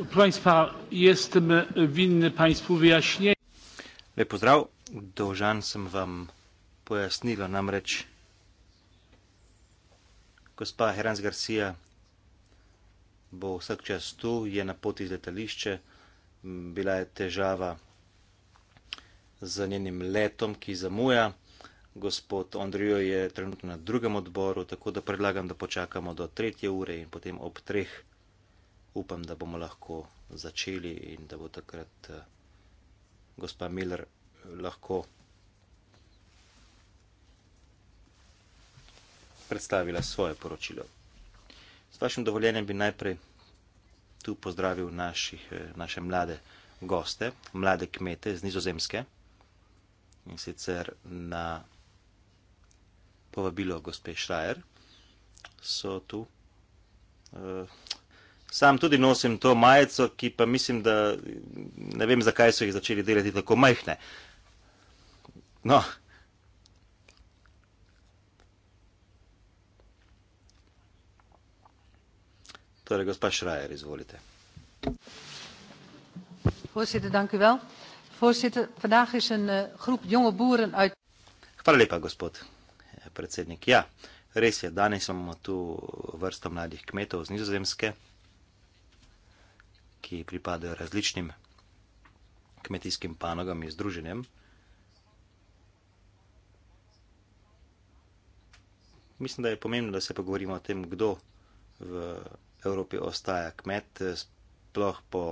Proszę Państwa, jestem e, winny Państwu wyjaśnienie. Lep pozdrav, dolžan sem vam pojasnila namreč. Gospa Herans Garcia bo vsak čas tu, je na poti iz letališče. Bila je težava z njenim letom, ki zamuja. Gospod Andrijo je trenutno na drugem odboru, tako da predlagam, da počakamo do tretje ure in potem ob treh upam, da bomo lahko začeli in da bo takrat uh, gospa Miller lahko predstavila svoje poročilo. S vašim dovoljenjem bi najprej tu pozdravil naših, eh, naše mlade goste, mlade kmete z nizozemske in sicer na povabilo gospe Šrajer so tu. Eh, Sam tudi nosim to majico, ki pa mislim, da ne vem, zakaj so jih začeli delati tako majhne. No. Torej, gospa Šrajer, izvolite. Eh, Hvala lepa, gospod eh, predsednik. Ja, res je, danes imamo tu vrsto mladih kmetov z nizozemske ki pripadajo različnim kmetijskim panogam in združenjem. Mislim, da je pomembno, da se pogovorimo o tem, kdo v Evropi ostaja kmet, sploh po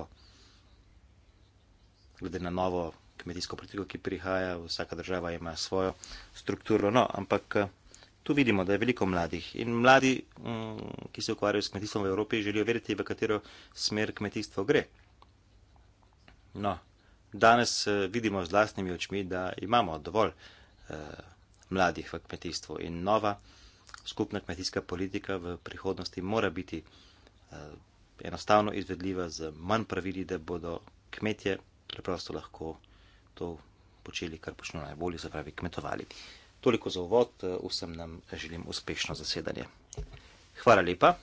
glede na novo kmetijsko politiko, ki prihaja, vsaka država ima svojo strukturo. No, ampak tu vidimo, da je veliko mladih. In mladi, mm, ki se ukvarjajo s kmetijstvom v Evropi, želijo vedeti, v katero smer kmetijstvo gre. No, danes eh, vidimo z vlastnimi očmi, da imamo dovolj eh, mladih v kmetijstvu in nova skupna kmetijska politika v prihodnosti mora biti eh, enostavno izvedljiva z manj pravili, da bodo kmetje preprosto lahko to počeli, kar počnejo najbolje, se pravi kmetovali. Toliko za uvod, eh, vsem nam želim uspešno zasedanje. Hvala lepa.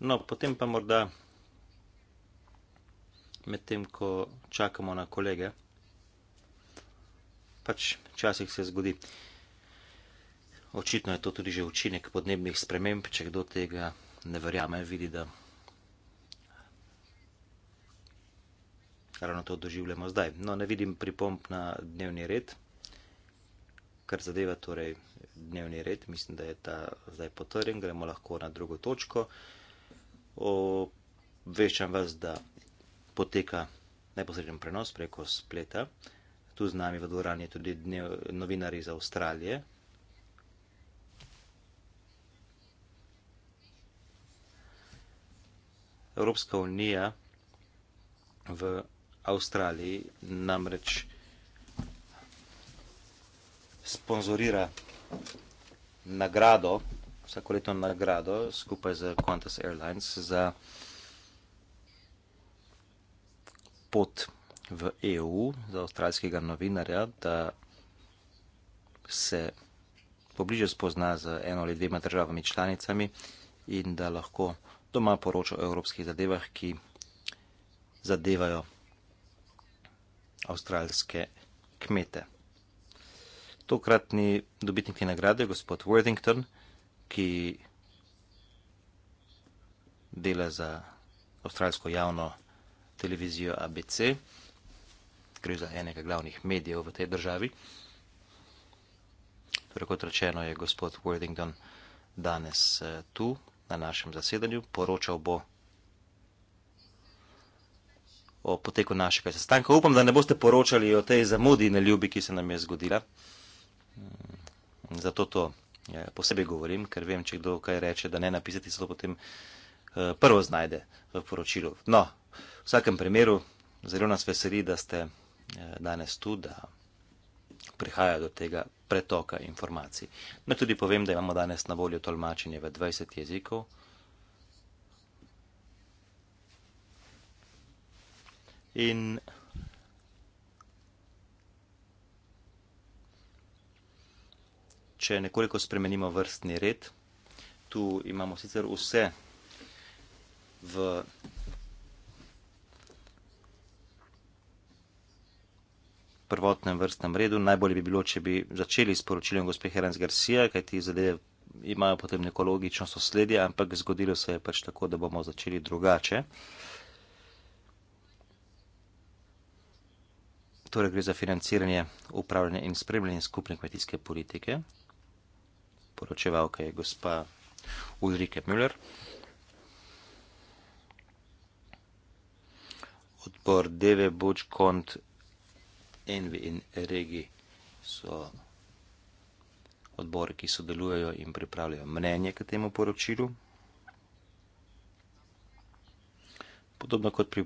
No, potem pa morda med tem, ko čakamo na kolege, pač časih se zgodi. Očitno je to tudi že učinek podnebnih sprememb, če kdo tega ne verjame, vidi, da ravno to doživljamo zdaj. No, ne vidim pripomp na dnevni red, kar zadeva torej dnevni red, mislim, da je ta zdaj potrjen, gremo lahko na drugo točko. Obveščam vas, da poteka neposreden prenos preko spleta. Tu z nami v dvorani je tudi dnev, novinar iz Avstralije. Evropska unija v Avstraliji namreč sponzorira nagrado, vsako leto nagrado skupaj z Qantas Airlines za pot v EU za avstralskega novinarja, da se pobliže spozna z eno ali dvema državami članicami in da lahko doma poroča o evropskih zadevah, ki zadevajo avstralske kmete. Tokratni dobitnik te nagrade je gospod Worthington, ki dela za avstralsko javno televizijo ABC, gre za enega glavnih medijev v tej državi. Torej, kot rečeno, je gospod Worthington danes eh, tu na našem zasedanju, poročal bo o poteku našega sestanka. Upam, da ne boste poročali o tej zamudi na ljubi, ki se nam je zgodila. Mm, zato to ja, posebej govorim, ker vem, če kdo kaj reče, da ne napisati, se to potem eh, prvo znajde v poročilu. No, v vsakem primeru, zelo nas veseli, da ste eh, danes tu, da prihaja do tega pretoka informacij. No, tudi povem, da imamo danes na voljo tolmačenje v 20 jezikov. in če nekoliko spremenimo vrstni red, tu imamo sicer vse v prvotnem vrstnem redu. Najbolje bi bilo, če bi začeli s poročilom gospe Herenc Garcia, kaj ti zadeve imajo potem neko logično sosledje, ampak zgodilo se je pač tako, da bomo začeli drugače. Uh, torej gre za financiranje, upravljanje in spremljanje skupne kmetijske politike. Poročevalka je gospa Ulrike Müller. Odbor Deve Buč kont Envi in Regi so odbori, ki sodelujejo in pripravljajo mnenje k temu poročilu. Podobno kot pri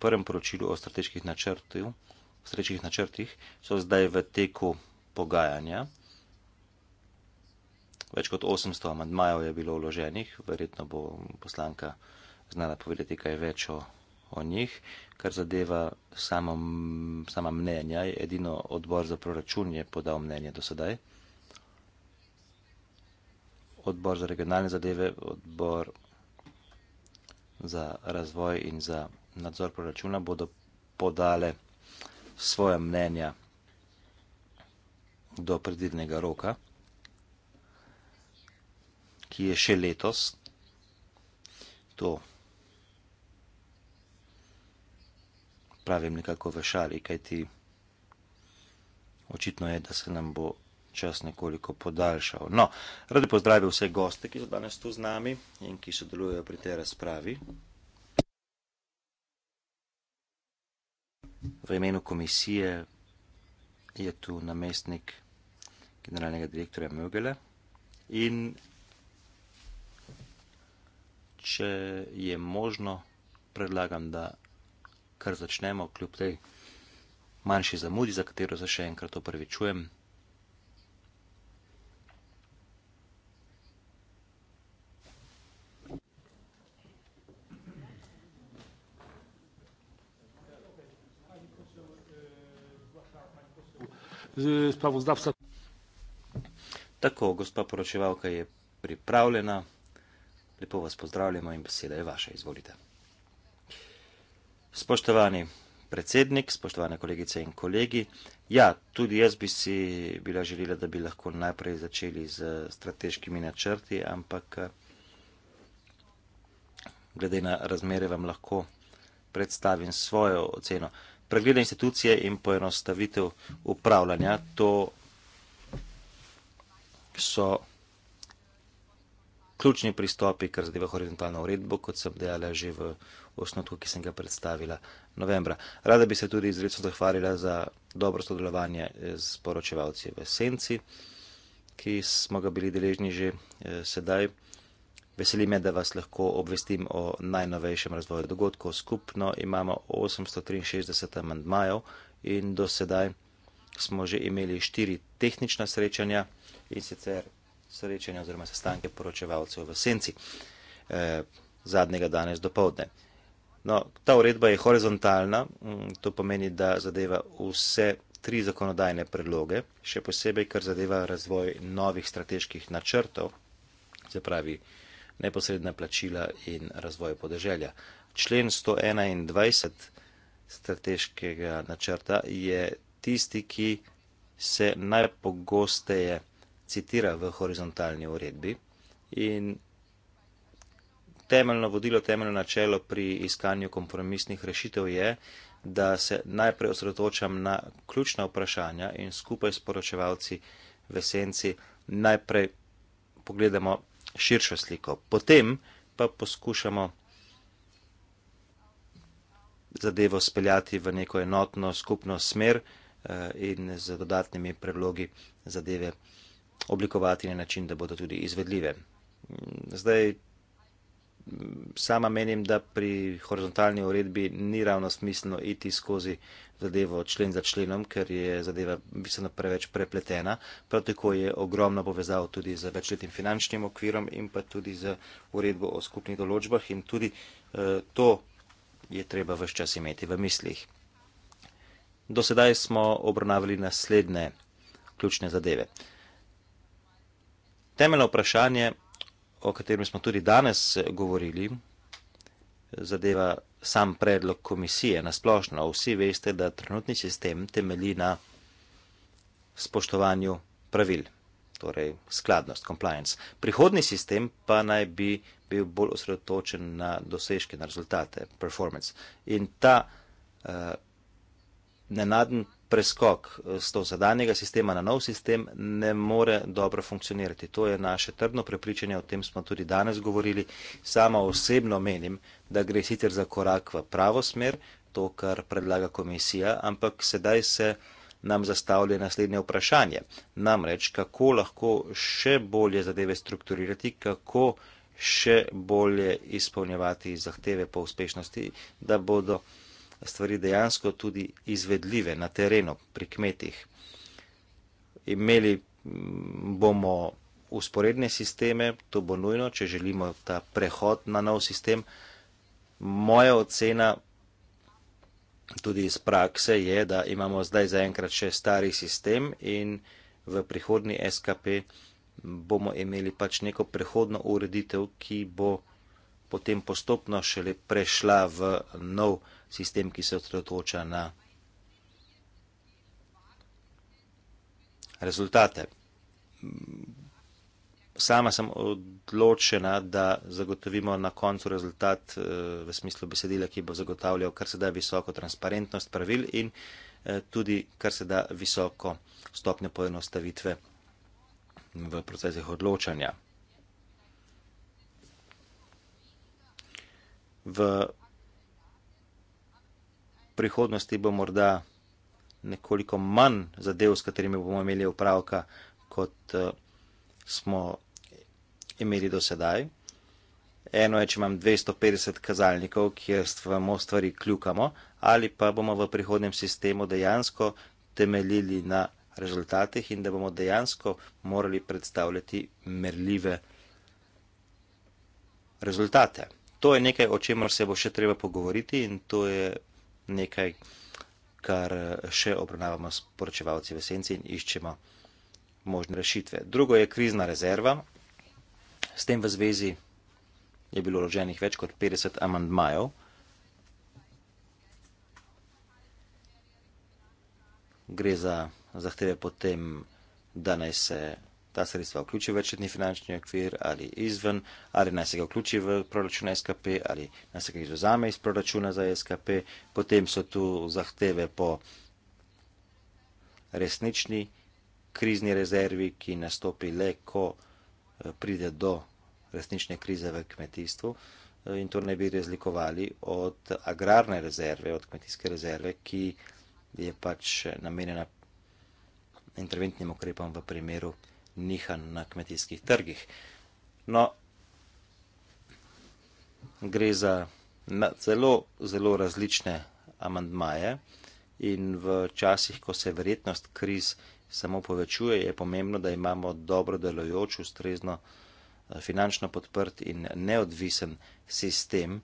prvem poročilu o strateških načrtih, srečnih načrtih, so zdaj v teku pogajanja. Več kot 800 amadmajev je bilo vloženih, verjetno bo poslanka znala povedati kaj več o, o njih, kar zadeva samo, sama mnenja. Edino odbor za proračun je podal mnenje do sedaj. Odbor za regionalne zadeve, odbor za razvoj in za nadzor proračuna bodo podale svoje mnenja do predvidnega roka, ki je še letos. To pravim nekako v šali, kajti očitno je, da se nam bo čas nekoliko podaljšal. No, radi pozdravim vse goste, ki so danes tu z nami in ki sodelujejo pri tej razpravi. v imenu komisije je tu namestnik generalnega direktorja Mögele in če je možno, predlagam, da kar začnemo kljub tej manjši zamudi, za katero se še enkrat opravičujem. sprawozdawca. Tako, gospa poročevalka je pripravljena. Lepo vas pozdravljamo in beseda je vaša, izvolite. Spoštovani predsednik, spoštovane kolegice in kolegi. Ja, tudi jaz bi si bila želela, da bi lahko najprej začeli z strateškimi načrti, ampak eh, glede na razmere vam lahko predstavim svojo oceno. Uh, pregleda institucije in poenostavitev upravljanja. To so ključni pristopi, kar zadeva horizontalno uredbo, kot sem dejala že v osnotku, ki sem ga predstavila novembra. Rada bi se tudi izredno zahvalila za dobro sodelovanje z eh, poročevalci v Senci, ki smo ga bili deležni že eh, sedaj. Veseli me, da vas lahko obvestim o najnovejšem razvoju dogodkov. Skupno imamo 863 amandmajev in do sedaj smo že imeli štiri tehnična srečanja in sicer srečanja oziroma sestanke poročevalcev v Senci eh, zadnjega danes do povdne. No, ta uredba je horizontalna, mm, to pomeni, da zadeva vse tri zakonodajne predloge, še posebej, ker zadeva razvoj novih strateških načrtov, se pravi, neposredna plačila in razvoj podeželja. Člen 121 strateškega načrta je tisti, ki se najpogosteje citira v horizontalni uredbi in temeljno vodilo, temeljno načelo pri iskanju kompromisnih rešitev je, da se najprej osredotočam na ključna vprašanja in skupaj s poročevalci v senci najprej pogledamo širšo sliko. Potem pa poskušamo zadevo speljati v neko enotno skupno smer eh, in z dodatnimi predlogi zadeve oblikovati na način, da bodo tudi izvedljive. Mm, zdaj, sama menim, da pri horizontalni uredbi ni ravno smiselno iti skozi zadevo člen za členom, ker je zadeva bistveno preveč prepletena. Prav tako je ogromno povezav tudi z večletnim finančnim okvirom in pa tudi z uredbo o skupnih določbah in tudi eh, to je treba vse čas imeti v mislih. Do sedaj smo obravnavali naslednje ključne zadeve. Temeljno vprašanje o katerem smo tudi danes eh, govorili, zadeva sam predlog komisije na splošno. Vsi veste, da trenutni sistem temelji na spoštovanju pravil, torej skladnost, compliance. Prihodni sistem pa naj bi bil bolj osredotočen na dosežke, na rezultate, performance. In ta uh, nenaden preskok z eh, to zadanjega sistema na nov sistem ne more dobro funkcionirati. To je naše trdno prepričanje, o tem smo tudi danes govorili. Sama osebno menim, da gre sicer za korak v pravo smer, to, kar predlaga komisija, ampak sedaj se nam zastavlja naslednje vprašanje. Namreč, kako lahko še bolje zadeve strukturirati, kako še bolje izpolnjevati zahteve po uspešnosti, da bodo stvari dejansko tudi izvedljive na terenu, pri kmetih. Imeli mm, bomo usporedne sisteme, to bo nujno, če želimo ta prehod na nov sistem. Moja ocena tudi iz prakse je, da imamo zdaj zaenkrat še stari sistem in v prihodni SKP bomo imeli pač neko prehodno ureditev, ki bo potem postopno šele prešla v nov sistem sistem, ki se odtotoča na rezultate. Sama sem odločena, da zagotovimo na koncu rezultat eh, v smislu besedila, ki bo zagotavljal kar se da visoko transparentnost pravil in eh, tudi kar se da visoko stopnjo poenostavitve v procesih odločanja. V v prihodnosti bo morda nekoliko manj zadev, s katerimi bomo imeli upravka, kot uh, smo imeli do sedaj. Eno je, če imam 250 kazalnikov, kjer samo stvari kljukamo, ali pa bomo v prihodnem sistemu dejansko temeljili na rezultatih in da bomo dejansko morali predstavljati merljive rezultate. To je nekaj, o čemer se bo še treba pogovoriti in to je nekaj, kar še obravnavamo s poročevalci v esenci in iščemo možne rešitve. Drugo je krizna rezerva. S tem v zvezi je bilo vloženih več kot 50 amandmajev. Gre za zahteve potem, da naj se ta sredstva vključi v večletni finančni okvir ali izven, ali naj se ga vključi v proračun SKP ali naj se ga izuzame iz proračuna za SKP. Potem so tu zahteve po resnični krizni rezervi, ki nastopi le, ko eh, pride do resnične krize v kmetijstvu eh, in to ne bi razlikovali od agrarne rezerve, od kmetijske rezerve, ki je pač namenjena interventnim ukrepom v primeru nihanj na kmetijskih trgih. No, gre za zelo, zelo različne amantmaje in v časih, ko se verjetnost kriz samo povečuje, je pomembno, da imamo dobro delojoč, ustrezno eh, finančno podprt in neodvisen sistem,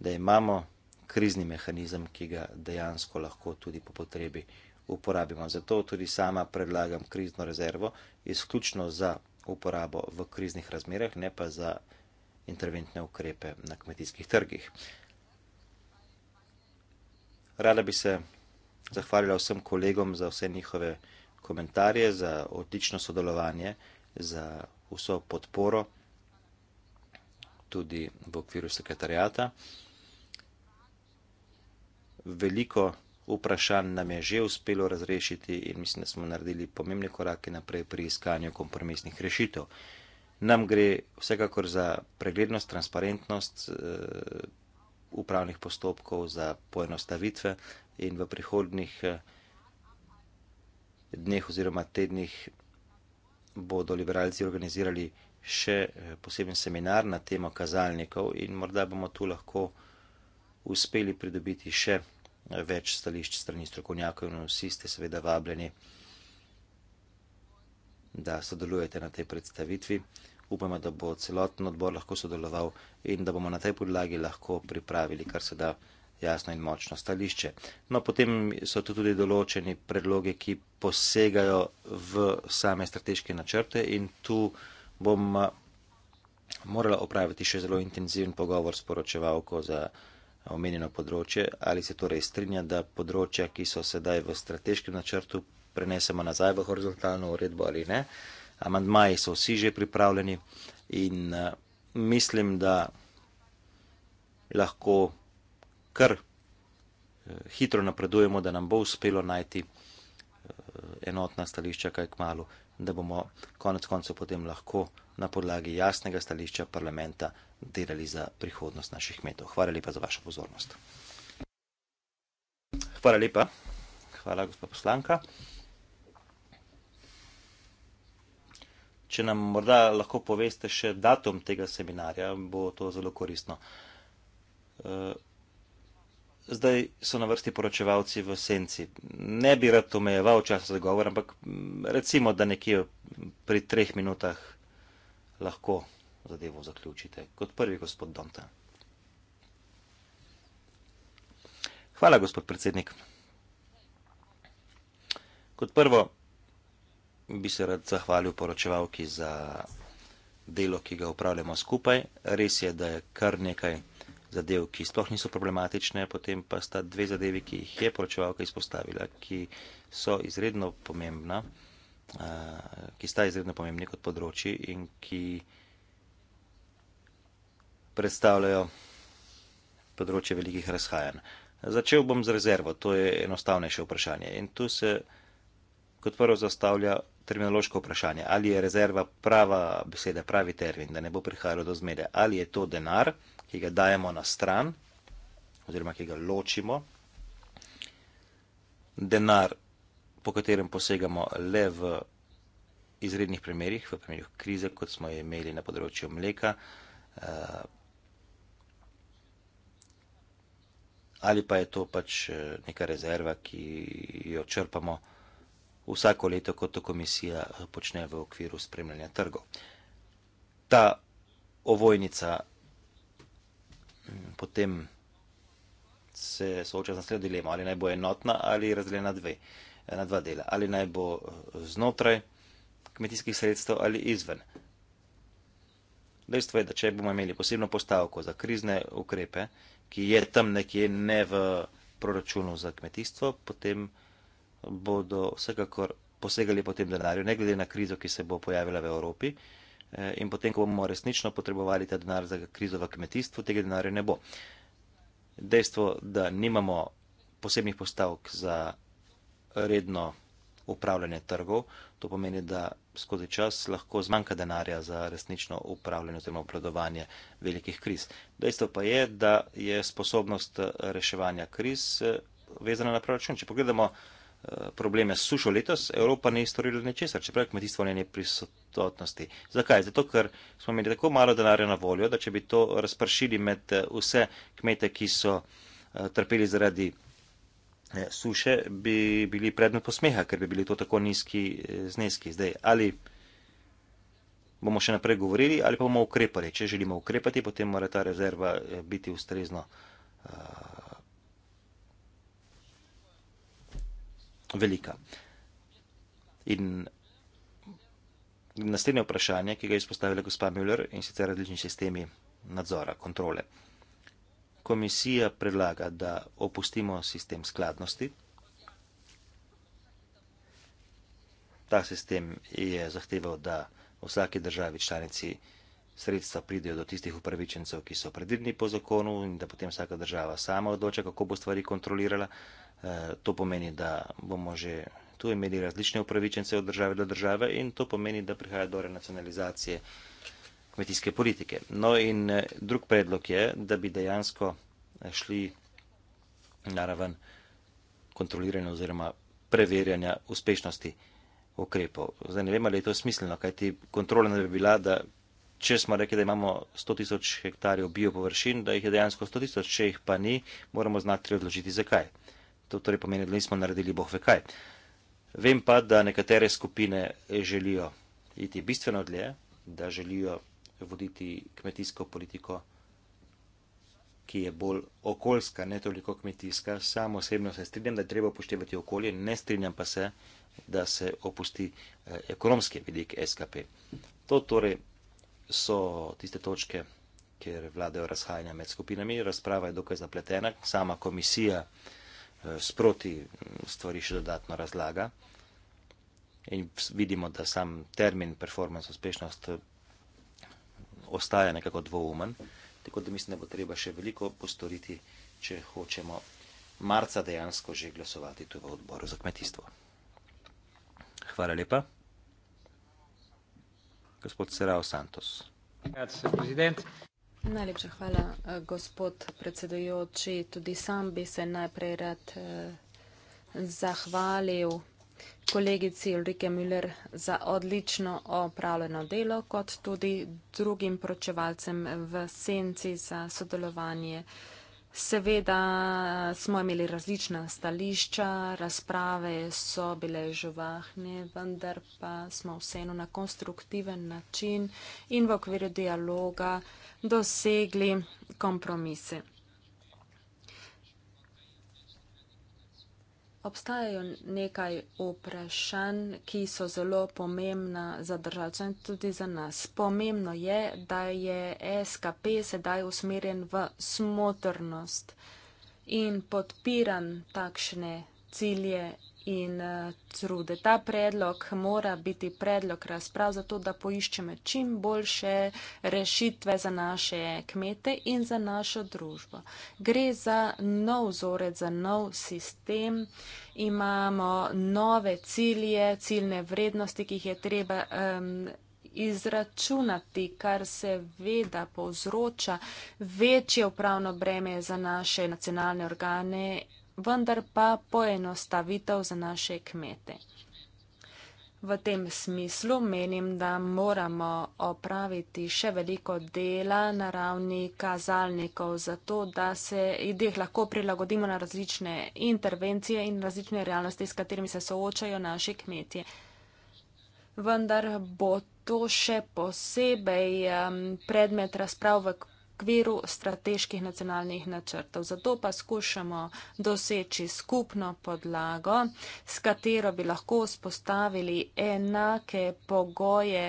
da imamo krizni mehanizem, ki ga dejansko lahko tudi po potrebi uporabimo. Zato tudi sama predlagam krizno rezervo izključno za uporabo v kriznih razmerah, ne pa za interventne ukrepe na kmetijskih trgih. Rada bi se zahvalila vsem kolegom za vse njihove komentarje, za odlično sodelovanje, za vso podporo tudi v okviru sekretarjata. Veliko vprašanj nam je že uspelo razrešiti in mislim, da smo naredili pomembne korake naprej pri iskanju kompromisnih rešitev. Nam gre vsekakor za preglednost, transparentnost uh, upravnih postopkov, za poenostavitve in v prihodnih eh, dneh oziroma tednih bodo liberalci organizirali še eh, poseben seminar na temo kazalnikov in morda bomo tu lahko uspeli pridobiti še več stališč strani strokovnjakov in vsi ste seveda vabljeni, da sodelujete na tej predstavitvi. Upamo, da bo celoten odbor lahko sodeloval in da bomo na tej podlagi lahko pripravili kar se da jasno in močno stališče. No, potem so tu tudi določeni predloge, ki posegajo v same strateške načrte in tu bom eh, morala opraviti še zelo intenziven pogovor s poročevalko za omenjeno področje, ali se torej strinja, da področja, ki so sedaj v strateškem načrtu, prenesemo nazaj v horizontalno uredbo ali ne. Amandmaji so vsi že pripravljeni in eh, mislim, da lahko kar eh, hitro napredujemo, da nam bo uspelo najti eh, enotna stališča kaj k malu, da bomo konec koncev potem lahko na podlagi jasnega stališča parlamenta delali za prihodnost naših kmetov. Hvala lepa za vašo pozornost. Hvala lepa. Hvala, gospod poslanka. Če nam morda lahko poveste še datum tega seminarja, bo to zelo koristno. Eh, zdaj so na vrsti poročevalci v senci. Ne bi rad omejeval čas za govor, ampak mm, recimo, da nekje pri treh minutah lahko zadevo zaključite. Kot prvi, gospod Donta. Hvala, gospod predsednik. Kot prvo, bi se rad zahvalil poročevalki za delo, ki ga upravljamo skupaj. Res je, da je kar nekaj zadev, ki sploh niso problematične, potem pa sta dve zadevi, ki jih je poročevalka izpostavila, ki so izredno pomembna, ki sta izredno pomembni kot področji in ki predstavljajo področje velikih razhajanj. Začel bom z rezervo, to je enostavnejše vprašanje. In tu se kot prvo zastavlja terminološko vprašanje, ali je rezerva prava beseda, pravi termin, da ne bo prihajalo do zmede, ali je to denar, ki ga dajemo na stran, oziroma ki ga ločimo, denar, po katerem posegamo le v izrednih primerjih, v primerjih krize, kot smo imeli na področju mleka. Uh, ali pa je to pač eh, neka rezerva, ki jo črpamo vsako leto, kot to komisija eh, počne v okviru spremljanja trgov. Ta ovojnica mm, potem se sooča z naslednjo dilemo, ali naj bo enotna ali razdeljena na, eh, na dva dela, ali naj bo znotraj kmetijskih sredstev ali izven. Dejstvo je, da če bomo imeli posebno postavko za krizne ukrepe, ki je tam nekje ne v proračunu za kmetijstvo, potem bodo vsekakor posegali po tem denarju, ne glede na krizo, ki se bo pojavila v Evropi. Eh, in potem, ko bomo resnično potrebovali ta denar za krizo v kmetijstvu, tega denarja ne bo. Dejstvo, da nimamo posebnih postavk za redno upravljanje trgov, to pomeni, da skozi čas lahko zmanjka denarja za resnično upravljanje oziroma obvladovanje velikih kriz. Dejstvo pa je, da je sposobnost eh, reševanja kriz eh, vezana na proračun. Če pogledamo eh, probleme s sušo letos, Evropa ni storila ničesar, čeprav kmetijstvo ne je prisotnosti. Zakaj? Zato, ker smo imeli tako malo denarja na voljo, da če bi to razpršili med vse kmete, ki so trpeli zaradi suše, bi bili predmet posmeha, ker bi bili to tako nizki eh, zneski. Zdaj, ali bomo še naprej govorili, ali pa bomo ukrepali. Če želimo ukrepati, potem mora ta rezerva eh, biti ustrezno uh, velika. In naslednje vprašanje, ki ga je izpostavila gospa Müller in sicer različni sistemi nadzora, kontrole komisija predlaga, da opustimo sistem skladnosti. Ta sistem je zahteval, da vsake državi članici sredstva pridejo do tistih upravičencev, ki so predvidni po zakonu in da potem vsaka država sama odloča, kako bo stvari kontrolirala. Eh, to pomeni, da bomo že tu imeli različne upravičence od države do države in to pomeni, da prihaja do renacionalizacije kmetijske politike. No in eh, drug predlog je, da bi dejansko eh, šli naraven kontroliranja oziroma preverjanja uspešnosti ukrepov. Zdaj ne vem, ali je to smiselno, kajti kontrola ne bi bila, da če smo rekli, da imamo 100 tisoč hektarjev biopovršin, da jih je dejansko 100 tisoč, če jih pa ni, moramo znati odločiti zakaj. To torej pomeni, da nismo naredili boh ve kaj. Vem pa, da nekatere skupine želijo iti bistveno dlje, da želijo voditi kmetijsko politiko, ki je bolj okoljska, ne toliko kmetijska. Sam osebno se strinjam, da je treba upoštevati okolje, ne strinjam pa se, da se opusti eh, ekonomski vidik SKP. To torej so tiste točke, kjer vladajo razhajanja med skupinami. Razprava je dokaj zapletena, sama komisija eh, sproti mm, stvari še dodatno razlaga. In vidimo, da sam termin performance uspešnost ostaja nekako dvoumen. Tako da mislim, da bo treba še veliko postoriti, če hočemo marca dejansko že glasovati tu v odboru za kmetijstvo. Hvala lepa. Gospod Serao Santos. Najlepša hvala, eh, gospod predsedujoči. Tudi sam bi se najprej rad eh, zahvalil kolegici Ulrike Müller za odlično opravljeno delo, kot tudi drugim pročevalcem v senci za sodelovanje. Seveda smo imeli različna stališča, razprave so bile živahne, vendar pa smo vseeno na konstruktiven način in v okviru dialoga dosegli kompromise. Obstajajo nekaj vprašanj, ki so zelo pomembna za državce in tudi za nas. Pomembno je, da je SKP sedaj usmerjen v smotrnost in podpiran takšne cilje in eh, trude. Ta predlog mora biti predlog razprav za to, da poiščeme čim boljše rešitve za naše kmete in za našo družbo. Gre za nov vzorec, za nov sistem. Imamo nove cilje, ciljne vrednosti, ki jih je treba. Um, Izračunati, kar seveda povzroča večje upravno breme za naše nacionalne organe vendar pa poenostavitev za naše kmete. V tem smislu menim, da moramo opraviti še veliko dela na ravni kazalnikov, zato da se ideh lahko prilagodimo na različne intervencije in različne realnosti, s katerimi se soočajo naše kmetje. Vendar bo to še posebej predmet razprav v okviru strateških nacionalnih načrtov. Zato pa skušamo doseči skupno podlago, s katero bi lahko spostavili enake pogoje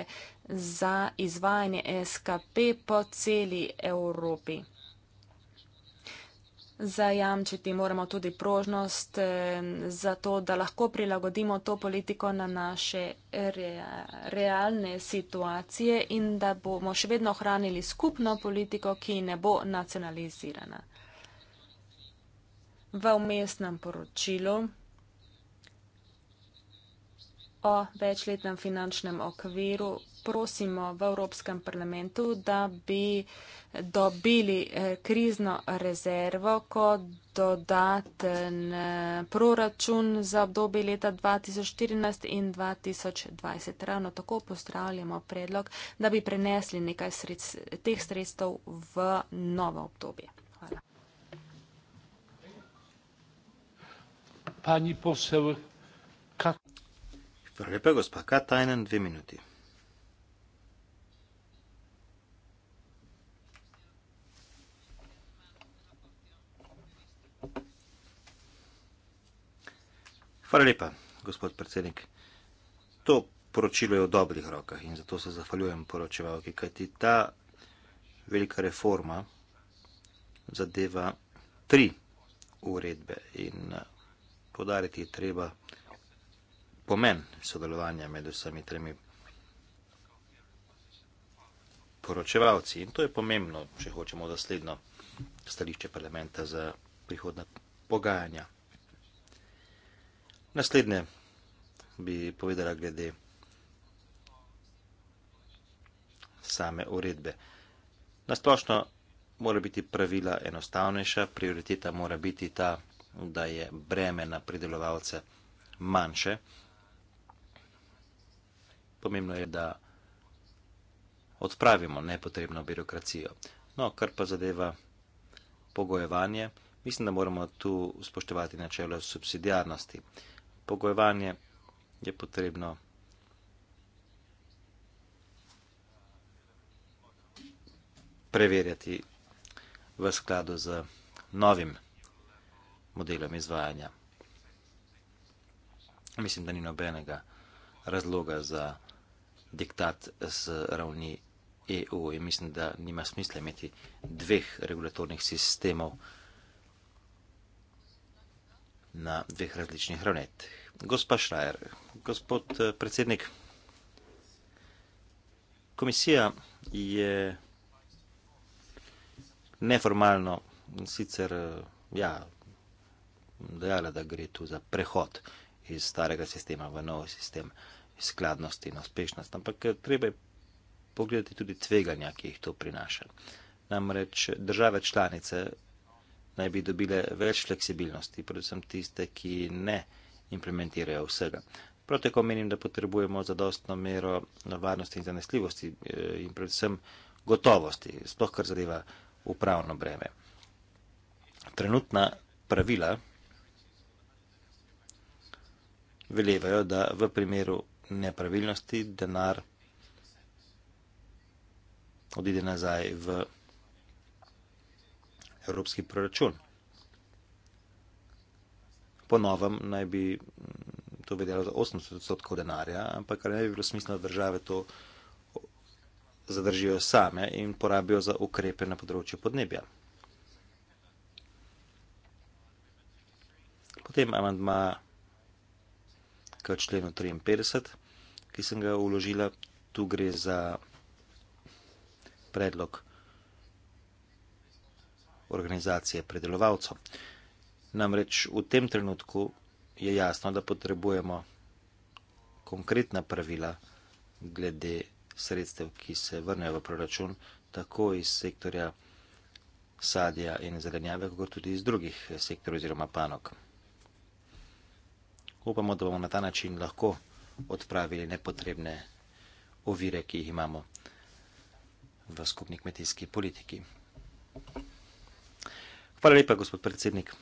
za izvajanje SKP po celi Evropi zajamčiti moramo tudi prožnost eh, za to, da lahko prilagodimo to politiko na naše rea, realne situacije in da bomo še vedno ohranili skupno politiko, ki ne bo nacionalizirana. V umestnem poročilu o večletnem finančnem okviru prosimo v Evropskem parlamentu, da bi dobili eh, krizno rezervo kot dodaten eh, proračun za obdobje leta 2014 in 2020. Ravno tako postavljamo predlog, da bi prenesli nekaj sredst teh sredstev v novo obdobje. Hvala. Pani posel, kak... Hvala lepa, gospa Katajnen, dve minuti. Hvala lepa, gospod predsednik. To poročilo je v dobrih rokah in zato se zahvaljujem poročevalki, kajti ta velika reforma zadeva tri uredbe in eh, podariti je treba pomen sodelovanja med vsemi tremi poročevalci. In to je pomembno, če hočemo zasledno stališče parlamenta za prihodna pogajanja. Naslednje bi povedala glede same uredbe. Nasplošno mora biti pravila enostavnejša, prioriteta mora biti ta, da je breme na pridelovalce manjše. Pomembno je, da odpravimo nepotrebno birokracijo. No, kar pa zadeva pogojevanje, mislim, da moramo tu spoštovati načelo subsidijarnosti pogojevanje je potrebno. Preverjati v skladu z novim modelom izvajanja. Mislim, da ni nobenega razloga za diktat z ravni EU in mislim, da nima smisla imeti dveh regulatornih sistemov na dveh različnih ravneh. Gospa Šrajer, gospod eh, predsednik, komisija je neformalno sicer eh, ja, dejala, da gre tu za prehod iz starega sistema v nov sistem skladnosti in uspešnosti, ampak eh, treba je pogledati tudi tveganja, ki jih to prinaša. Namreč države članice naj bi dobile več fleksibilnosti, predvsem tiste, ki ne implementirajo vsega. Prav tako menim, da potrebujemo zadostno mero varnosti in zanesljivosti eh, in predvsem gotovosti, sploh kar zadeva upravno breme. Trenutna pravila veljevajo, da v primeru nepravilnosti denar odide nazaj v evropski proračun. Ponovem, naj bi mm, to vedelo za 80 odstotkov denarja, ampak kar ne bi bilo smiselno, da države to zadržijo same in porabijo za ukrepe na področju podnebja. Potem amandma k členu 53, ki sem ga uložila, tu gre za predlog organizacije predelovalcev. Namreč v tem trenutku je jasno, da potrebujemo konkretna pravila glede sredstev, ki se vrnejo v proračun, tako iz sektorja sadja in zelenjave, kot tudi iz drugih sektorjev oziroma panok. Upamo, da bomo na ta način lahko odpravili nepotrebne ovire, ki jih imamo v skupni kmetijski politiki. Thank you. Hvala lepa, gospod predsednik.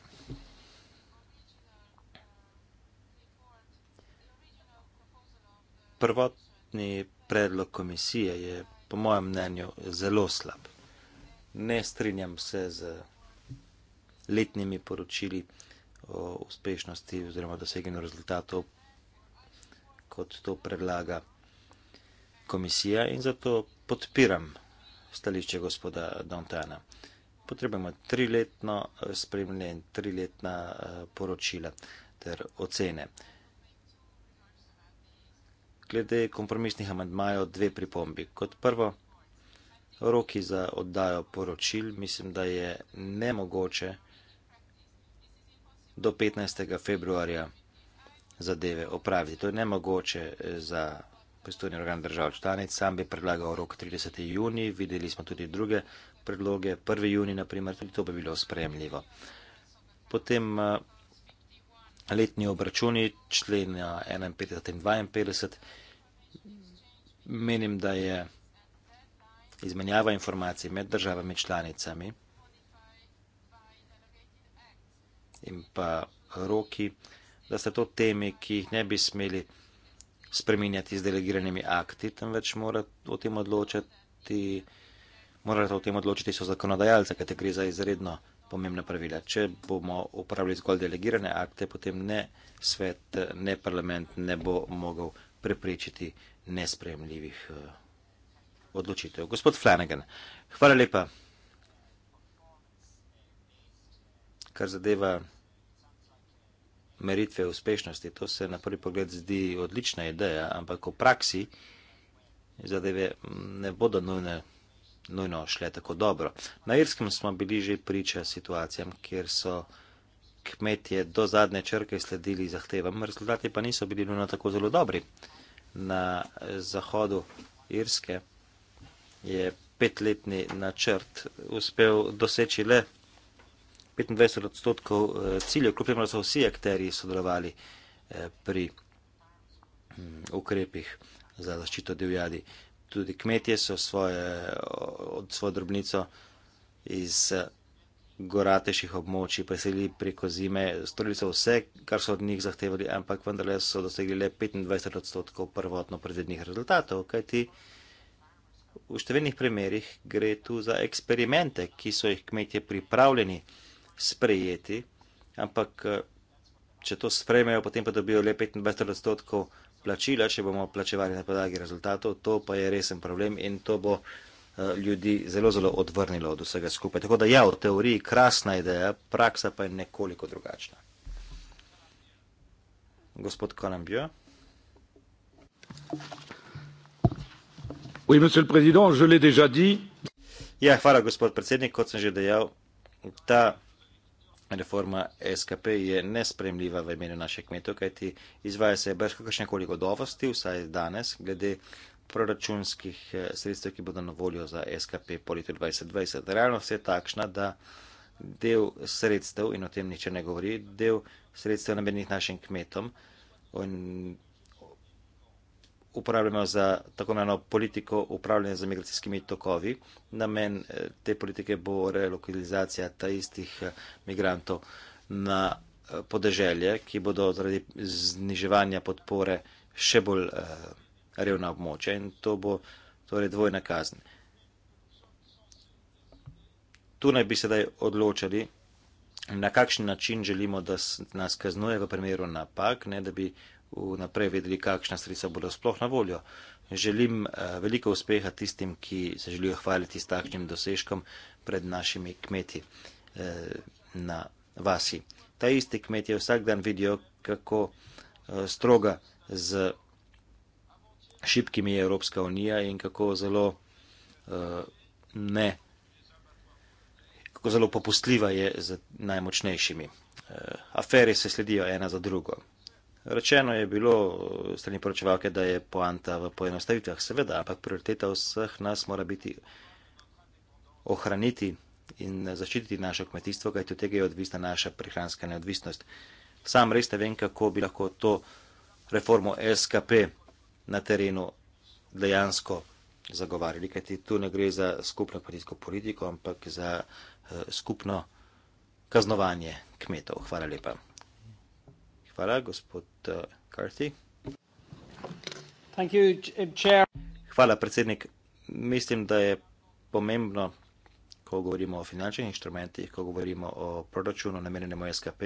Prvotni predlog komisije je po mojem mnenju zelo slab. Ne strinjam se z letnimi poročili o uspešnosti oziroma doseganju rezultatov, kot to predlaga komisija in zato podpiram stališče gospoda Dontana potrebujemo triletno eh, spremljanje in triletna eh, poročila ter ocene. Glede kompromisnih amandmajev dve pripombi. Kot prvo, roki za oddajo poročil mislim, da je nemogoče do 15. februarja zadeve opraviti. To je nemogoče eh, za pristojni organ držav članic. Sam bi predlagal rok 30. juni, videli smo tudi druge predloge 1. juni, naprimer, tudi to bi bilo spremljivo. Potem eh, letni obračuni člena 51 in 52. Menim, da je izmenjava informacij med državami članicami in pa roki, da so to teme, ki jih ne bi smeli spreminjati z delegiranimi akti, temveč mora o tem odločati morate o tem odločiti so zakonodajalce, kajte gre za izredno pomembna pravila. Če bomo uporabljali zgolj delegirane akte, potem ne svet, ne parlament ne bo mogel preprečiti nespremljivih eh, odločitev. Gospod Flanagan, hvala lepa. Kar zadeva meritve uspešnosti, to se na prvi pogled zdi odlična ideja, ampak v praksi zadeve mm, ne bodo nujne nujno šle tako dobro. Na Irskem smo bili že priča situacijam, kjer so kmetje do zadnje črke sledili zahtevam, rezultati pa niso bili nujno tako zelo dobri. Na eh, zahodu Irske je petletni načrt uspel doseči le 25 odstotkov eh, ciljev, kljub temu, da so vsi akteri sodelovali eh, pri hm, ukrepih za zaščito divjadi tudi kmetje so svoje, od svoje drobnico iz eh, goratejših območij preselili preko zime. Storili so vse, kar so od njih zahtevali, ampak vendarle so dosegli le 25 odstotkov prvotno predvidnih rezultatov, kajti v številnih primerjih gre tu za eksperimente, ki so jih kmetje pripravljeni sprejeti, ampak eh, če to sprejmejo, potem pa dobijo le 25 odstotkov plačila, če bomo plačevali na podlagi rezultatov, to pa je resen problem in to bo eh, ljudi zelo, zelo odvrnilo od vsega skupaj. Tako da ja, v teoriji krasna ideja, praksa pa je nekoliko drugačna. Gospod Kolambio. Oui, monsieur le président, je l'ai déjà dit. Ja, hvala, gospod predsednik, kot sem že dejal, ta reforma SKP je nespremljiva v imenu naše kmetov, kajti izvaja se brez kakršne koli godovosti, vsaj danes, glede proračunskih eh, sredstev, ki bodo na voljo za SKP po letu 2020. Realnost je takšna, da del sredstev, in o tem niče ne govori, del sredstev namenih našim kmetom, uporabljamo za tako imenovano politiko upravljanja z migracijskimi tokovi. Namen eh, te politike bo relokalizacija ta istih eh, migrantov na eh, podeželje, ki bodo zaradi zniževanja podpore še bolj revna območja in to bo torej dvojna kazn. Tu naj bi sedaj odločali, na kakšen način želimo, da nas kaznuje v primeru napak, ne da bi vnaprej vedeli, kakšna sredstva bodo sploh na voljo. Želim eh, veliko uspeha tistim, ki se želijo hvaliti s takšnim dosežkom pred našimi kmeti eh, na vasi. Ta isti kmet je vsak dan vidio, kako eh, stroga z šibkimi je Evropska unija in kako zelo ne, kako zelo popustljiva je z najmočnejšimi. Afere se sledijo ena za drugo. Rečeno je bilo strani poročevalke, da je poanta v poenostavitvah, seveda, ampak prioriteta vseh nas mora biti ohraniti in zaščititi naše kmetijstvo, kajti od tega je odvisna naša prehranska neodvisnost. Sam res ne vem, kako bi lahko to reformo SKP na terenu dejansko zagovarjali, kajti tu ne gre za skupno kmetijsko politiko, ampak za eh, skupno kaznovanje kmetov. Hvala lepa. Hvala, gospod Karthi. Eh, eh, Hvala, predsednik. Mislim, da je pomembno, ko govorimo o finančnih inštrumentih, ko govorimo o proračunu namenjenemu SKP,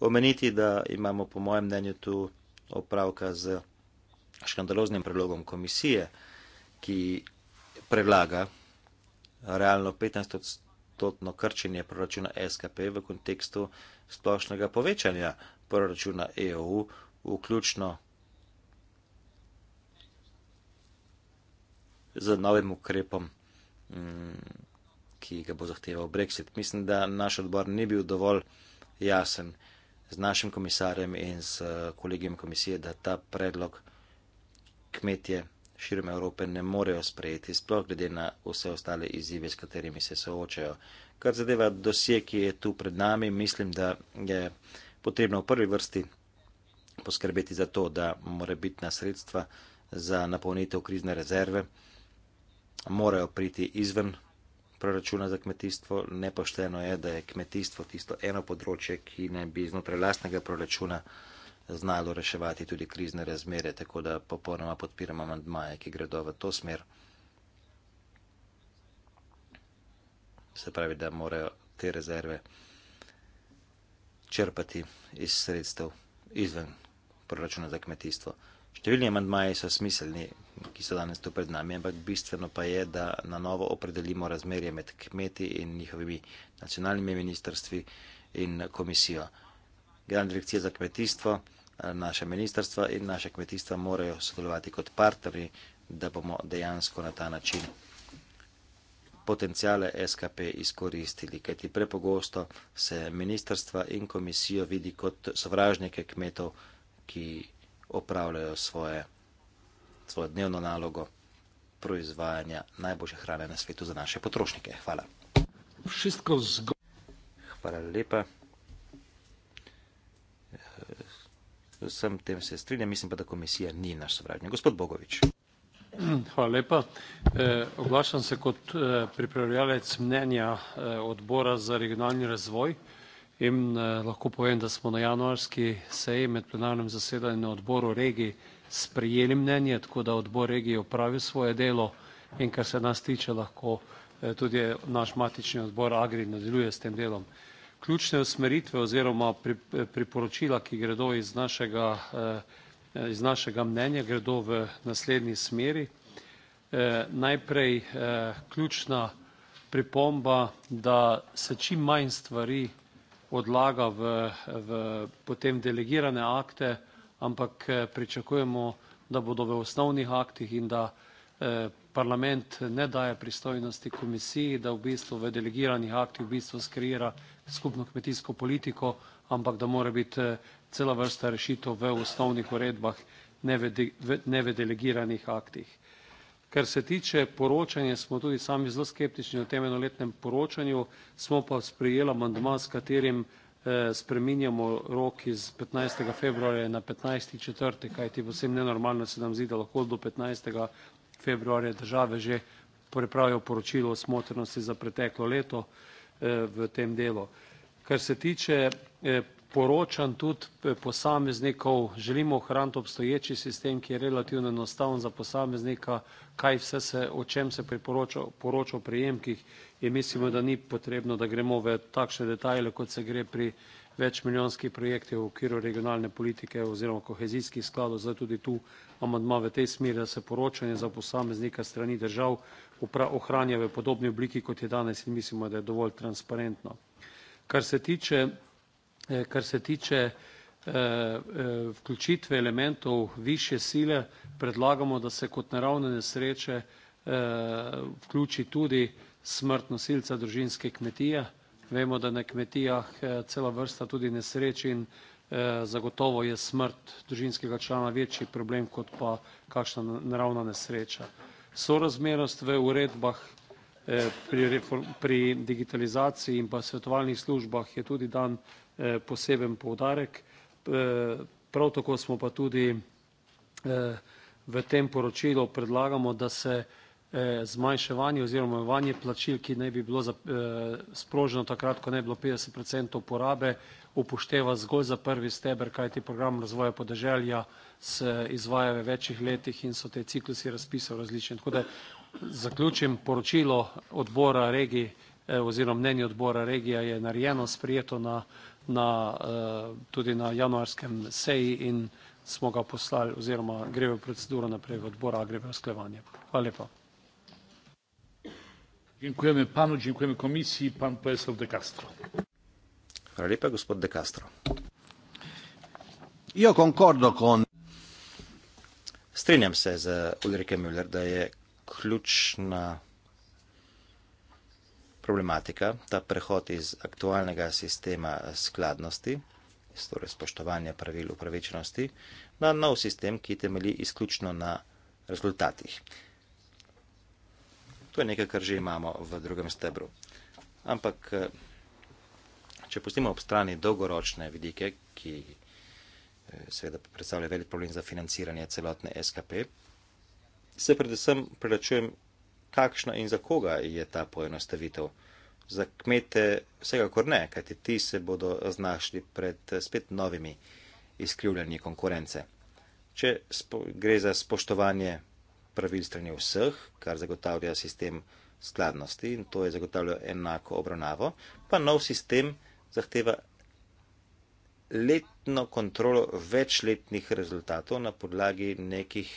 omeniti, da imamo po mojem mnenju tu opravka z škandaloznim predlogom komisije, ki predlaga realno 15-stotno krčenje proračuna SKP v kontekstu splošnega povečanja proračuna EU, vključno z novim ukrepom, mm, ki ga bo zahteval Brexit. Mislim, da naš odbor ni bil dovolj jasen z našim komisarjem in z eh, kolegijem komisije, da ta predlog kmetje širom Evrope ne morejo sprejeti, sploh glede na vse ostale izzive, s katerimi se soočajo. Kar zadeva dosje, ki je tu pred nami, mislim, da je. Eh, potrebno v prvi vrsti poskrbeti za to, da mora biti na sredstva za napolnitev krizne rezerve, morajo priti izven proračuna za kmetijstvo. Nepošteno je, da je kmetijstvo tisto eno področje, ki ne bi znotraj lastnega proračuna znalo reševati tudi krizne razmere, tako da popolnoma podpiramo amandmaje, ki gredo v to smer. Se pravi, da morajo te rezerve črpati iz sredstev izven proračuna za kmetijstvo. Številni amantmaji so smiselni, ki so danes tu pred nami, ampak bistveno pa je, da na novo opredelimo razmerje med kmeti in njihovimi nacionalnimi ministrstvi in komisijo. Gran direkcija za kmetijstvo, naše ministrstva in naše kmetijstva morajo sodelovati kot partnerji, da bomo dejansko na ta način potencijale SKP izkoristili, kajti prepogosto se ministrstva in komisijo vidi kot sovražnike kmetov, ki opravljajo svoje, svojo dnevno nalogo proizvajanja najboljše hrane na svetu za naše potrošnike. Hvala. Hvala lepa. Vsem tem se strinjam, mislim pa, da komisija ni naš sovražnik. Gospod Bogovič. Hvala lepa. E, oglašam se kot e, pripravljavec mnenja e, Odbora za regionalni razvoj in lahko povem, da smo na januarski seji med plenarnem zasedanjem na odboru regij sprejeli mnenje, tako da odbor regij opravi svoje delo in kar se nas tiče, lahko tudi naš matični odbor Agri nadaljuje s tem delom. Ključne usmeritve oziroma priporočila, ki gredo iz našega Eh, iz našega mnenja gredo v naslednji smeri. Eh, najprej eh, ključna pripomba, da se čim manj stvari odlaga v, v potem delegirane akte, ampak pričakujemo, da bodo v osnovnih aktih in da parlament ne daje pristojnosti komisiji, da v bistvu v delegiranih aktih v bistvu skreira skupno kmetijsko politiko, ampak da mora biti cela vrsta rešitev v osnovnih uredbah, ne v delegiranih aktih. Kar se tiče poročanja, smo tudi sami zelo skeptični o tem enoletnem poročanju, smo pa sprejeli amandma, s katerim eh, spreminjamo rok iz 15. februarja na 15. četrtek, kajti posebno nenormalno se nam zdi, da lahko do 15. februarja države že pripravijo poročilo o smotrnosti za preteklo leto eh, v tem delu. Kar se tiče eh, poročanj tudi eh, posameznikov, želimo ohraniti obstoječi sistem, ki je relativno enostaven za posameznika, kaj vse se, o čem se priporoča, poroča o prejemkih in mislimo, da ni potrebno, da gremo v takšne detajle, kot se gre pri večmilijonskih projekti v okviru regionalne politike oziroma kohezijskih skladov, zdaj tudi tu amandma v tej smeri, da se poročanje za posameznika strani držav ohranja v podobni obliki, kot je danes in mislimo, da je dovolj transparentno. Kar se tiče Eh, kar se tiče eh, eh, vključitve elementov višje sile, predlagamo, da se kot naravne nesreče vključi tudi smrt nosilca družinske kmetije. Vemo, da na kmetijah cela vrsta tudi nesreč in zagotovo je smrt družinskega člana večji problem kot pa kakšna naravna nesreča. Sorazmernost v uredbah pri digitalizaciji in pa svetovalnih službah je tudi dan Eh, poseben poudarek. Eh, prav tako smo pa tudi eh, v tem poročilu predlagamo, da se zmanjševanje oziroma omejevanje plačil, ki naj bi bilo sproženo takrat, ko naj bi bilo 50 porabe, upošteva zgolj za prvi steber, kajti program razvoja podeželja se izvaja v večjih letih in so te ciklusi razpisov različni. Tako da zaključim poročilo odbora regij oziroma mnenje odbora regija je narejeno, sprijeto na na, eh, tudi na januarskem seji in smo ga poslali oziroma gre v proceduro naprej v odbor, a gre v sklevanje. Hvala lepa. Dziękujemy panu, dziękujemy komisji. Pan profesor De Castro. Hvala lepa, gospod De Castro. Io concordo con... Strinjam se z Ulrike Müller, da je ključna problematika, ta prehod iz aktualnega sistema skladnosti, torej spoštovanja pravil upravičenosti, na nov sistem, ki temelji izključno na rezultatih. To je nekaj, kar že imamo v drugem stebru. Ampak, eh, če pustimo ob strani dolgoročne vidike, ki eh, seveda predstavlja velik problem za financiranje celotne SKP, se predvsem prelačujem kakšna in za koga je ta poenostavitev. Za kmete vsekakor ne, kajti ti se bodo znašli pred spet novimi izkrivljanji konkurence. Če spo, gre za spoštovanje pravil strani vseh, kar zagotavlja sistem skladnosti in to je zagotavljalo enako obravnavo, pa nov sistem zahteva letno kontrolo večletnih rezultatov na podlagi nekih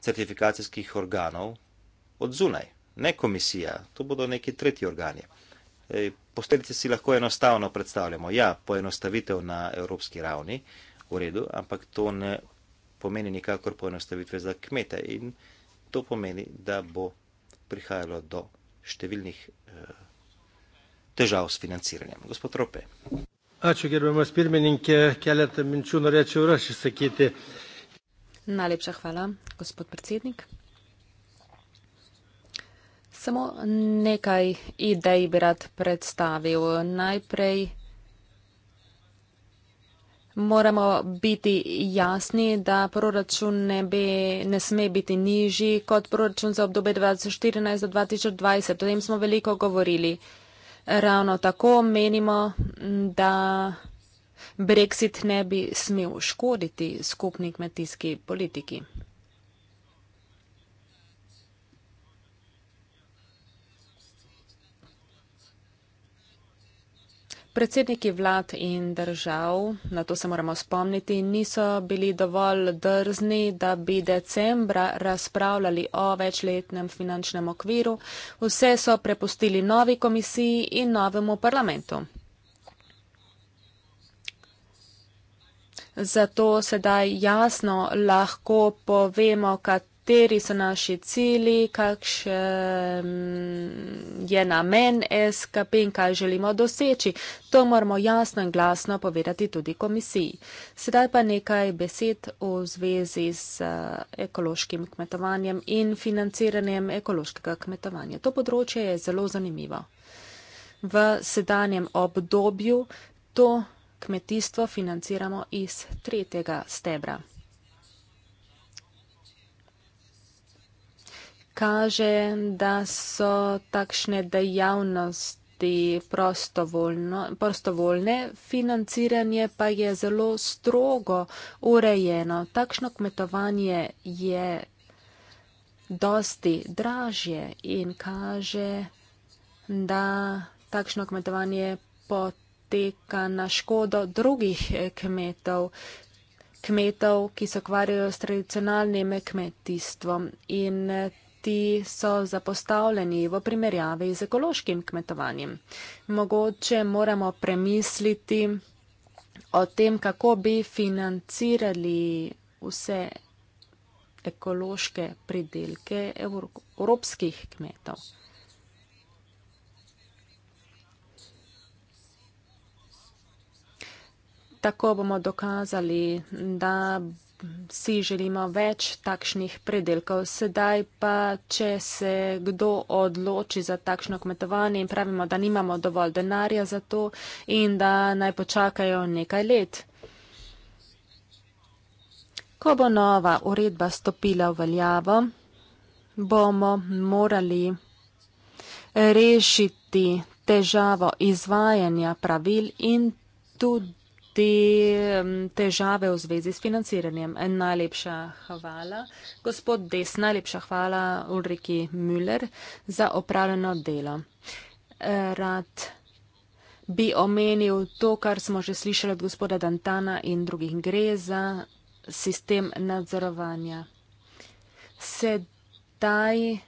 certifikacijskih organov od zunaj, ne komisija, to bodo neki tretji organi. Posledice si lahko enostavno predstavljamo. Ja, poenostavitev na evropski ravni, v redu, ampak to ne pomeni nikakor poenostavitve za kmete in to pomeni, da bo prihajalo do številnih eh, težav s financiranjem. Gospod Rope. Ačiū, gerbiamas pirmininkė, keletą minčių norėčiau ir aš išsakyti. Najlepša hvala, gospod predsednik. Samo nekaj idej bi rad predstavil. Najprej moramo biti jasni, da proračun ne, bi, ne sme biti nižji kot proračun za obdobje 2014 do 2020. O tem smo veliko govorili. Ravno tako menimo, da. Brexit ne bi smel škoditi skupni kmetijski politiki. Predsedniki vlad in držav, na to se moramo spomniti, niso bili dovolj drzni, da bi decembra razpravljali o večletnem finančnem okviru. Vse so prepustili novi komisiji in novemu parlamentu. zato sedaj jasno lahko povemo, kateri so naši cili, kakšen je namen SKP in kaj želimo doseči. To moramo jasno in glasno povedati tudi komisiji. Sedaj pa nekaj besed v zvezi z eh, ekološkim kmetovanjem in financiranjem ekološkega kmetovanja. To področje je zelo zanimivo. V sedanjem obdobju to kmetijstvo financiramo iz tretjega stebra. Kaže, da so takšne dejavnosti prostovoljne, financiranje pa je zelo strogo urejeno. Takšno kmetovanje je dosti dražje in kaže, da takšno kmetovanje potrebuje poteka na škodo drugih eh, kmetov, kmetov, ki se ukvarjajo s tradicionalnim eh, kmetijstvom in eh, ti so zapostavljeni v primerjavi z ekološkim kmetovanjem. Mogoče moramo premisliti o tem, kako bi financirali vse ekološke pridelke evropskih kmetov. Tako bomo dokazali, da si želimo več takšnih predelkov. Sedaj pa, če se kdo odloči za takšno kmetovanje in pravimo, da nimamo dovolj denarja za to in da naj počakajo nekaj let. Ko bo nova uredba stopila v veljavo, bomo morali rešiti težavo izvajanja pravil in tudi te težave v zvezi s financiranjem. En najlepša hvala, gospod Des, najlepša hvala Ulriki Müller za opravljeno delo. Rad bi omenil to, kar smo že slišali od gospoda Dantana in drugih. Gre za sistem nadzorovanja. Sedaj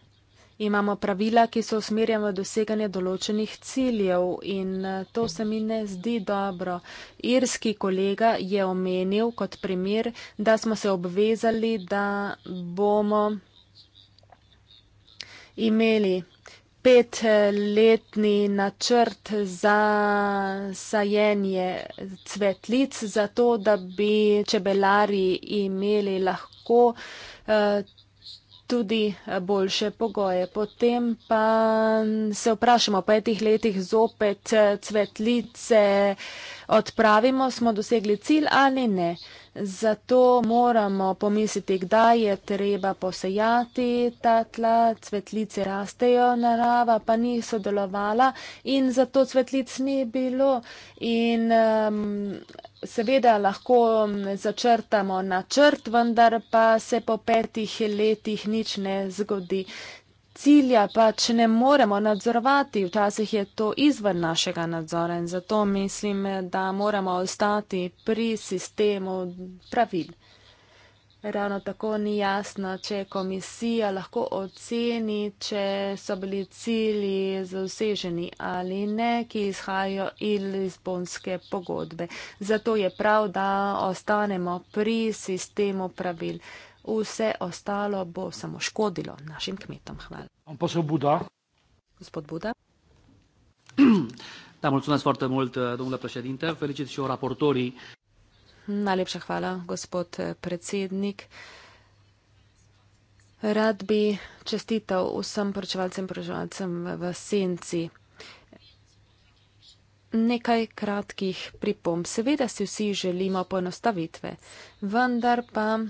imamo pravila, ki so usmerjena v doseganje določenih ciljev in eh, to se mi ne zdi dobro. Irski kolega je omenil kot primer, da smo se obvezali, da bomo imeli petletni načrt za sajenje cvetlic, zato da bi čebelari imeli lahko uh, tudi eh, boljše pogoje. Potem pa mm, se vprašamo, po petih letih zopet eh, cvetlice odpravimo, smo dosegli cilj ali ne. Zato moramo pomisliti, kdaj je treba posejati ta tla, cvetlice rastejo, narava pa ni sodelovala in zato cvetlic ni bilo. In, um, Seveda lahko mm, začrtamo načrt, vendar pa se po petih letih nič ne zgodi. Cilja pač ne moremo nadzorovati, včasih je to izven našega nadzora in zato mislim, da moramo ostati pri sistemu pravil. Ravno tako ni jasno, če komisija lahko oceni, če so bili cilji zauseženi ali ne, ki izhajajo iz Lizbonske pogodbe. Zato je prav, da ostanemo pri sistemu pravil. Vse ostalo bo samo škodilo našim kmetom. Hvala. On pa se obuda. Gospod Buda. Da, mulțumesc foarte mult, domnule președinte. Felicit și o raportorii. Najlepša hvala, gospod predsednik. Rad bi čestital vsem poročevalcem in poročevalcem v senci. Nekaj kratkih pripomb. Seveda si vsi želimo poenostavitve, vendar pa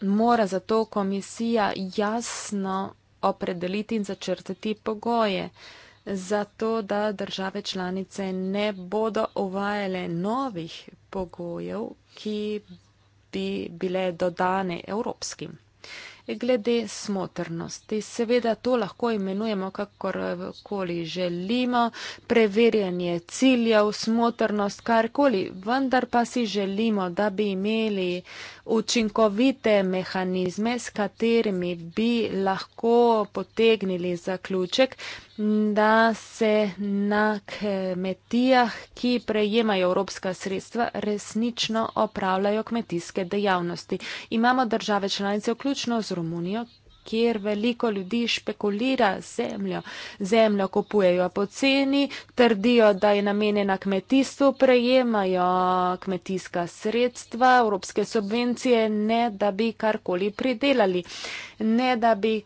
mora zato komisija jasno opredeliti in začrtati pogoje zato da države članice ne bodo uvajale novih pogojev, ki bi bile dodane evropskim. Glede smotrnosti, seveda to lahko imenujemo kakorkoli želimo, preverjanje ciljev, smotrnost, karkoli, vendar pa si želimo, da bi imeli učinkovite mehanizme, s katerimi bi lahko potegnili zaključek, da se na kmetijah, ki prejemajo evropska sredstva, resnično opravljajo kmetijske dejavnosti. Imamo države članice, vključno z Romunijo, kjer veliko ljudi špekulira zemljo. Zemljo kupujejo poceni, trdijo, da je namenjena kmetijstvu, prejemajo kmetijska sredstva, evropske subvencije, ne da bi karkoli pridelali, ne da bi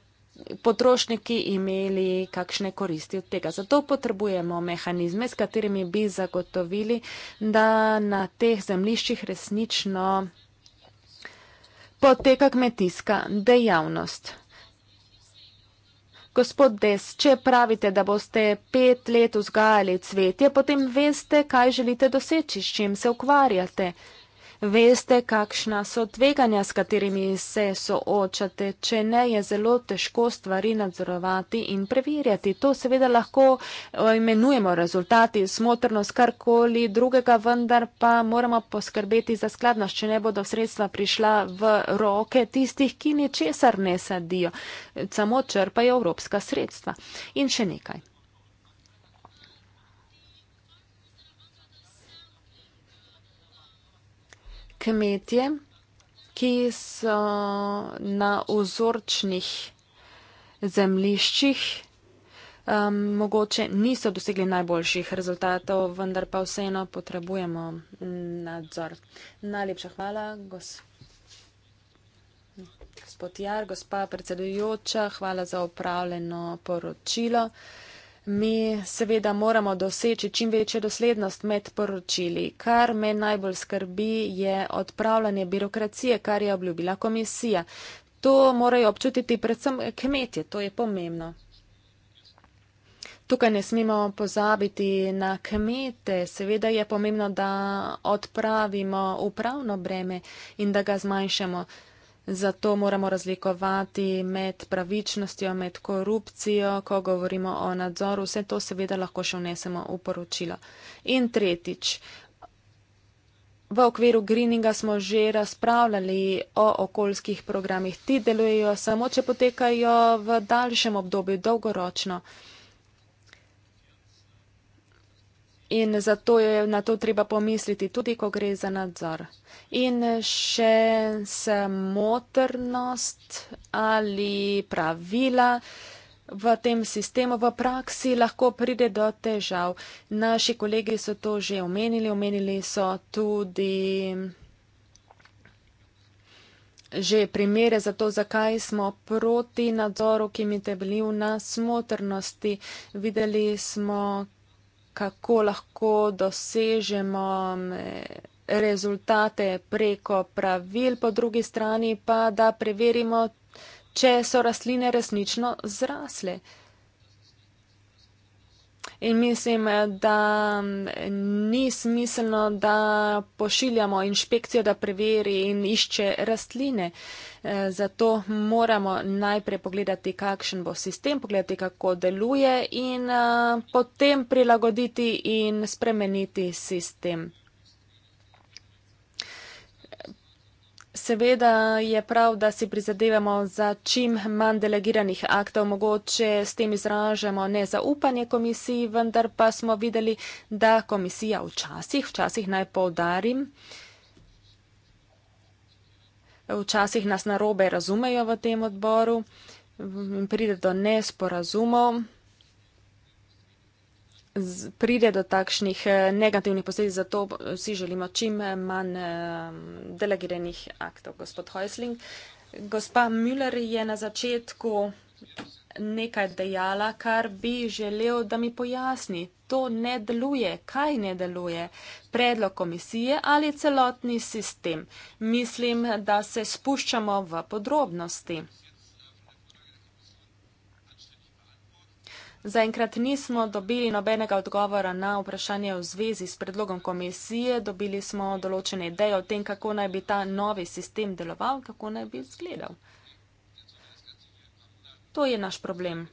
potrošniki imeli kakšne koristi od tega. Zato potrebujemo mehanizme, s katerimi bi zagotovili, da na teh zemljiščih resnično poteka kmetijska dejavnost. Gospod Des, če pravite, da boste pet let vzgajali cvetje, potem veste, kaj želite doseči, s čim se ukvarjate. Veste, kakšna so tveganja, s katerimi se soočate, če ne je zelo težko stvari nadzorovati in preverjati. To seveda lahko imenujemo rezultati, smotrnost, karkoli drugega, vendar pa moramo poskrbeti za skladnost, če ne bodo sredstva prišla v roke tistih, ki ničesar ne sadijo, samo črpajo evropska sredstva. In še nekaj. kmetje, ki so na ozorčnih zemliščih, um, mogoče niso dosegli najboljših rezultatov, vendar pa vseeno potrebujemo nadzor. Najlepša hvala, gospod Jar, gospa predsedujoča, hvala za upravljeno poročilo. Mi seveda moramo doseči čim večjo doslednost med poročili. Kar me najbolj skrbi, je odpravljanje birokracije, kar je obljubila komisija. To morajo občutiti predvsem kmetje, to je pomembno. Tukaj ne smemo pozabiti na kmete. Seveda je pomembno, da odpravimo upravno breme in da ga zmanjšamo. Zato moramo razlikovati med pravičnostjo, med korupcijo, ko govorimo o nadzoru. Vse to seveda lahko še vnesemo v poročilo. In tretjič. V okviru greeninga smo že razpravljali o okoljskih programih. Ti delujejo samo, če potekajo v daljšem obdobju, dolgoročno. In zato je na to treba pomisliti, tudi ko gre za nadzor. In še smotrnost ali pravila v tem sistemu v praksi lahko pride do težav. Naši kolegi so to že omenili, omenili so tudi že primere za to, zakaj smo proti nadzoru, ki mi te bili v nas smotrnosti. Videli smo, kako lahko dosežemo mm, rezultate preko pravil, po drugi strani pa da preverimo, če so rastline resnično zrasle. In mislim, da ni smiselno, da pošiljamo inšpekcijo, da preveri in išče rastline. Eh, zato moramo najprej pogledati, kakšen bo sistem, pogledati, kako deluje in eh, potem prilagoditi in spremeniti sistem. Seveda je prav, da si prizadevamo za čim manj delegiranih aktov, mogoče s tem izražamo nezaupanje komisiji, vendar pa smo videli, da komisija včasih, včasih naj povdarim, včasih nas narobe razumejo v tem odboru in pride do nesporazumov pride do takšnih eh, negativnih posledic, zato vsi želimo čim eh, manj eh, delegiranih aktov, gospod Heusling. Gospa Müller je na začetku nekaj dejala, kar bi želel, da mi pojasni. To ne deluje. Kaj ne deluje? Predlog komisije ali celotni sistem? Mislim, da se spuščamo v podrobnosti. Zaenkrat nismo dobili nobenega odgovora na vprašanje v zvezi s predlogom komisije. Dobili smo določene ideje o tem, kako naj bi ta novi sistem deloval, kako naj bi izgledal. To je naš problem.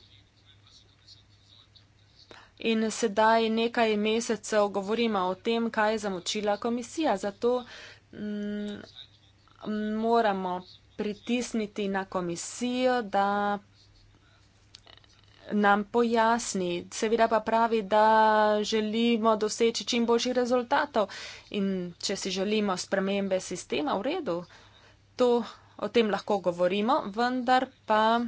In sedaj nekaj mesecev govorimo o tem, kaj je zamočila komisija. Zato mm, moramo pritisniti na komisijo, da nam pojasni. Seveda pa pravi, da želimo doseči čim boljši rezultatov in če si želimo spremembe sistema v redu, to o tem lahko govorimo, vendar pa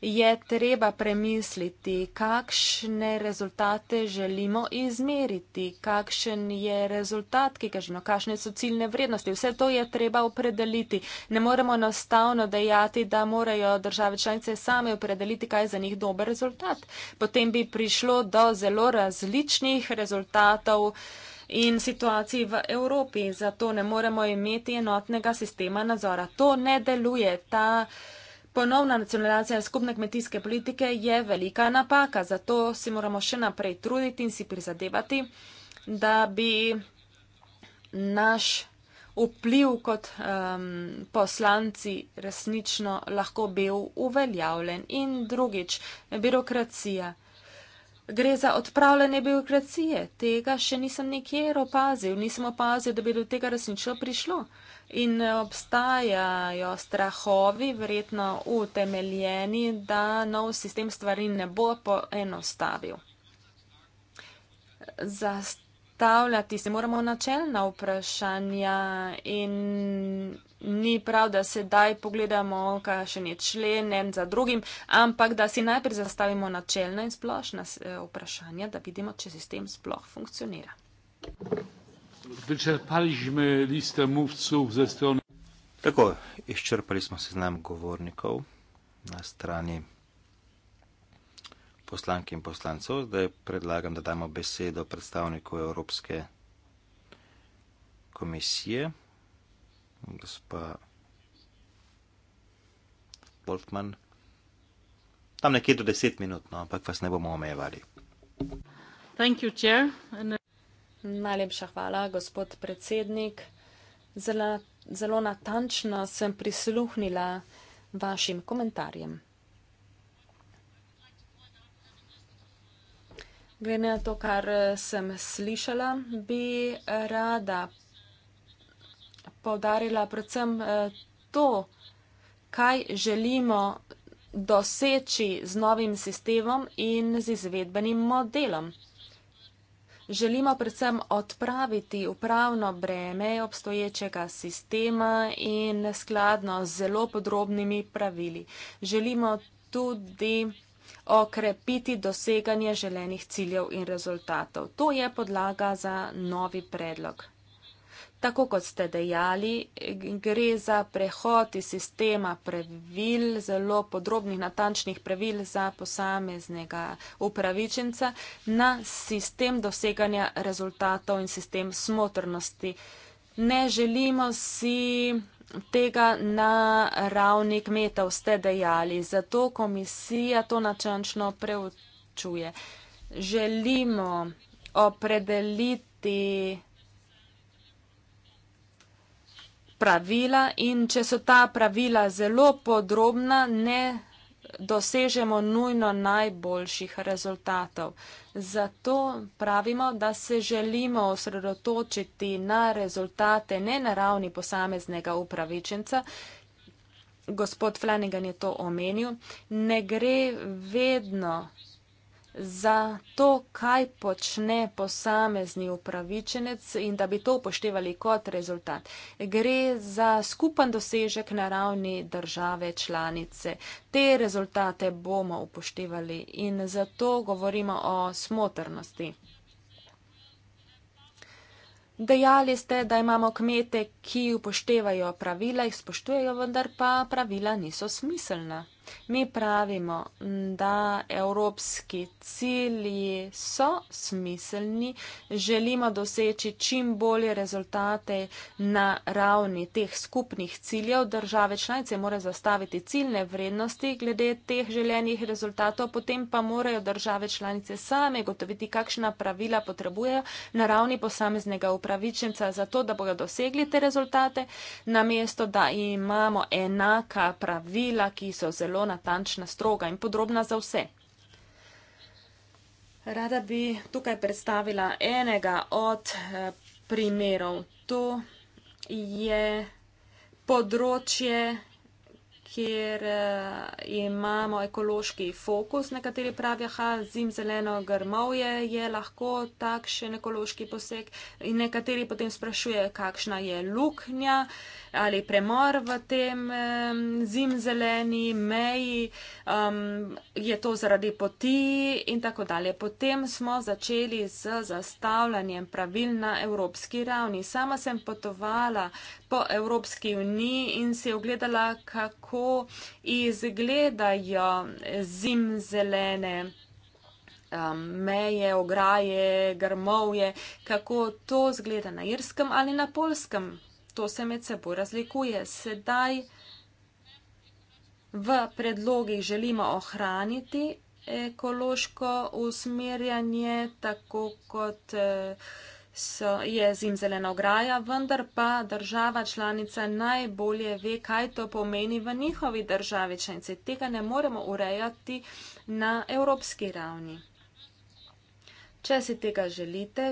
je treba premisliti, kakšne rezultate želimo izmeriti, kakšen je rezultat, ki ga želimo, kakšne so ciljne vrednosti. Vse to je treba opredeliti. Ne moremo enostavno dejati, da morajo države članice same opredeliti, kaj je za njih dober rezultat. Potem bi prišlo do zelo različnih rezultatov in situaciji v Evropi. Zato ne moremo imeti enotnega sistema nadzora. To ne deluje. Ta ponovna nacionalizacija skupne kmetijske politike je velika napaka. Zato si moramo še naprej truditi in si prizadevati, da bi naš vpliv kot um, poslanci resnično lahko bil uveljavljen. In drugič, birokracija. Gre za odpravljanje birokracije. Tega še nisem nikjer opazil. Nisem opazil, da bi do tega resnično prišlo. In obstajajo strahovi, verjetno utemeljeni, da nov sistem stvari ne bo poenostavil. Zastavljati se moramo načelna vprašanja in ni prav, da sedaj pogledamo, kakšen je člen en za drugim, ampak da si najprej zastavimo načelna in splošna eh, vprašanja, da vidimo, če sistem sploh funkcionira. Tako, izčrpali smo seznam govornikov na strani poslank in poslancev. Zdaj predlagam, da damo besedo predstavniku Evropske komisije gospa Volkman. Tam nekje do deset minut, no, ampak vas ne bomo omejevali. You, uh, Najlepša hvala, gospod predsednik. Zelo, zelo natančno sem prisluhnila vašim komentarjem. Glede na to, kar eh, sem slišala, bi rada poudarila predvsem eh, to, kaj želimo doseči z novim sistemom in z izvedbenim modelom. Želimo predvsem odpraviti upravno breme obstoječega sistema in skladno z zelo podrobnimi pravili. Želimo tudi okrepiti doseganje želenih ciljev in rezultatov. To je podlaga za novi predlog tako kot ste dejali, gre za prehod iz sistema pravil, zelo podrobnih, natančnih pravil za posameznega upravičenca na sistem doseganja rezultatov in sistem smotrnosti. Ne želimo si tega na ravni kmetov, ste dejali, zato komisija to načančno preučuje. Želimo opredeliti pravila in če so ta pravila zelo podrobna, ne dosežemo nujno najboljših rezultatov. Zato pravimo, da se želimo osredotočiti na rezultate ne na ravni posameznega upravičenca. Gospod Flanagan je to omenil. Ne gre vedno za to, kaj počne posamezni upravičenec in da bi to upoštevali kot rezultat. Gre za skupen dosežek na ravni države članice. Te rezultate bomo upoštevali in zato govorimo o smotrnosti. Dejali ste, da imamo kmete, ki upoštevajo pravila, jih spoštujejo, vendar pa pravila niso smiselna. Mi pravimo, da evropski cilji so smiselni, želimo doseči čim bolje rezultate na ravni teh skupnih ciljev. Države članice morajo zastaviti ciljne vrednosti glede teh željenih rezultatov, potem pa morajo države članice same gotoviti, kakšna pravila potrebujejo na ravni posameznega upravičenca, zato da bodo dosegli te rezultate, namesto da imamo enaka pravila, ki so zelo zelo natančna, stroga in podrobna za vse. Rada bi tukaj predstavila enega od eh, primerov. To je področje kjer uh, imamo ekološki fokus, nekateri pravijo, da zim zeleno grmovje je lahko takšen ekološki poseg in nekateri potem sprašujejo, kakšna je luknja ali premor v tem um, zim zeleni meji, um, je to zaradi poti in tako dalje. Potem smo začeli z zastavljanjem pravil na evropski ravni. Sama sem potovala po Evropski uniji in si ogledala, kako kako izgledajo zimzelene um, meje, ograje, grmovje, kako to zgleda na irskem ali na polskem. To se med seboj razlikuje. Sedaj v predlogih želimo ohraniti ekološko usmerjanje, tako kot. Uh, so, je zim zelena ograja, vendar pa država članica najbolje ve, kaj to pomeni v njihovi državi članice. Tega ne moremo urejati na evropski ravni. Če si tega želite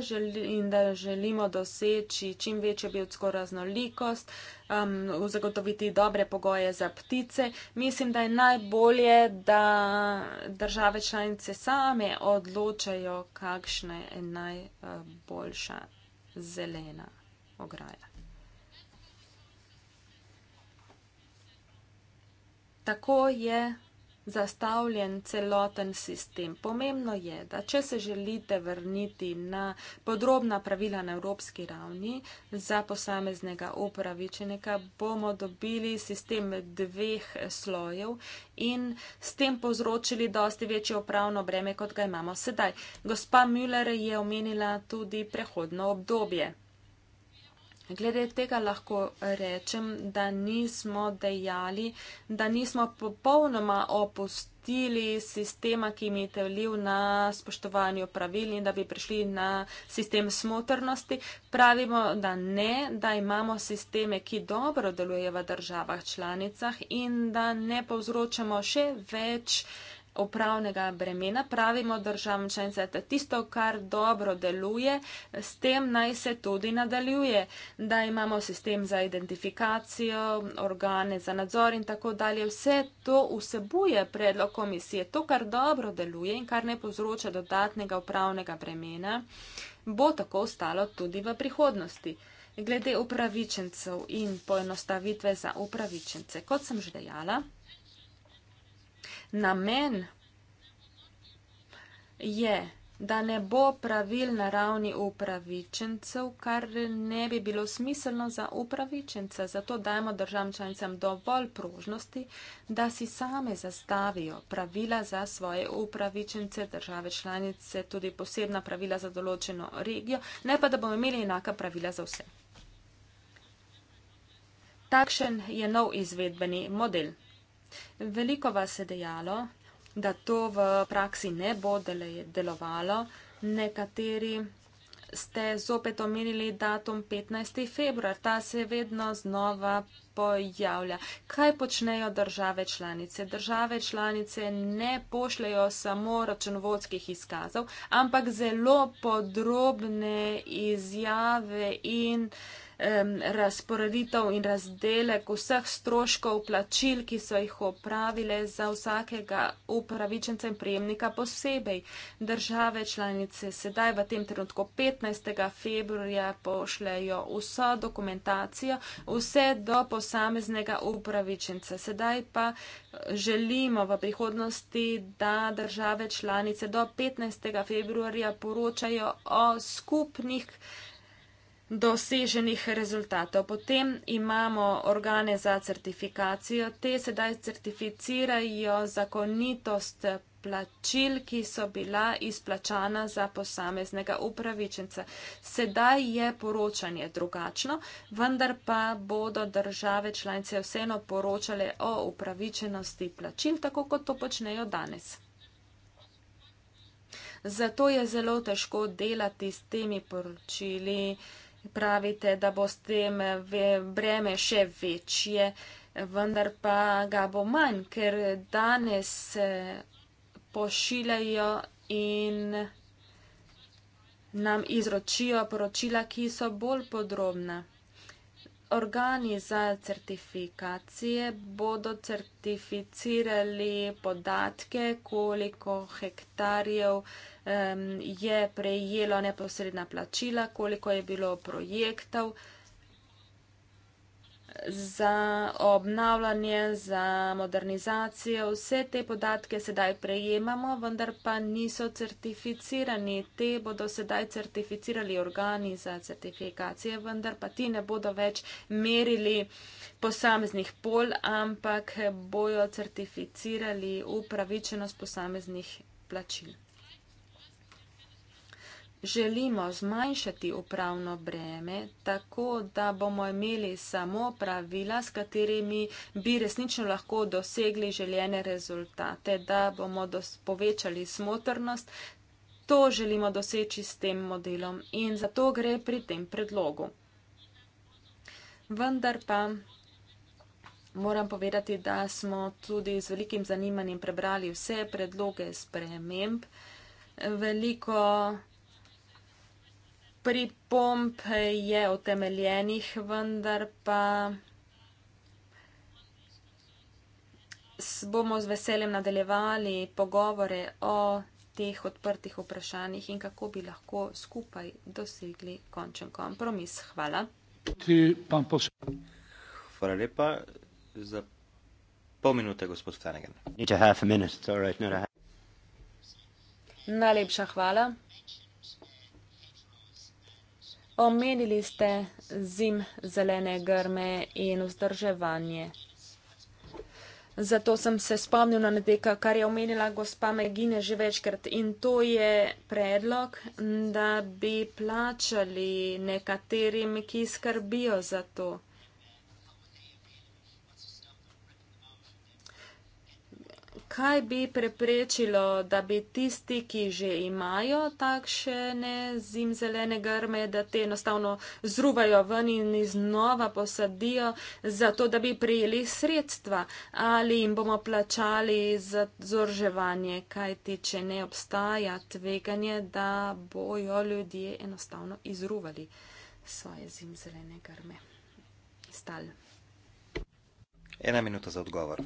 in da želimo doseči čim večjo biotsko raznolikost, um, zagotoviti dobre pogoje za ptice, mislim, da je najbolje, da države članice same odločajo, kakšna je najboljša zelena ograja. Tako je zastavljen celoten sistem. Pomembno je, da če se želite vrniti na podrobna pravila na evropski ravni za posameznega upravičenega, bomo dobili sistem dveh slojev in s tem povzročili dosti večje upravno breme, kot ga imamo sedaj. Gospa Müller je omenila tudi prehodno obdobje. Glede tega lahko rečem, da nismo dejali, da nismo popolnoma opustili sistema, ki mi je telil na spoštovanju pravil in da bi prišli na sistem smotrnosti. Pravimo, da ne, da imamo sisteme, ki dobro delujejo v državah članicah in da ne povzročamo še več upravnega bremena, pravimo državam članicam, da tisto, kar dobro deluje, s tem naj se tudi nadaljuje, da imamo sistem za identifikacijo, organe za nadzor in tako dalje. Vse to vsebuje predlog komisije. To, kar dobro deluje in kar ne povzroča dodatnega upravnega bremena, bo tako ostalo tudi v prihodnosti. Glede upravičencev in poenostavitve za upravičence, kot sem že dejala, namen je, da ne bo pravil na ravni upravičencev, kar ne bi bilo smiselno za upravičence. Zato dajmo državam članicam dovolj prožnosti, da si same zastavijo pravila za svoje upravičence, države članice, tudi posebna pravila za določeno regijo, ne pa da bomo imeli enaka pravila za vse. Takšen je nov izvedbeni model. Veliko vas je dejalo, da to v praksi ne bo delovalo. Nekateri ste zopet omenili datum 15. februar. Ta se vedno znova pojavlja. Kaj počnejo države članice? Države članice ne pošljajo samo računovodskih izkazov, ampak zelo podrobne izjave in uh, razporeditev in razdelek vseh stroškov plačil, ki so jih opravile za vsakega upravičenca in prejemnika posebej. Države članice sedaj v tem trenutku 15. februarja pošljajo vso dokumentacijo, vse do posameznega upravičenca. Sedaj pa želimo v prihodnosti, da države članice do 15. februarja poročajo o skupnih doseženih rezultatov. Potem imamo organe za certifikacijo. Te sedaj certificirajo zakonitost plačil, ki so bila izplačana za posameznega upravičenca. Sedaj je poročanje drugačno, vendar pa bodo države članice vseeno poročale o upravičenosti plačil, tako kot to počnejo danes. Zato je zelo težko delati s temi poročili. Uh, pravite, da bo s tem breme še večje, vendar pa ga bo manj, ker danes se pošiljajo in nam izročijo poročila, ki so bolj podrobna. Organi za certifikacije bodo certificirali podatke, koliko hektarjev eh, um, je prejelo neposredna plačila, koliko je bilo projektov za obnavljanje, za modernizacijo. Vse te podatke sedaj prejemamo, vendar pa niso certificirani. Te bodo sedaj certificirali organi za certifikacije, vendar pa ti ne bodo več merili posameznih pol, ampak bojo certificirali upravičenost posameznih plačil. Želimo zmanjšati upravno breme, tako da bomo imeli samo pravila, s katerimi bi resnično lahko dosegli željene rezultate, da bomo povečali smotrnost. To želimo doseči s tem modelom in zato gre pri tem predlogu. Vendar pa moram povedati, da smo tudi z velikim zanimanjem prebrali vse predloge sprememb. Veliko pripomb je utemeljenih, vendar pa bomo z veseljem nadaljevali pogovore o teh odprtih vprašanjih in kako bi lahko skupaj dosegli končen kompromis. Hvala. Hvala lepa za pol minute, gospod Flanagan. Right, Najlepša hvala. Omenili ste zim zelene grme in vzdrževanje. Zato sem se spomnil na nekaj, kar je omenila gospa Megine že večkrat in to je predlog, da bi plačali nekaterim, ki skrbijo za to. kaj bi preprečilo, da bi tisti, ki že imajo takšne zimzelene grme, da te enostavno zruvajo ven in iznova posadijo, zato da bi prijeli sredstva ali jim bomo plačali za zorževanje, kaj ti, če ne obstaja tveganje, da bojo ljudje enostavno izruvali svoje zimzelene grme. Stal. Ena minuta za odgovor.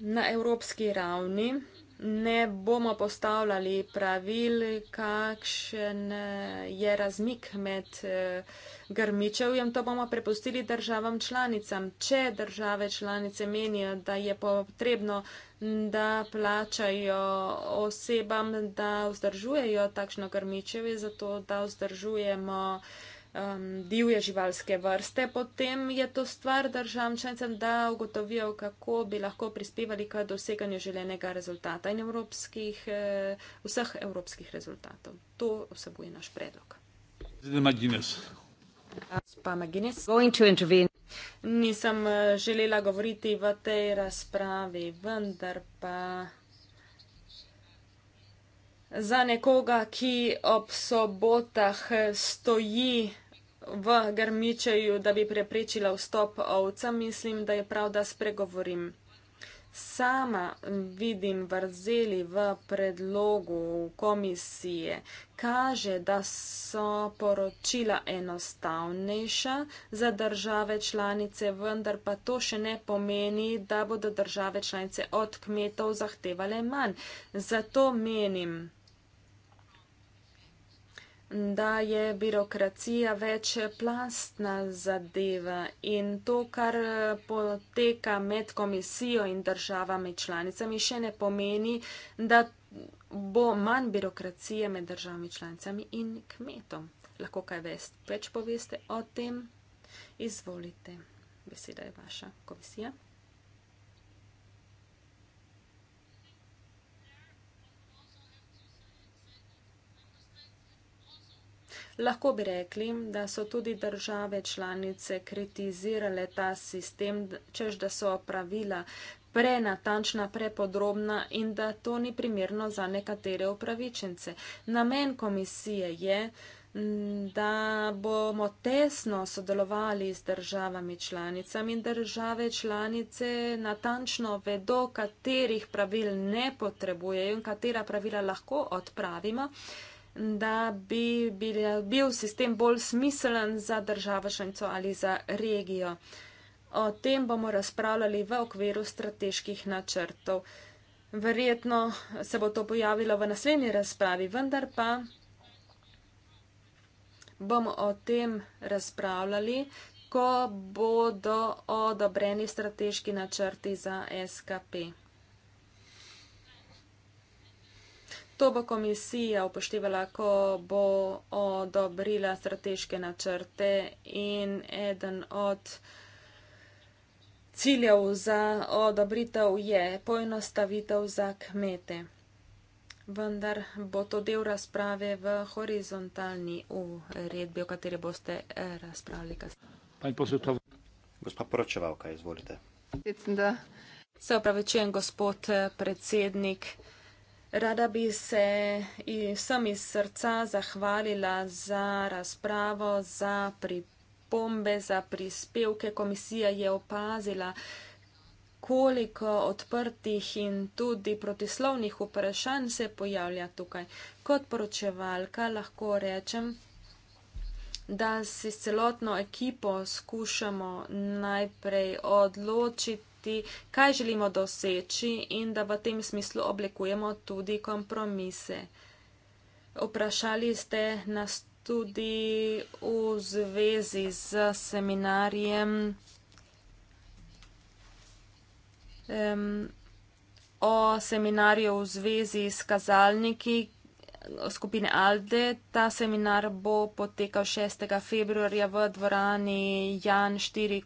na evropski ravni. Ne bomo postavljali pravil, kakšen eh, je razmik med eh, grmičevjem, to bomo prepustili državam članicam. Če države članice menijo, da je potrebno, da plačajo osebam, da vzdržujejo takšno grmičevje, zato da vzdržujemo um, divje živalske vrste, potem je to stvar državam članicam, da ugotovijo, kako bi lahko prispevali k doseganju željenega rezultata in evropskih, eh, vseh evropskih rezultatov. To vsebuje naš predlog. Nisem eh, želela govoriti v tej razpravi, vendar pa za nekoga, ki ob sobotah stoji v Grmičeju, da bi preprečila vstop ovca, mislim, da je prav, da spregovorim. Sama vidim vrzeli v predlogu komisije, kaže, da so poročila enostavnejša za države članice, vendar pa to še ne pomeni, da bodo države članice od kmetov zahtevale manj. Zato menim, da da je birokracija več plastna zadeva in to, kar poteka med komisijo in državami članicami, še ne pomeni, da bo manj birokracije med državami članicami in kmetom. Lahko kaj več poveste o tem? Izvolite. Beseda je vaša komisija. Lahko bi rekli, da so tudi države članice kritizirale ta sistem, čež da so pravila prenatančna, prepodrobna in da to ni primerno za nekatere upravičence. Namen komisije je, da bomo tesno sodelovali z državami članicami in države članice natančno vedo, katerih pravil ne potrebujejo in katera pravila lahko odpravimo da bi bil, bil sistem bolj smiselen za državo šanco ali za regijo. O tem bomo razpravljali v okviru strateških načrtov. Verjetno se bo to pojavilo v naslednji razpravi, vendar pa bomo o tem razpravljali, ko bodo odobreni strateški načrti za SKP. To bo komisija upoštevala, ko bo odobrila strateške načrte in eden od ciljev za odobritev je poenostavitev za kmete. Vendar bo to del razprave v horizontalni uredbi, o kateri boste eh, razpravljali kasneje. Gospa poročevalka, izvolite. Se opravičujem, gospod eh, predsednik. Rada bi se vsem iz srca zahvalila za razpravo, za pripombe, za prispevke. Komisija je opazila, koliko odprtih in tudi protislovnih vprašanj se pojavlja tukaj. Kot poročevalka lahko rečem, da si celotno ekipo skušamo najprej odločiti, videti, kaj želimo doseči in da v tem smislu oblikujemo tudi kompromise. Vprašali ste nas tudi v zvezi z seminarjem um, o seminarju v zvezi s kazalniki skupine Alde. Ta seminar bo potekal 6. februarja v dvorani Jan 4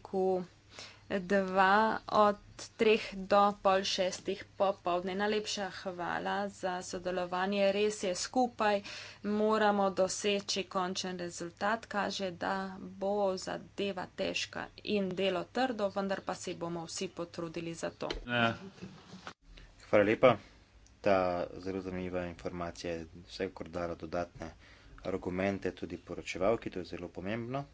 dva od treh do pol šestih popovdne. Najlepša hvala za sodelovanje. Res je, skupaj moramo doseči končen rezultat. Kaže, da bo zadeva težka in delo trdo, vendar pa se bomo vsi potrudili za to. Ja. Hvala lepa. Ta zelo zanimiva informacija je vsekakor dala dodatne argumente tudi poročevalki, to je zelo pomembno.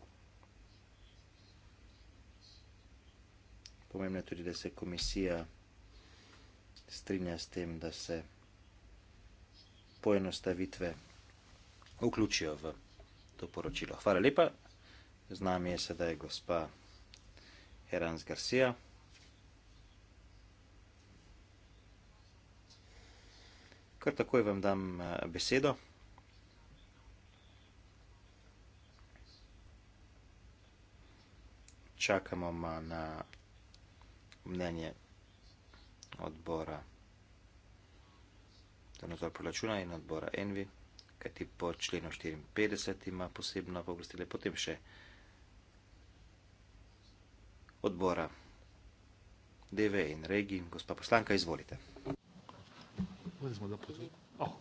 pomembno je tudi, da se komisija strinja s tem, da se poenostavitve vključijo v to poročilo. Hvala lepa. Z nami je sedaj gospa Herans Garcia. Kar takoj vam dam eh, besedo. Čakamo na mnenje odbora, to je nadzor proračuna in odbora Envi, kajti po členu 54 ima posebno pooblastile, potem še odbora DV in regij. Gospa poslanka, izvolite. Oh,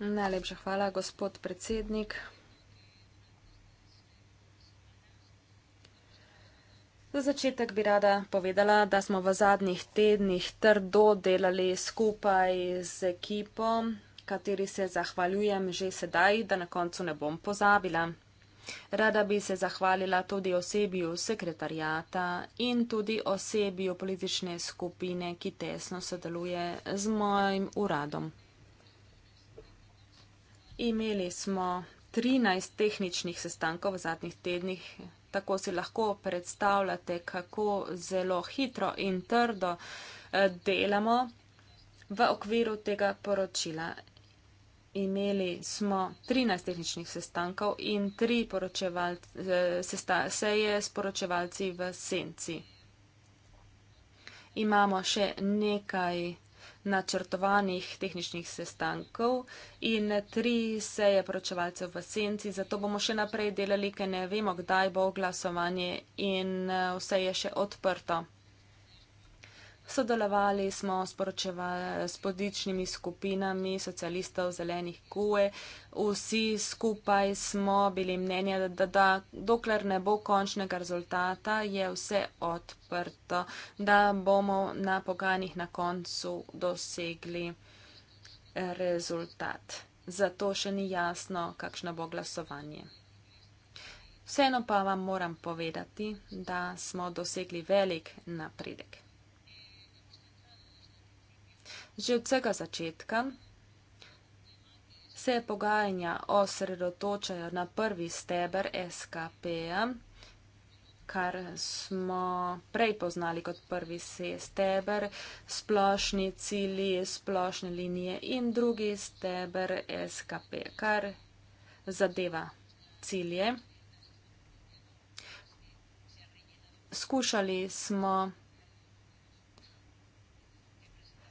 Najlepša hvala, gospod predsednik. Za začetek bi rada povedala, da smo v zadnjih tednih trdo delali skupaj z ekipo, kateri se zahvaljujem že sedaj, da na koncu ne bom pozabila. Rada bi se zahvalila tudi osebju sekretarjata in tudi osebju politične skupine, ki tesno sodeluje z mojim uradom. Imeli smo 13 tehničnih sestankov v zadnjih tednih, Tako si lahko predstavljate, kako zelo hitro in trdo eh, delamo v okviru tega poročila. Imeli smo 13 tehničnih sestankov in 3 eh, seje s poročevalci v senci. Imamo še nekaj načrtovanih tehničnih sestankov in tri seje poročevalcev v senci. Zato bomo še naprej delali, ker ne vemo, kdaj bo glasovanje in eh, vse je še odprto. Sodelovali smo s podičnimi skupinami socialistov zelenih kue. Vsi skupaj smo bili mnenja, da, da, da dokler ne bo končnega rezultata, je vse odprto, da bomo na pogajanjih na koncu dosegli eh, rezultat. Zato še ni jasno, kakšno bo glasovanje. Vseeno pa vam moram povedati, da smo dosegli velik napredek. Že od vsega začetka se pogajanja osredotočajo na prvi steber SKP-ja, kar smo prej poznali kot prvi steber, splošni cili, splošne linije in drugi steber SKP, kar zadeva cilje. Skušali smo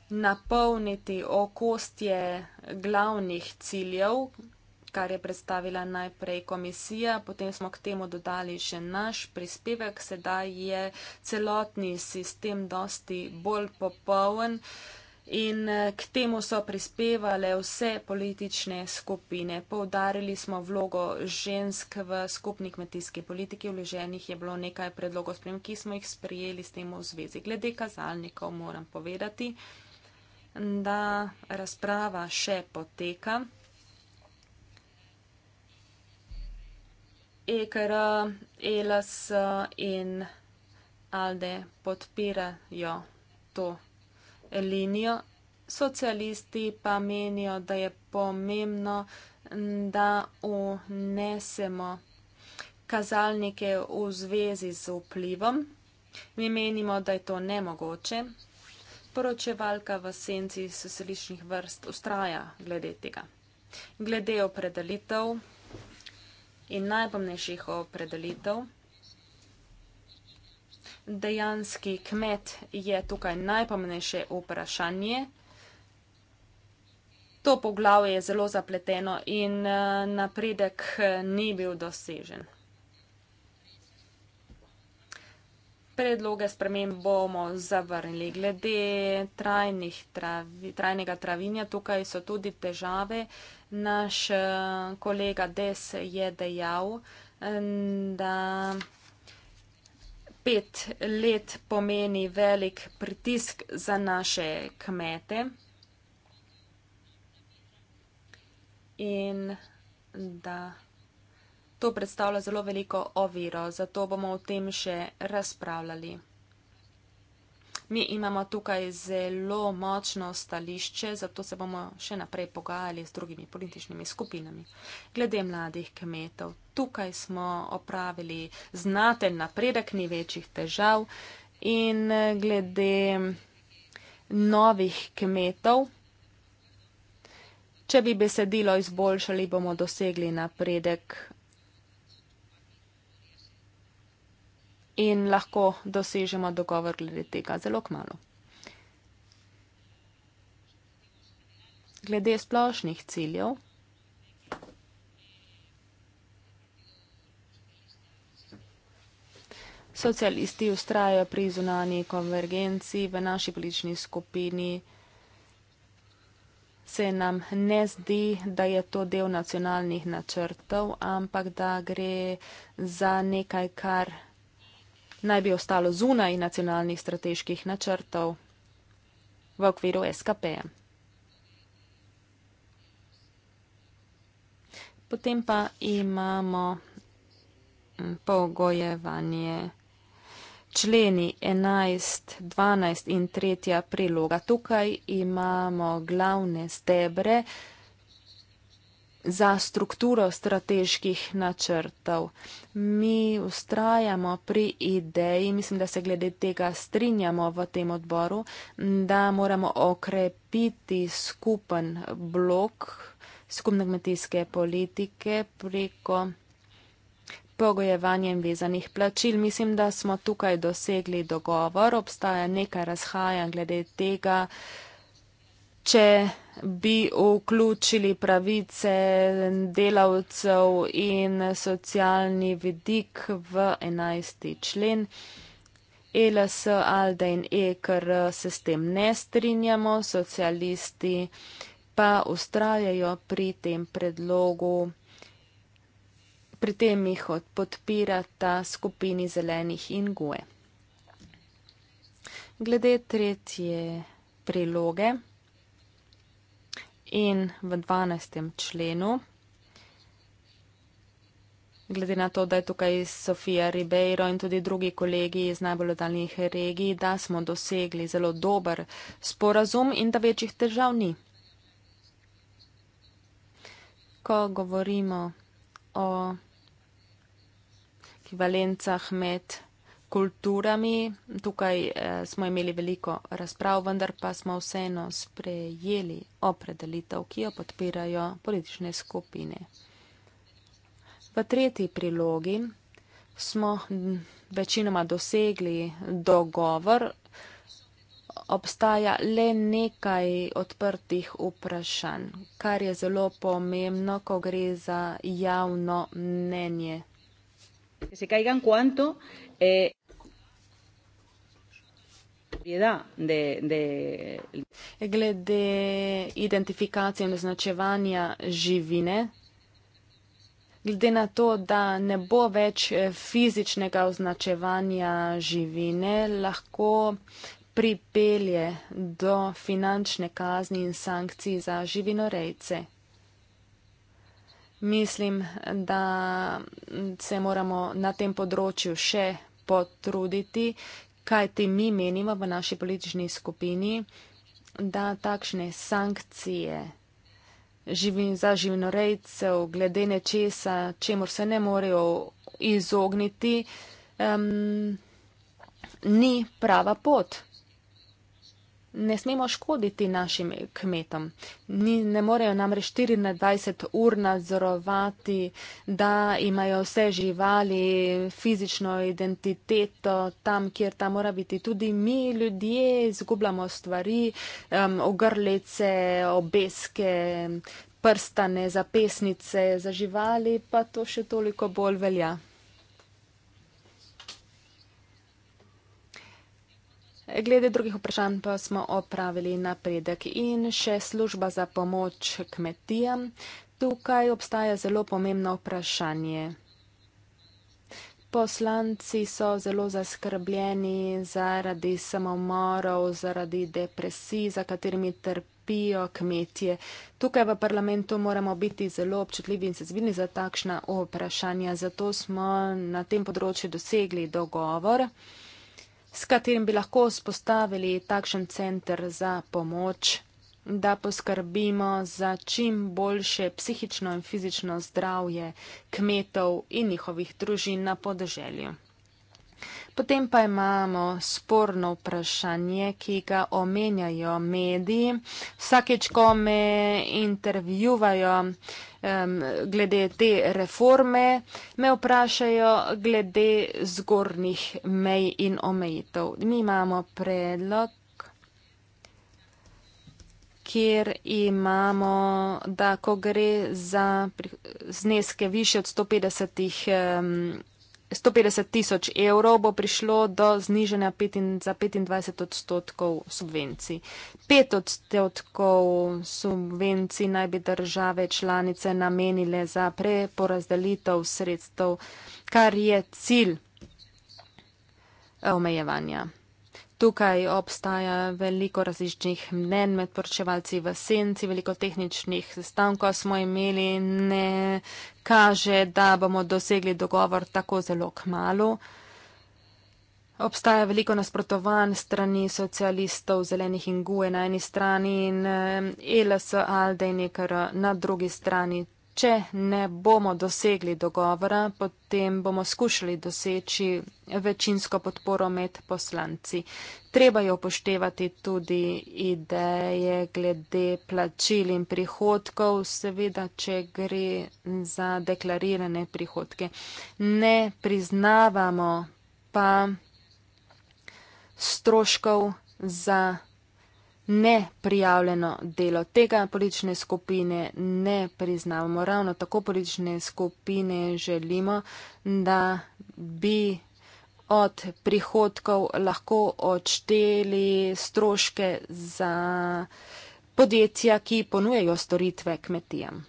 napolniti okostje glavnih ciljev, kar je predstavila najprej komisija, potem smo k temu dodali še naš prispevek, sedaj je celotni sistem dosti bolj popoln. In eh, k temu so prispevale vse politične skupine. Poudarili smo vlogo žensk v skupni kmetijski politiki. Vloženih je bilo nekaj predlogov sprem, ki smo jih sprijeli s tem v zvezi. Glede kazalnikov moram povedati, da razprava še poteka. EKR, ELAS in ALDE podpirajo to linijo. Socialisti pa menijo, da je pomembno, da unesemo kazalnike v zvezi z vplivom. Mi menimo, da je to nemogoče poročevalka v senci soseličnih vrst ustraja glede tega. Glede opredelitev in najpomnejših opredelitev, dejanski kmet je tukaj najpomnejše vprašanje. To poglavje je zelo zapleteno in eh, napredek eh, ni bil dosežen. predloge sprememb bomo zavrnili. Glede trajnih, travi, trajnega travinja tukaj so tudi težave. Naš eh, kolega Des je dejal, eh, da pet let pomeni velik pritisk za naše kmete in da. To predstavlja zelo veliko oviro, zato bomo o tem še razpravljali. Mi imamo tukaj zelo močno stališče, zato se bomo še naprej pogajali z drugimi političnimi skupinami. Glede mladih kmetov, tukaj smo opravili znaten napredek, ni večjih težav in glede novih kmetov. Če bi besedilo izboljšali, bomo dosegli napredek, in lahko dosežemo dogovor glede tega zelo kmalo. Glede splošnih ciljev. Socialisti ustrajajo pri zunanji konvergenci v naši politični skupini. Se nam ne zdi, da je to del nacionalnih načrtov, ampak da gre za nekaj, kar naj bi ostalo zunaj nacionalnih strateških načrtov v okviru SKP. Potem pa imamo mm, pogojevanje členi 11, 12 in 3. priloga. Tukaj imamo glavne stebre, za strukturo strateških načrtov. Mi ustrajamo pri ideji, mislim, da se glede tega strinjamo v tem odboru, da moramo okrepiti skupen blok skupne kmetijske politike preko pogojevanjem vezanih plačil. Mislim, da smo tukaj dosegli dogovor, obstaja nekaj razhajanj glede tega, če bi vključili pravice delavcev in socialni vidik v 11. člen. ELS, ALDE in EKR se s tem ne strinjamo, socialisti pa ustrajajo pri tem predlogu. Pri tem jih podpirata skupini zelenih in GUE. Glede tretje priloge in v 12. členu, glede na to, da je tukaj Sofija Ribeiro in tudi drugi kolegi iz najbolj oddaljenih regij, da smo dosegli zelo dober sporazum in da večjih težav ni. Ko govorimo o ekvivalencah med kulturami. Tukaj eh, smo imeli veliko razprav, vendar pa smo vseeno sprejeli opredelitev, ki jo podpirajo politične skupine. V tretji prilogi smo večinoma dosegli dogovor, obstaja le nekaj odprtih vprašanj, kar je zelo pomembno, ko gre za javno mnenje. Se caigan cuanto. Eh propriedad de. Glede identifikacije in označevanja živine, glede na to, da ne bo več eh, fizičnega označevanja živine, lahko pripelje do finančne kazni in sankcij za živinorejce. Mislim, da se moramo na tem področju še potruditi, kaj ti mi menimo v naši politični skupini, da takšne sankcije živim za živinorejcev glede nečesa, čemor se ne morejo izogniti, um, ni prava pot ne smemo škoditi našim kmetom. Ni, ne morejo namreč 24 ur nadzorovati, da imajo vse živali fizično identiteto tam, kjer ta mora biti. Tudi mi ljudje zgubljamo stvari, um, ogrlice, obeske prstane, zapesnice, za živali pa to še toliko bolj velja. Glede drugih vprašanj pa smo opravili napredek in še služba za pomoč kmetijam. Tukaj obstaja zelo pomembno vprašanje. Poslanci so zelo zaskrbljeni zaradi samomorov, zaradi depresij, za katerimi trpijo kmetije. Tukaj v parlamentu moramo biti zelo občutljivi in sezbini za takšna vprašanja. Zato smo na tem področju dosegli dogovor s katerim bi lahko vzpostavili takšen center za pomoč, da poskrbimo za čim boljše psihično in fizično zdravje kmetov in njihovih družin na podeželju. Potem pa imamo sporno vprašanje, ki ga omenjajo mediji. Vsakeč, ko me intervjuvajo um, glede te reforme, me vprašajo glede zgornjih mej in omejitev. Mi imamo predlog kjer imamo, da ko gre za zneske više od 150 150 tisoč evrov bo prišlo do zniženja petin, za 25 odstotkov subvencij. 5 odstotkov subvencij naj bi države članice namenile za preporazdelitev sredstev, kar je cilj eh, omejevanja. Tukaj obstaja veliko različnih mnen med poročevalci v senci, veliko tehničnih sestankov smo imeli, ne kaže, da bomo dosegli dogovor tako zelo kmalo. Obstaja veliko nasprotovanj strani socialistov, zelenih in guje na eni strani in eh, e LSA, Aldejnikar na drugi strani. Če ne bomo dosegli dogovora, potem bomo skušali doseči večinsko podporo med poslanci. Treba je upoštevati tudi ideje glede plačil in prihodkov, seveda, če gre za deklarirane prihodke. Ne priznavamo pa stroškov za neprijavljeno delo. Tega politične skupine ne priznavamo. Ravno tako politične skupine želimo, da bi od prihodkov lahko odšteli stroške za podjetja, ki ponujejo storitve kmetijam.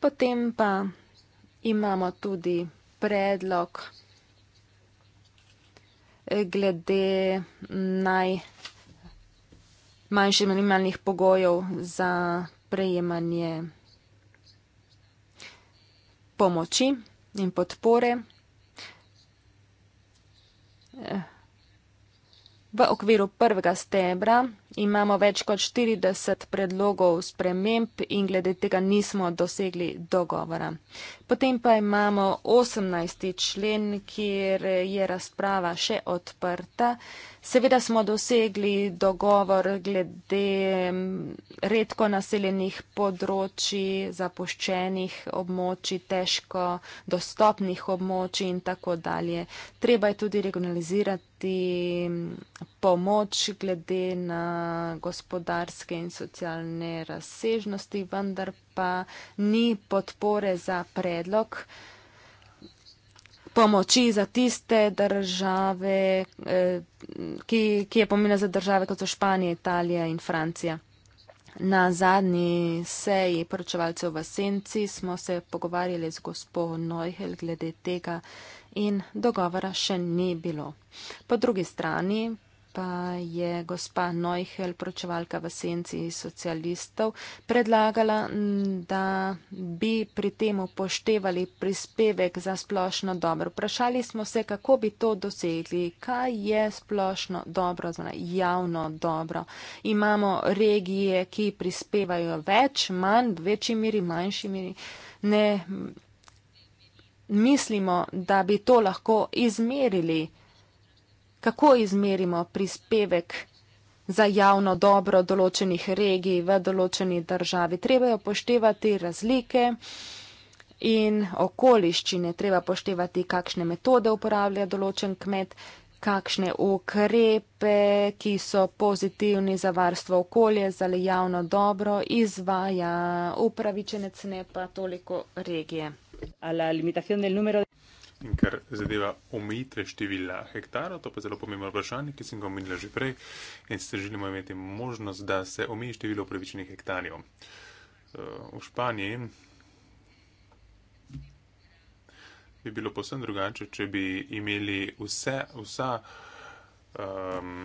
Potem pa imamo tudi predlog glede najmanjših minimalnih pogojev za prejemanje pomoči in podpore eh, v okviru prvega stebra imamo več kot 40 predlogov sprememb in glede tega nismo dosegli dogovora. Potem pa imamo 18. člen, kjer je razprava še odprta. Seveda smo dosegli dogovor glede mm, redko naseljenih področji, zapuščenih območij, težko dostopnih območij in tako dalje. Treba je tudi regionalizirati mm, pomoč glede na gospodarske in socialne razsežnosti, vendar pa ni podpore za predlog pomoči za tiste države, eh, ki, ki je pomena za države, kot so Španija, Italija in Francija. Na zadnji seji poročevalcev v Senci smo se pogovarjali z gospod Neuhel glede tega in dogovora še ni bilo. Po drugi strani pa je gospa Neuhel, pročevalka v senci socialistov, predlagala, da bi pri tem upoštevali prispevek za splošno dobro. Vprašali smo se, kako bi to dosegli, kaj je splošno dobro, znači javno dobro. Imamo regije, ki prispevajo več, manj, v večji miri, manjši miri. Ne mislimo, da bi to lahko izmerili kako izmerimo prispevek za javno dobro določenih regij v določeni državi. Treba je upoštevati razlike in okoliščine, treba upoštevati, kakšne metode uporablja določen kmet, kakšne ukrepe, ki so pozitivni za varstvo okolje, za javno dobro, izvaja upravičenec, ne pa toliko regije. In kar zadeva omejitve števila hektarov, to pa je zelo pomembno vprašanje, ki sem ga omenila že prej in se želimo imeti možnost, da se omeji število upravičenih hektarjev. Eh, v Španiji bi bilo posebno drugače, če bi imeli vse, vsa. Um,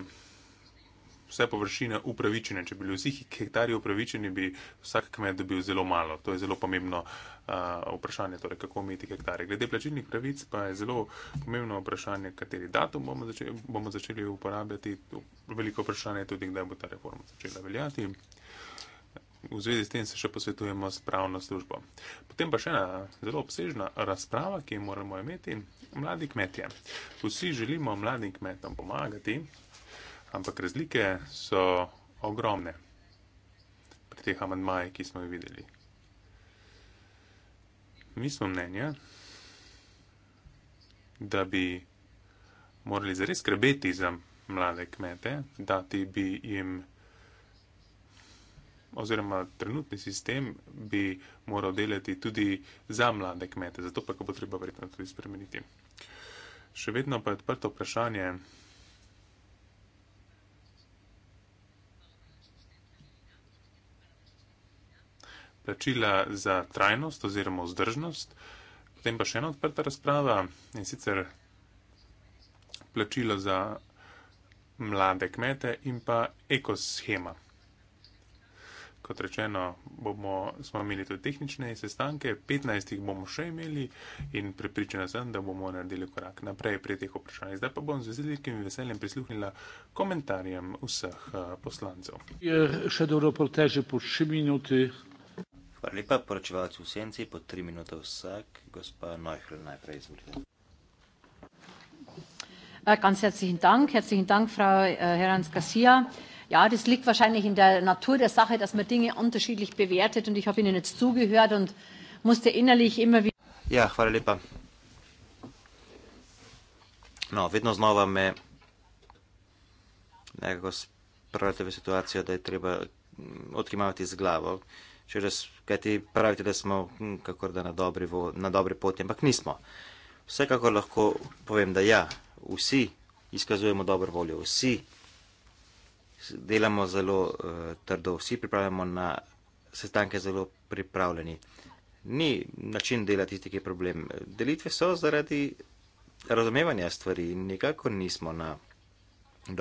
vse površine upravičene. Če bi bili vsi hektarji upravičeni, bi vsak kmet dobil zelo malo. To je zelo pomembno uh, vprašanje, torej, kako imeti hektare. Glede plačilnih pravic pa je zelo pomembno vprašanje, kateri datum bomo, začel, bomo začeli uporabljati. Veliko vprašanje je tudi, kdaj bo ta reforma začela veljati. V zvezi s tem se še posvetujemo s pravno službo. Potem pa še ena zelo obsežna razprava, ki jo moramo imeti, mladi kmetje. Vsi želimo mladim kmetom pomagati, Ampak razlike so ogromne pri teh amandmajih, ki smo jih videli. Mi smo mnenja, da bi morali zares skrbeti za mlade kmete, da ti bi jim, oziroma trenutni sistem bi moral delati tudi za mlade kmete, zato pa ga bo treba verjetno tudi spremeniti. Še vedno pa je odprto vprašanje, plačila za trajnost oziroma vzdržnost. Potem pa še ena odprta razprava in sicer plačilo za mlade kmete in pa ekoshema. Kot rečeno, bomo, smo imeli tudi tehnične sestanke, 15 jih bomo še imeli in prepričana sem, da bomo naredili korak naprej pri teh vprašanjih. Zdaj pa bom z velikim veseljem prisluhnila komentarjem vseh eh, poslancev. Je še dobro, da je že po 3 minuti Hvala lepa, poročevalci v senci, po tri minute vsak, gospa Neuchl najprej izvolite. Äh, ganz herzlichen Dank, herzlichen Dank, Frau äh, Herans Garcia. Ja, das liegt wahrscheinlich in der Natur der Sache, dass man Dinge unterschiedlich bewertet und ich habe Ihnen jetzt zugehört und musste innerlich immer wieder. Ja, hvala lepa. No, vedno znova me nekako spravljate v situacijo, da je treba odkimavati z glavo. Uh, Če res, kaj ti pravite, da smo hm, kakor da na dobri, vo, na dobri poti, ampak nismo. Vsekakor lahko povem, da ja, vsi izkazujemo dobro voljo, vsi delamo zelo uh, trdo, vsi pripravljamo na sestanke zelo pripravljeni. Ni način delati tisti, ki je problem. Delitve so zaradi razumevanja stvari in nikako nismo na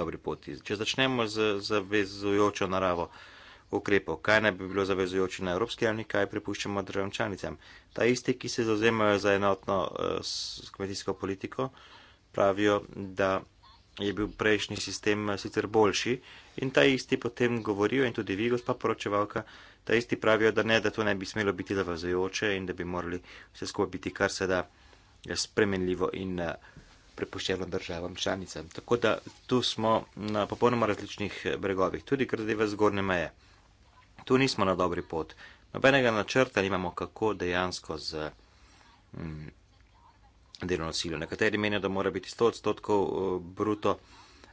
dobri poti. Če začnemo z zavezujočo naravo, uh, ukrepov, kaj naj bi bilo zavezujoče na evropski ravni, kaj prepuščamo državam članicam. Ta isti, ki se zauzemajo za enotno uh, kmetijsko politiko, pravijo, da je bil prejšnji sistem eh, sicer boljši in ta isti potem govorijo in tudi vi, gospa poročevalka, ta isti pravijo, da ne, da to ne bi smelo biti zavezujoče in da bi morali vse skupaj biti kar se da eh, spremenljivo in prepuščeno državam članicam. Tako da tu smo na popolnoma različnih bregovih, tudi kar zadeva zgornje meje tu nismo na dobri pot. Nobenega načrta nimamo, kako dejansko z mm, delovno silo. Nekateri menijo, da mora biti 100 odstotkov eh, bruto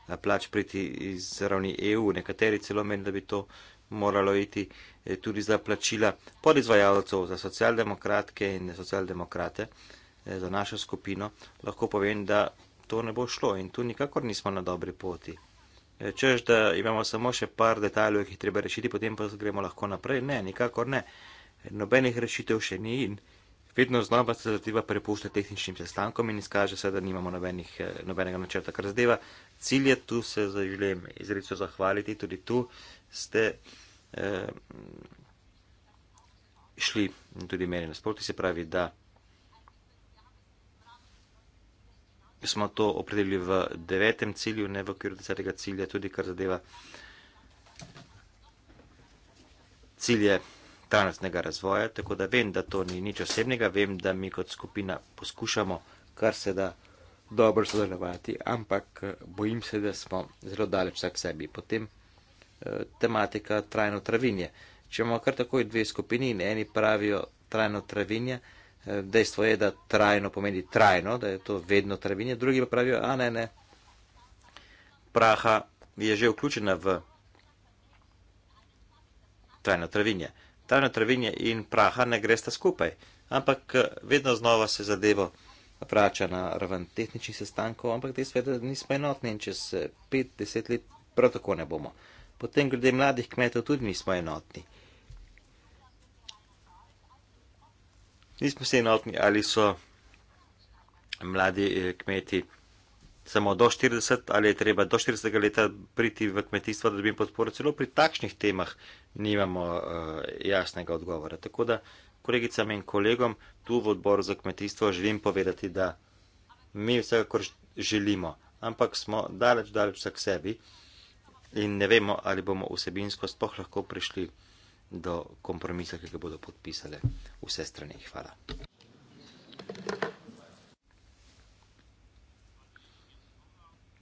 eh, plač priti iz ravni EU, nekateri celo menijo, da bi to moralo iti eh, tudi za plačila podizvajalcev, za socialdemokratke in socialdemokrate, za našo skupino. Lahko povem, da to ne bo šlo in tu nikakor nismo na dobri poti. E, češ, da imamo samo še par detaljev, ki jih treba rešiti, potem pa gremo lahko naprej. Ne, nikakor ne. Nobenih rešitev še ni in vedno znova se zadeva prepušča tehničnim sestankom in izkaže se, da nimamo nobenih, e, nobenega načrta. Kar zadeva cilje, tu se želim izrecno zahvaliti, tudi tu ste eh, šli in tudi meni nasproti, se pravi, da. smo to opredelili v devetem cilju, ne v okviru desetega cilja, tudi kar zadeva cilje trajnostnega razvoja. Tako da vem, da to ni nič osebnega, vem, da mi kot skupina poskušamo kar se da dobro sodelovati, ampak eh, bojim se, da smo zelo daleč vsak sebi. Potem eh, tematika trajno travinje. Če imamo kar takoj dve skupini in eni pravijo trajno travinje, Eh, dejstvo je, da trajno pomeni trajno, da je to vedno travinje, drugi pa pravijo, a ne, ne, praha je že vključena v trajno travinje. Trajno travinje in praha ne gre sta skupaj, ampak eh, vedno znova se zadevo vrača na raven tehničnih sestankov, ampak dejstvo je, da nismo enotni in čez eh, pet, deset let prav tako ne bomo. Potem glede mladih kmetov tudi nismo enotni. nismo se enotni, ali so mladi eh, kmeti samo do 40 ali je treba do 40 leta priti v kmetijstvo, da bi jim podporo. Celo pri takšnih temah nimamo uh, jasnega odgovora. Tako da kolegicam in kolegom tu v odboru za kmetijstvo želim povedati, da mi vsekakor želimo, ampak smo daleč, daleč vsak sebi in ne vemo, ali bomo vsebinsko sploh lahko prišli do kompromisa, ki ga bodo podpisale vse strani. Hvala.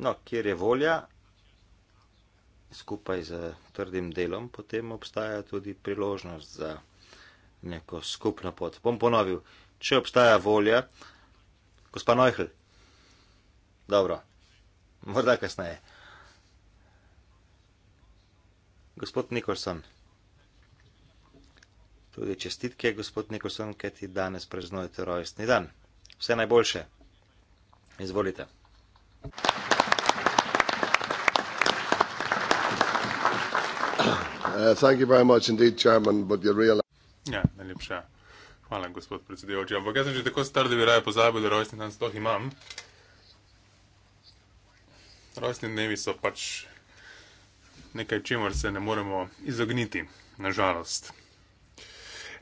No, kjer je volja, skupaj z trdim delom, potem obstaja tudi priložnost za neko skupno pot. Bom ponovil, če obstaja volja, gospa Neuhl, dobro, morda kasneje. Gospod Nikolson. Tudi čestitke, gospod Nikolson, ki ti danes praznujete rojstni dan. Vse najboljše. Izvolite. Uh, indeed, chairman, real... ja, najlepša. Hvala, gospod predsedujoči. Ampak jaz sem že tako star, da bi raje pozabil, da rojstni dan sploh imam. Rojstni dnevi so pač nekaj, čemu se ne moremo izogniti, nažalost.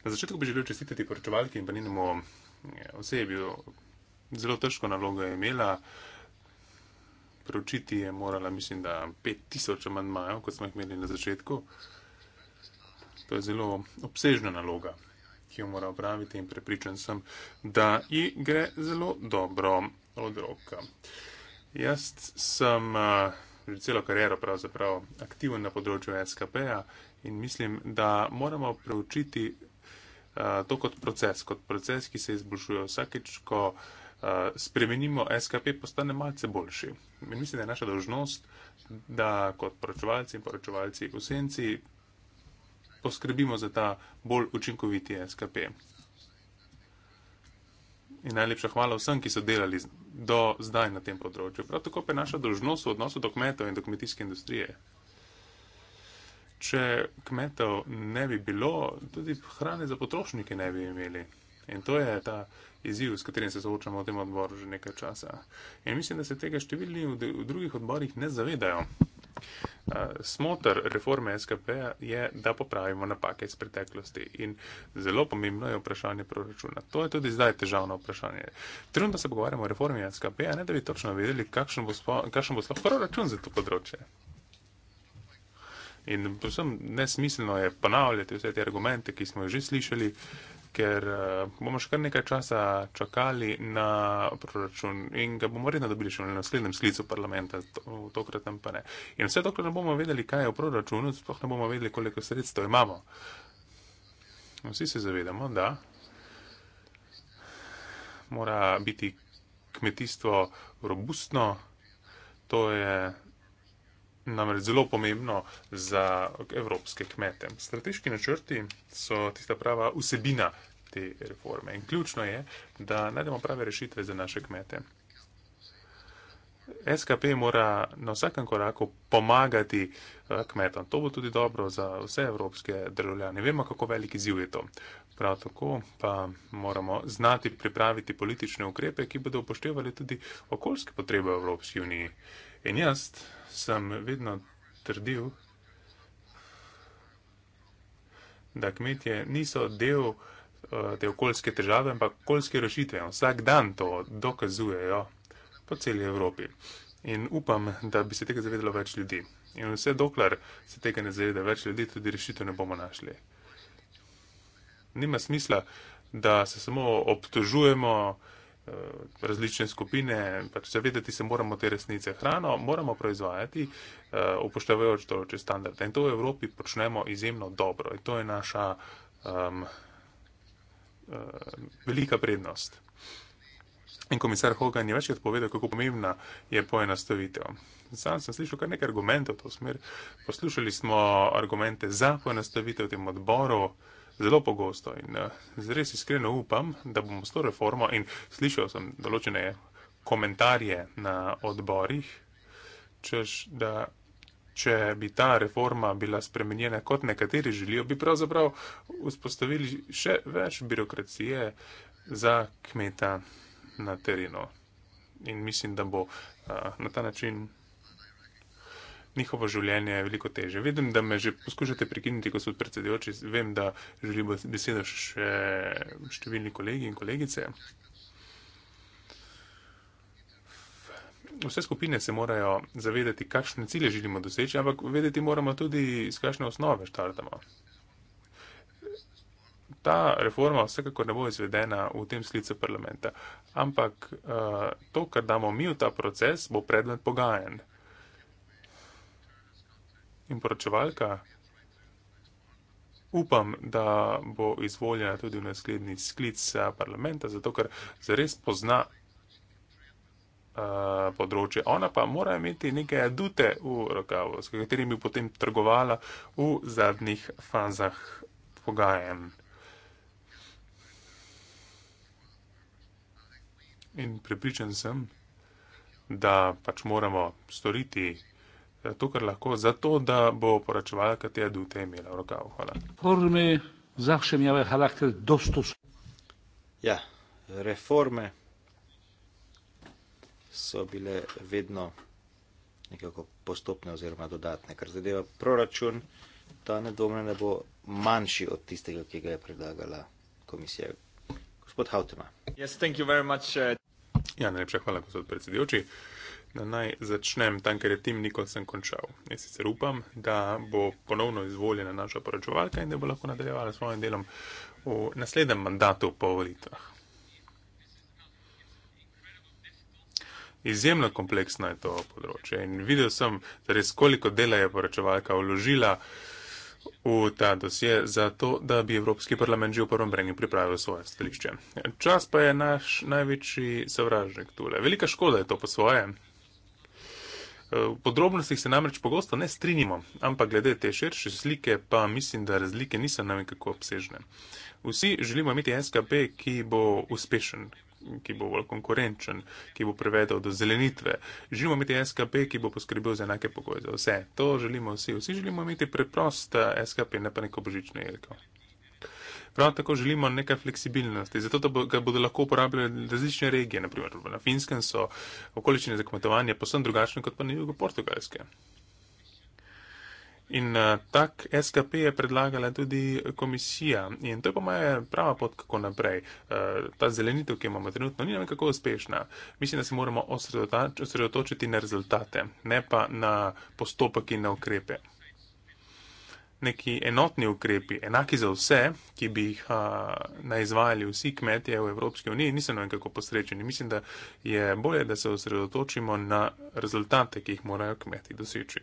Na začetku bi želel čestitati poročevalki in pa njenemu eh, osebi. Zelo težko nalogo je imela. Preučiti je morala, mislim, da 5000 manjmajev, kot smo jih imeli na začetku. To je zelo obsežna naloga, ki jo mora opraviti in prepričan sem, da ji gre zelo dobro od roka. Jaz sem uh, že celo kariero pravzaprav aktiven na področju SKP-ja in mislim, da moramo preučiti to kot proces, kot proces, ki se izboljšuje vsakeč, ko spremenimo SKP, postane malce boljši. In mislim, da je naša dožnost, da kot poročevalci in poročevalci v senci poskrbimo za ta bolj učinkoviti SKP. In najlepša hvala vsem, ki so delali do zdaj na tem področju. Prav tako pa je naša dožnost v odnosu do kmetov in do kmetijske industrije če kmetov ne bi bilo, tudi hrane za potrošnike ne bi imeli. In to je ta izziv, s katerim se soočamo v tem odboru že nekaj časa. In mislim, da se tega številni v, v drugih odborih ne zavedajo. Uh, smotr reforme SKP je, da popravimo napake iz preteklosti in zelo pomembno je vprašanje proračuna. To je tudi zdaj težavno vprašanje. Trenutno se pogovarjamo o reformi SKP, ne da bi točno vedeli, kakšen bo, kakšen bo sploh proračun za to področje. In posebno nesmiselno je ponavljati vse te argumente, ki smo jih že slišali, ker uh, bomo še kar nekaj časa čakali na proračun in ga bomo verjetno dobili še v naslednjem sklicu parlamenta, to, tokrat tam pa ne. In vse dokler ne bomo vedeli, kaj je v proračunu, sploh ne bomo vedeli, koliko sredstev imamo. Vsi se zavedamo, da mora biti kmetijstvo robustno, to je namreč zelo pomembno za evropske kmete. Strateški načrti so tista prava vsebina te reforme in ključno je, da najdemo prave rešitve za naše kmete. SKP mora na vsakem koraku pomagati eh, kmetom. To bo tudi dobro za vse evropske državljane. Vemo, kako veliki ziv je to. Prav tako pa moramo znati pripraviti politične ukrepe, ki bodo upoštevali tudi okoljske potrebe v Evropski uniji. In jaz sem vedno trdil, da kmetje niso del eh, te okoljske težave, ampak okoljske rešitve. Vsak dan to dokazujejo po celi Evropi. In upam, da bi se tega zavedalo več ljudi. In vse dokler se tega ne zaveda več ljudi, tudi rešitev ne bomo našli. Nima smisla, da se samo obtožujemo, Eh, različne skupine, pač zavedati se moramo te resnice. Hrano moramo proizvajati, eh, upoštevajoč določe standarde. In to v Evropi počnemo izjemno dobro. In to je naša um, velika prednost. In komisar Hogan je večkrat povedal, kako pomembna je poenostavitev. Sam sem slišal kar nekaj argumentov v to smer. Poslušali smo argumente za poenostavitev v tem odboru. Uh, zelo pogosto in eh, res iskreno upam, da bomo s to reformo in slišal sem določene komentarje na odborih, češ, da če bi ta reforma bila spremenjena kot nekateri želijo, bi pravzaprav vzpostavili še več birokracije za kmeta na terenu. In mislim, da bo a, eh, na ta način njihovo življenje je veliko teže. Vidim, da me že poskušate prekiniti, gospod predsedujoči. Vem, da želi besedo še številni kolegi in kolegice. Vse skupine se morajo zavedati, kakšne cilje želimo doseči, ampak vedeti moramo tudi, iz kakšne osnove štartamo. Ta reforma vsekakor ne bo izvedena v tem slice parlamenta, ampak uh, to, kar damo mi v ta proces, bo predmet pogajanj in poročevalka. Upam, da bo izvoljena tudi v naslednji sklic eh, parlamenta, zato ker zares pozna uh, področje. Ona pa mora imeti neke adute v rokavu, s katerimi bi potem trgovala v zadnjih fazah pogajanj. In pripričan sem, da pač moramo storiti Eh, to, kar lahko, zato da bo poročevala, kaj te adute je imela v rokavu. Hvala. Reforme, zašem je karakter dostos. Ja, reforme so bile vedno nekako postopne oziroma dodatne, kar zadeva proračun, ta nedvomne ne bo manjši od tistega, ki ga je predlagala komisija. Gospod Hautema. Yes, thank you very much. Eh. Ja, najlepša hvala, gospod predsedujoči da no, naj začnem tam, ker je Tim Nikolsen končal. Jaz sicer upam, da bo ponovno izvoljena naša poročevalka in da bo lahko nadaljevala s svojim delom v naslednjem mandatu po volitvah. Izjemno kompleksno je to področje in videl sem, res koliko dela je poročevalka vložila v ta dosje za to, da bi Evropski parlament že v prvem brenju pripravil svoje stališče. Čas pa je naš največji sovražnik tule. Velika škoda je to po svojem. V eh, podrobnostih se namreč pogosto ne strinjamo, ampak glede te širše slike pa mislim, da razlike niso nam nekako obsežne. Vsi želimo imeti SKP, ki bo uspešen, ki bo bolj konkurenčen, ki bo prevedel do zelenitve. Želimo imeti SKP, ki bo poskrbel za enake pogoje za vse. To želimo vsi. Vsi želimo imeti preprosta eh, SKP, ne pa neko božično jelko. Prav tako želimo nekaj fleksibilnosti, zato da bo, bodo lahko uporabljali različne regije. Naprimer, na Finskem so okoličine za kmetovanje posebno drugačne kot pa na jugu Portugalske. In uh, tak SKP je predlagala tudi komisija. In to je po mojem prava pot, kako naprej. Uh, ta zelenitev, ki jo imamo trenutno, ni nekako uspešna. Mislim, da se moramo osredotočiti na rezultate, ne pa na postopek in na ukrepe neki enotni ukrepi, enaki za vse, ki bi jih najizvajali vsi kmetje v Evropski uniji, niso nam nekako posrečeni. Mislim, da je bolje, da se osredotočimo na rezultate, ki jih morajo kmeti doseči.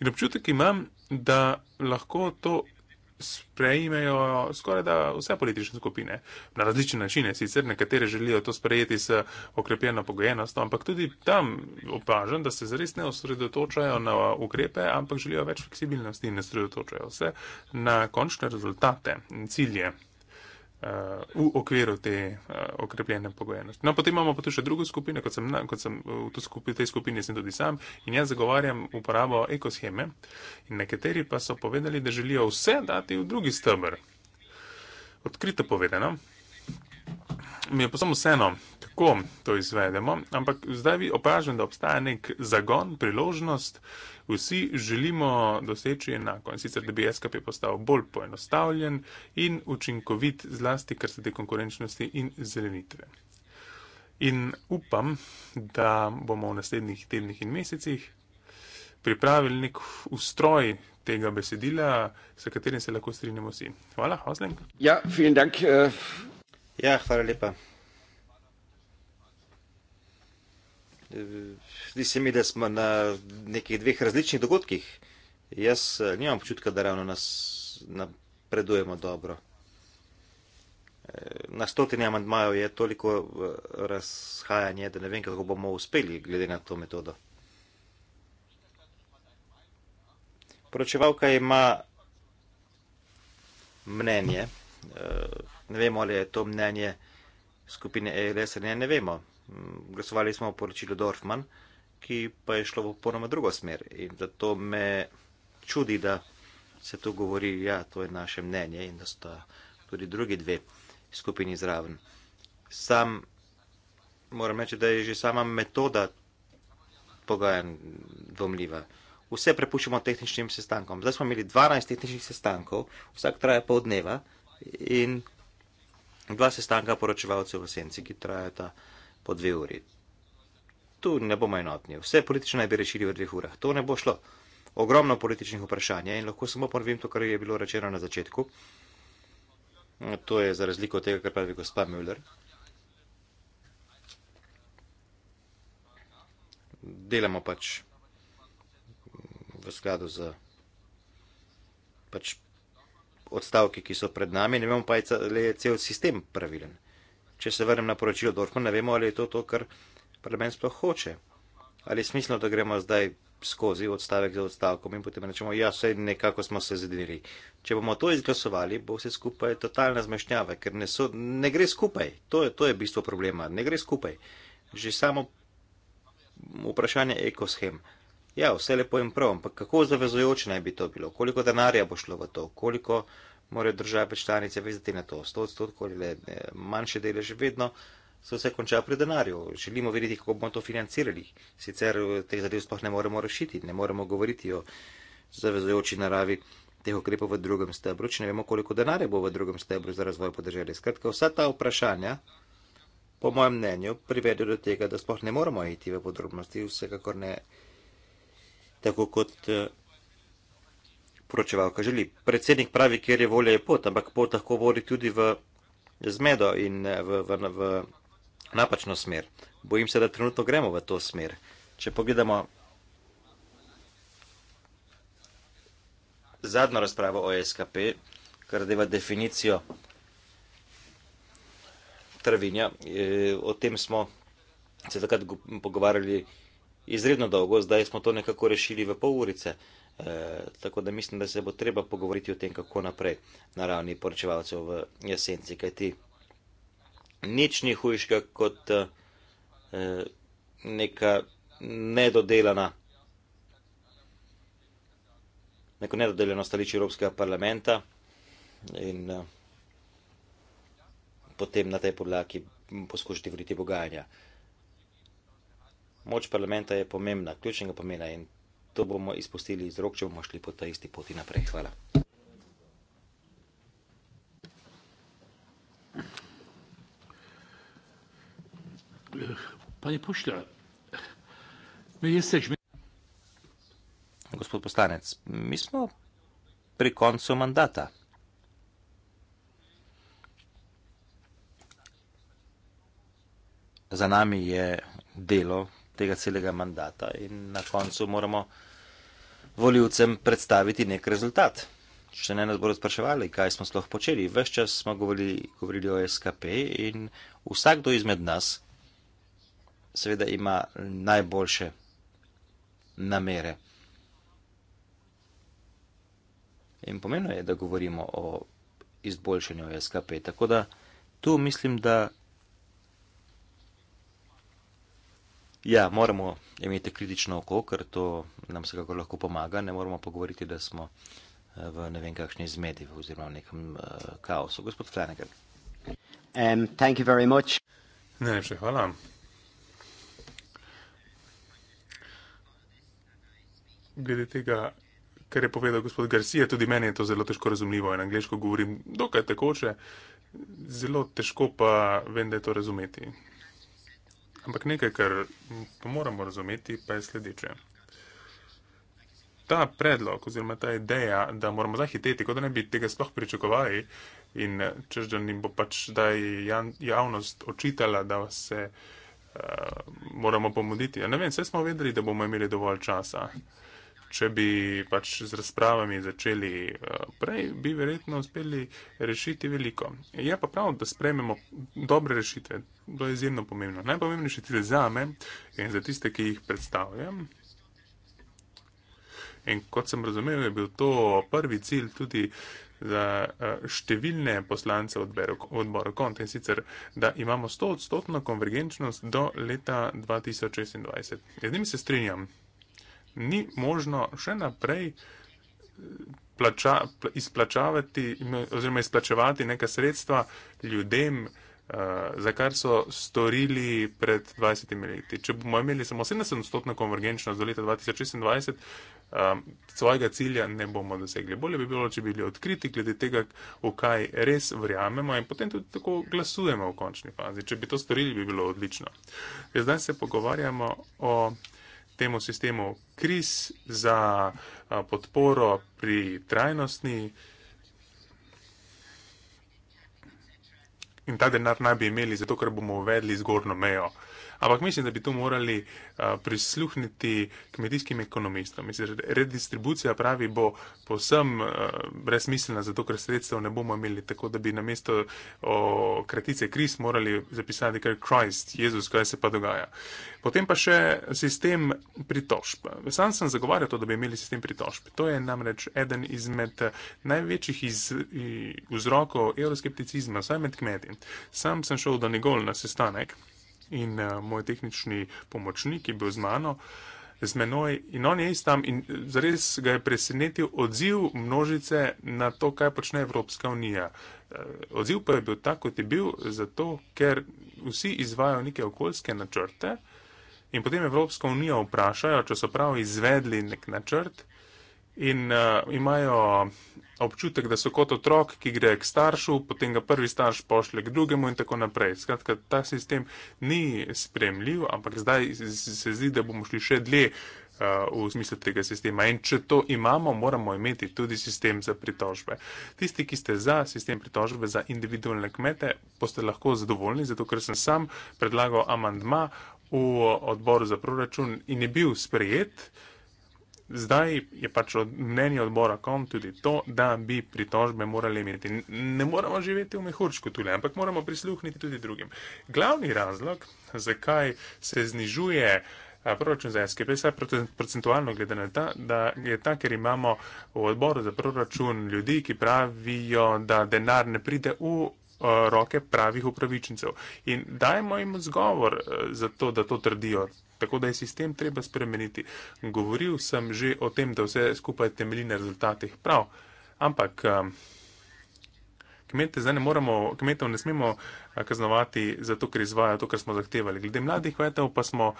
In občutek imam, da lahko to sprejmejo skoraj da vse politične skupine. Na različne načine, sicer nekatere želijo to sprejeti s okrepjeno pogojenostjo, ampak tudi tam opažam, da se zares ne osredotočajo na ukrepe, ampak želijo več fleksibilnosti in ne osredotočajo se na končne rezultate in cilje v okviru te uh, okrepljene pogojenosti. No, potem imamo pa tu še drugo skupino, kot sem, kot sem eh, v, skupi, v tej skupini sem tudi sam in jaz zagovarjam uporabo ekosheme in nekateri pa so povedali, da želijo vse dati v drugi stebr. Odkrito povedano. Mi je pa samo vseeno, kako to izvedemo, ampak zdaj vi opažam, da obstaja nek zagon, priložnost, uh, vsi želimo doseči enako. In sicer, da bi SKP postal bolj poenostavljen in učinkovit zlasti, kar se te konkurenčnosti in zelenitve. In upam, da bomo v naslednjih tednih in mesecih pripravili nek ustroj tega besedila, s katerim se lahko strinjamo vsi. Hvala, Hosling. Ja, vielen dank. Eh. Ja, hvala lepa. Zdi se mi, da smo na nekih dveh različnih dogodkih. Jaz eh, nimam občutka, da ravno nas napredujemo dobro. Eh, na stotine amantmajev je toliko eh, razhajanje, da ne vem, kako bomo uspeli glede na to metodo. Poročevalka ima mnenje. Ne vemo, ali je to mnenje skupine ELS, ne, ne vemo glasovali smo o poročilu Dorfman, ki pa je šlo v popolnoma drugo smer. In zato me čudi, da se tu govori, ja, to je naše mnenje in da sta tudi drugi dve skupini zraven. Sam moram reči, da je že sama metoda pogajanj dvomljiva. Vse prepuščamo tehničnim sestankom. Zdaj smo imeli 12 tehničnih sestankov, vsak traja pol dneva in dva sestanka poročevalcev v senci, ki trajata po dve uri. Tu ne bomo enotni. Vse politično naj bi rešili v dveh urah. To ne bo šlo. Ogromno političnih vprašanj in lahko samo ponovim to, kar je bilo rečeno na začetku. To je za razliko od tega, kar pravi gospa Müller. Delamo pač v skladu z pač odstavki, ki so pred nami, ne vemo pa, je cel sistem pravilen če se vrnem na poročilo Dorfman, ne vemo, ali je to to, kar parlament sploh hoče. Ali je smiselno, da gremo zdaj skozi odstavek za odstavkom in potem rečemo, ja, vse nekako smo se zedinili. Če bomo to izglasovali, bo vse skupaj totalna zmešnjava, ker ne, so, ne gre skupaj. To je, to je bistvo problema. Ne gre skupaj. Že samo vprašanje ekoshem. Ja, vse lepo in prav, ampak kako zavezojoče naj bi to bilo? Koliko denarja bo šlo v to? Koliko morajo države članice vezati na to 100 odstotkov ali le eh, manjše dele še vedno, so vse konča pri denarju. Želimo vedeti, kako bomo to financirali. Sicer eh, teh zadev sploh ne moremo rešiti, ne moremo govoriti o zavezojoči naravi teh ukrepov v drugem stebru, če ne vemo, koliko denarja bo v drugem stebru za razvoj podeželja. Skratka, vsa ta vprašanja, po mojem mnenju, privedo do tega, da sploh ne moramo iti v podrobnosti, vsekakor ne tako kot eh, poročevalka želi. Predsednik pravi, kjer je volja, je pot, ampak pot lahko vodi tudi v zmedo in eh, v, v, v napačno smer. Bojim se, da trenutno gremo v to smer. Če pogledamo zadnjo razpravo o SKP, kar deva definicijo trvinja, eh, o tem smo se takrat pogovarjali izredno dolgo, zdaj smo to nekako rešili v pol urice. Eh, tako da mislim, da se bo treba pogovoriti o tem, kako naprej na ravni poročevalcev v jesenci, kajti nič ni hujška kot e, neka nedodelana. Neko nedodeljeno stališče Evropskega parlamenta in eh, potem na tej podlagi poskušati voditi pogajanja. Moč parlamenta je pomembna, ključnega pomena in to bomo izpustili iz rok, če bomo šli po ta isti poti naprej. Hvala. Pani pošlja, mi jesteš mi... Gospod poslanec, mi smo pri koncu mandata. Za nami je delo tega celega mandata in na koncu moramo vsega, voljivcem predstaviti nek rezultat. Če ne nas bodo spraševali, kaj smo sploh počeli, vse čas smo govorili, govorili o SKP in vsakdo izmed nas seveda ima najboljše namere. In pomeno je, da govorimo o izboljšanju SKP. Tako da tu mislim, da Ja, moramo imeti kritično oko, ker to nam vsekako lahko pomaga. Ne moramo pa govoriti, da smo eh, v ne vem kakšni zmedi oziroma v nekem uh, kaosu. Gospod Flanagan. Um, thank you very much. Najlepša hvala. Glede tega, kar je povedal gospod Garcia, tudi meni je to zelo težko razumljivo. In angliško govorim dokaj tekoče, zelo težko pa vem, da je to razumeti. Ampak nekaj, kar moramo razumeti, pa je sledeče. Ta predlog oziroma ta ideja, da moramo zahiteti, kot da ne bi tega sploh pričakovali in čež, da jim bo pač zdaj javnost očitala, da se uh, moramo pomoditi. Ja, ne vem, vse smo vedeli, da bomo imeli dovolj časa. Uh, če bi pač z razpravami začeli eh, prej, bi verjetno uspeli rešiti veliko. Je pa prav, da sprejmemo dobre rešitve. To je izjemno pomembno. Najpomembnejši cilj za me in za tiste, ki jih predstavljam. In kot sem razumel, je bil to prvi cilj tudi za eh, številne poslance odbora kont in sicer, da imamo 100-odstotno konvergenčnost do leta 2026. Z njimi se strinjam ni možno še naprej eh, plača, pl izplačavati oziroma izplačevati neka sredstva ljudem, uh, za kar so storili pred 20 leti. Če bomo imeli samo 70-stotno konvergenčnost do leta 2026. Um, eh, svojega cilja ne bomo dosegli. Bolje bi bilo, če bi bili odkriti glede tega, v kaj res verjamemo in potem tudi tako glasujemo v končni fazi. Če bi to storili, bi bilo odlično. Zdaj se pogovarjamo o temu sistemu Kris za podporo pri trajnostni. In ta denar naj bi imeli zato, ker bomo uvedli zgornjo mejo. Ampak mislim, da bi to morali uh, prisluhniti kmetijskim ekonomistom. Mislim, redistribucija pravi bo posem uh, brezmiselna, zato ker sredstev ne bomo imeli, tako da bi na mesto o kratice kriz morali zapisati kar Christ, Jezus, kaj se pa dogaja. Potem pa še sistem pritožb. Sam sem zagovarjal to, da bi imeli sistem pritožb. To je namreč eden izmed največjih iz, vzrokov evroskepticizma, saj med kmeti. Sam sem šel do Negol na sestanek in uh, moj tehnični pomočnik je bil z mano, z menoj in on je istam in zares ga je presenetil odziv množice na to, kaj počne Evropska unija. Uh, odziv pa je bil tak, kot je bil, zato ker vsi izvajo neke okoljske načrte in potem Evropska unija vprašajo, če so prav izvedli nek načrt in uh, imajo občutek, da so kot otrok, ki gre k staršu, potem ga prvi starš pošle k drugemu in tako naprej. Skratka, ta sistem ni spremljiv, ampak zdaj se zdi, da bomo šli še dlje uh, v smislu tega sistema. In če to imamo, moramo imeti tudi sistem za pritožbe. Tisti, ki ste za sistem pritožbe za individualne kmete, boste lahko zadovoljni, zato ker sem sam predlagal amandma v odboru za proračun in je bil sprejet. Uh, Zdaj je pač od mnenja odbora kom tudi to, da bi pritožbe morali imeti. Ne moramo živeti v mehurčku tule, ampak moramo prisluhniti tudi drugim. Glavni razlog, zakaj se znižuje proračun za SKP, saj procentualno gledano je ta, da je ta, ker imamo v odboru za proračun ljudi, ki pravijo, da denar ne pride v roke pravih upravičencev. In dajmo jim zgovor za to, da to trdijo. Tako da je sistem treba spremeniti. Govoril sem že o tem, da vse skupaj temelji na rezultatih. Prav, ampak. Um, Kmete zdaj ne moremo, kmetov ne smemo eh, kaznovati za to, ker izvajo to, kar smo zahtevali. Glede mladih kmetov pa, smo,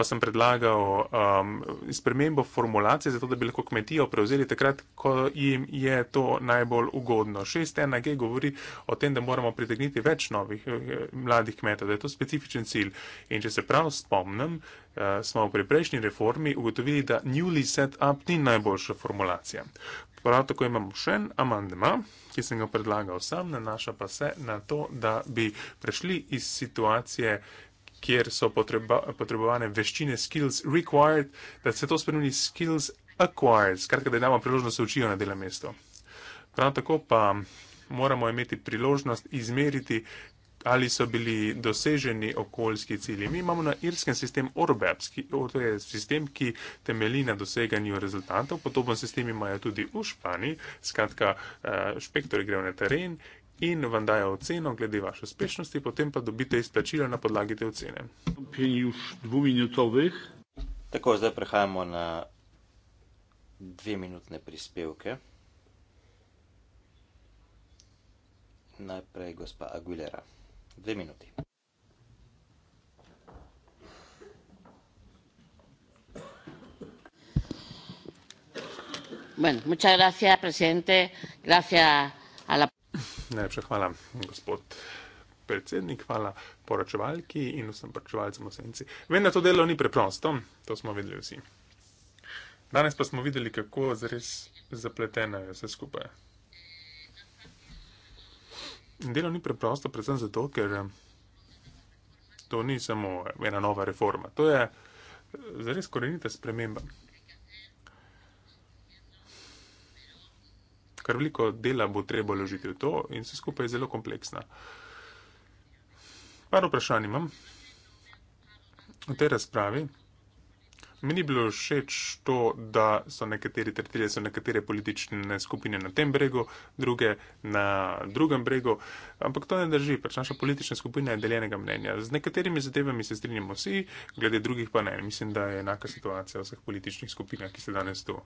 pa sem predlagal um, spremembo formulacije, zato da bi lahko kmetijo prevzeli takrat, ko jim je to najbolj ugodno. 6.1.G govori o tem, da moramo pritegniti več novih eh, mladih kmetov, da je to specifičen cilj. In če se prav spomnim, uh, smo v preprejšnji reformi ugotovili, da newly set up ni najboljša formulacija. Prav tako imamo še en amandma ki sem ga predlagal sam, nanaša pa se na to, da bi prešli iz situacije, kjer so potreba, potrebovane veščine, skills required, da se to spremeni skills acquired, skratka, da imamo priložnost se učijo na delo mesto. Prav tako pa moramo imeti priložnost izmeriti, ali so bili doseženi okoljski cilji. Mi imamo na irskem sistem Orbeps, ki, to je sistem, ki temeli na doseganju rezultatov. Podoben sistem imajo tudi v Španiji. Skratka, eh, špektori grejo na teren in vam dajo oceno glede vaše uspešnosti, potem pa dobite izplačilo na podlagi te ocene. Tako, zdaj prehajamo na dve minutne prispevke. Najprej gospa Aguilera señor presidente najlepša hvala gospod predsednik hvala poročevalki in vsem poročevalcem v senci. Vendar to delo ni preprosto, to smo videli vsi. Danes pa smo videli, kako zres zapleteno je vse skupaj. Delo ni preprosto, predvsem zato, ker eh, to ni samo ena nova reforma. To je eh, zares korenita sprememba. Kar veliko dela bo treba ložiti v to in vse skupaj je zelo kompleksna. Par vprašanj imam v tej razpravi. Mi ni bilo všeč to, da so nekateri trdili, da so nekatere politične skupine na tem bregu, druge na drugem bregu, ampak to ne drži, pač naša politična skupina je deljenega mnenja. Z nekaterimi zadevami se strinjamo vsi, glede drugih pa ne. Mislim, da je enaka situacija v vseh političnih skupinah, ki se danes tu.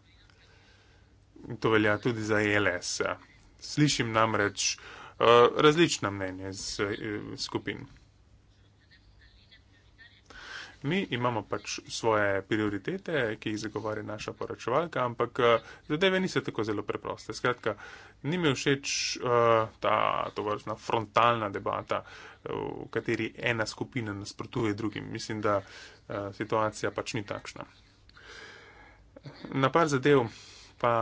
To velja tudi za ELS. Slišim namreč uh, različna mnenja iz uh, eh, skupin. Mi imamo pač svoje prioritete, ki jih zagovarja naša poročevalka, ampak eh, zadeve niso tako zelo preproste. Skratka, ni mi všeč uh, ta vrstna frontalna debata, eh, v kateri ena skupina nasprotuje drugim. Mislim, da uh, situacija pač ni takšna. Na par zadev pa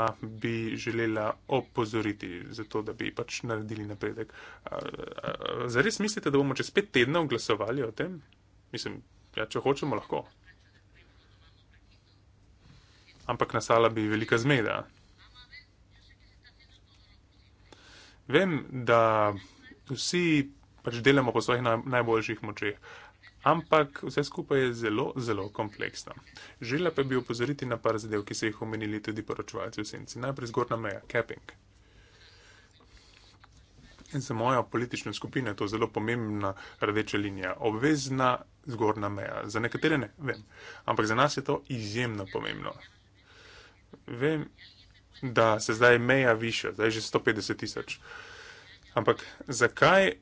bi želela opozoriti, zato da bi pač naredili napredek. Uh, uh, zares mislite, da bomo čez pet tednov glasovali o tem? Mislim, Ja, če hočemo, lahko. Ampak nastala bi velika zmeda. Vem, da vsi pač delamo po svojih najboljših močeh, ampak vse skupaj je zelo, zelo kompleksno. Želela pa bi opozoriti na par zadev, ki so jih omenili tudi poročevalci v senci. Najprej zgornja meja, capping in za mojo politično skupino je to zelo pomembna rdeča linija, obvezna zgornja meja. Za nekatere ne vem, ampak za nas je to izjemno pomembno. Vem, da se zdaj meja više, zdaj je že 150 tisoč. Ampak zakaj,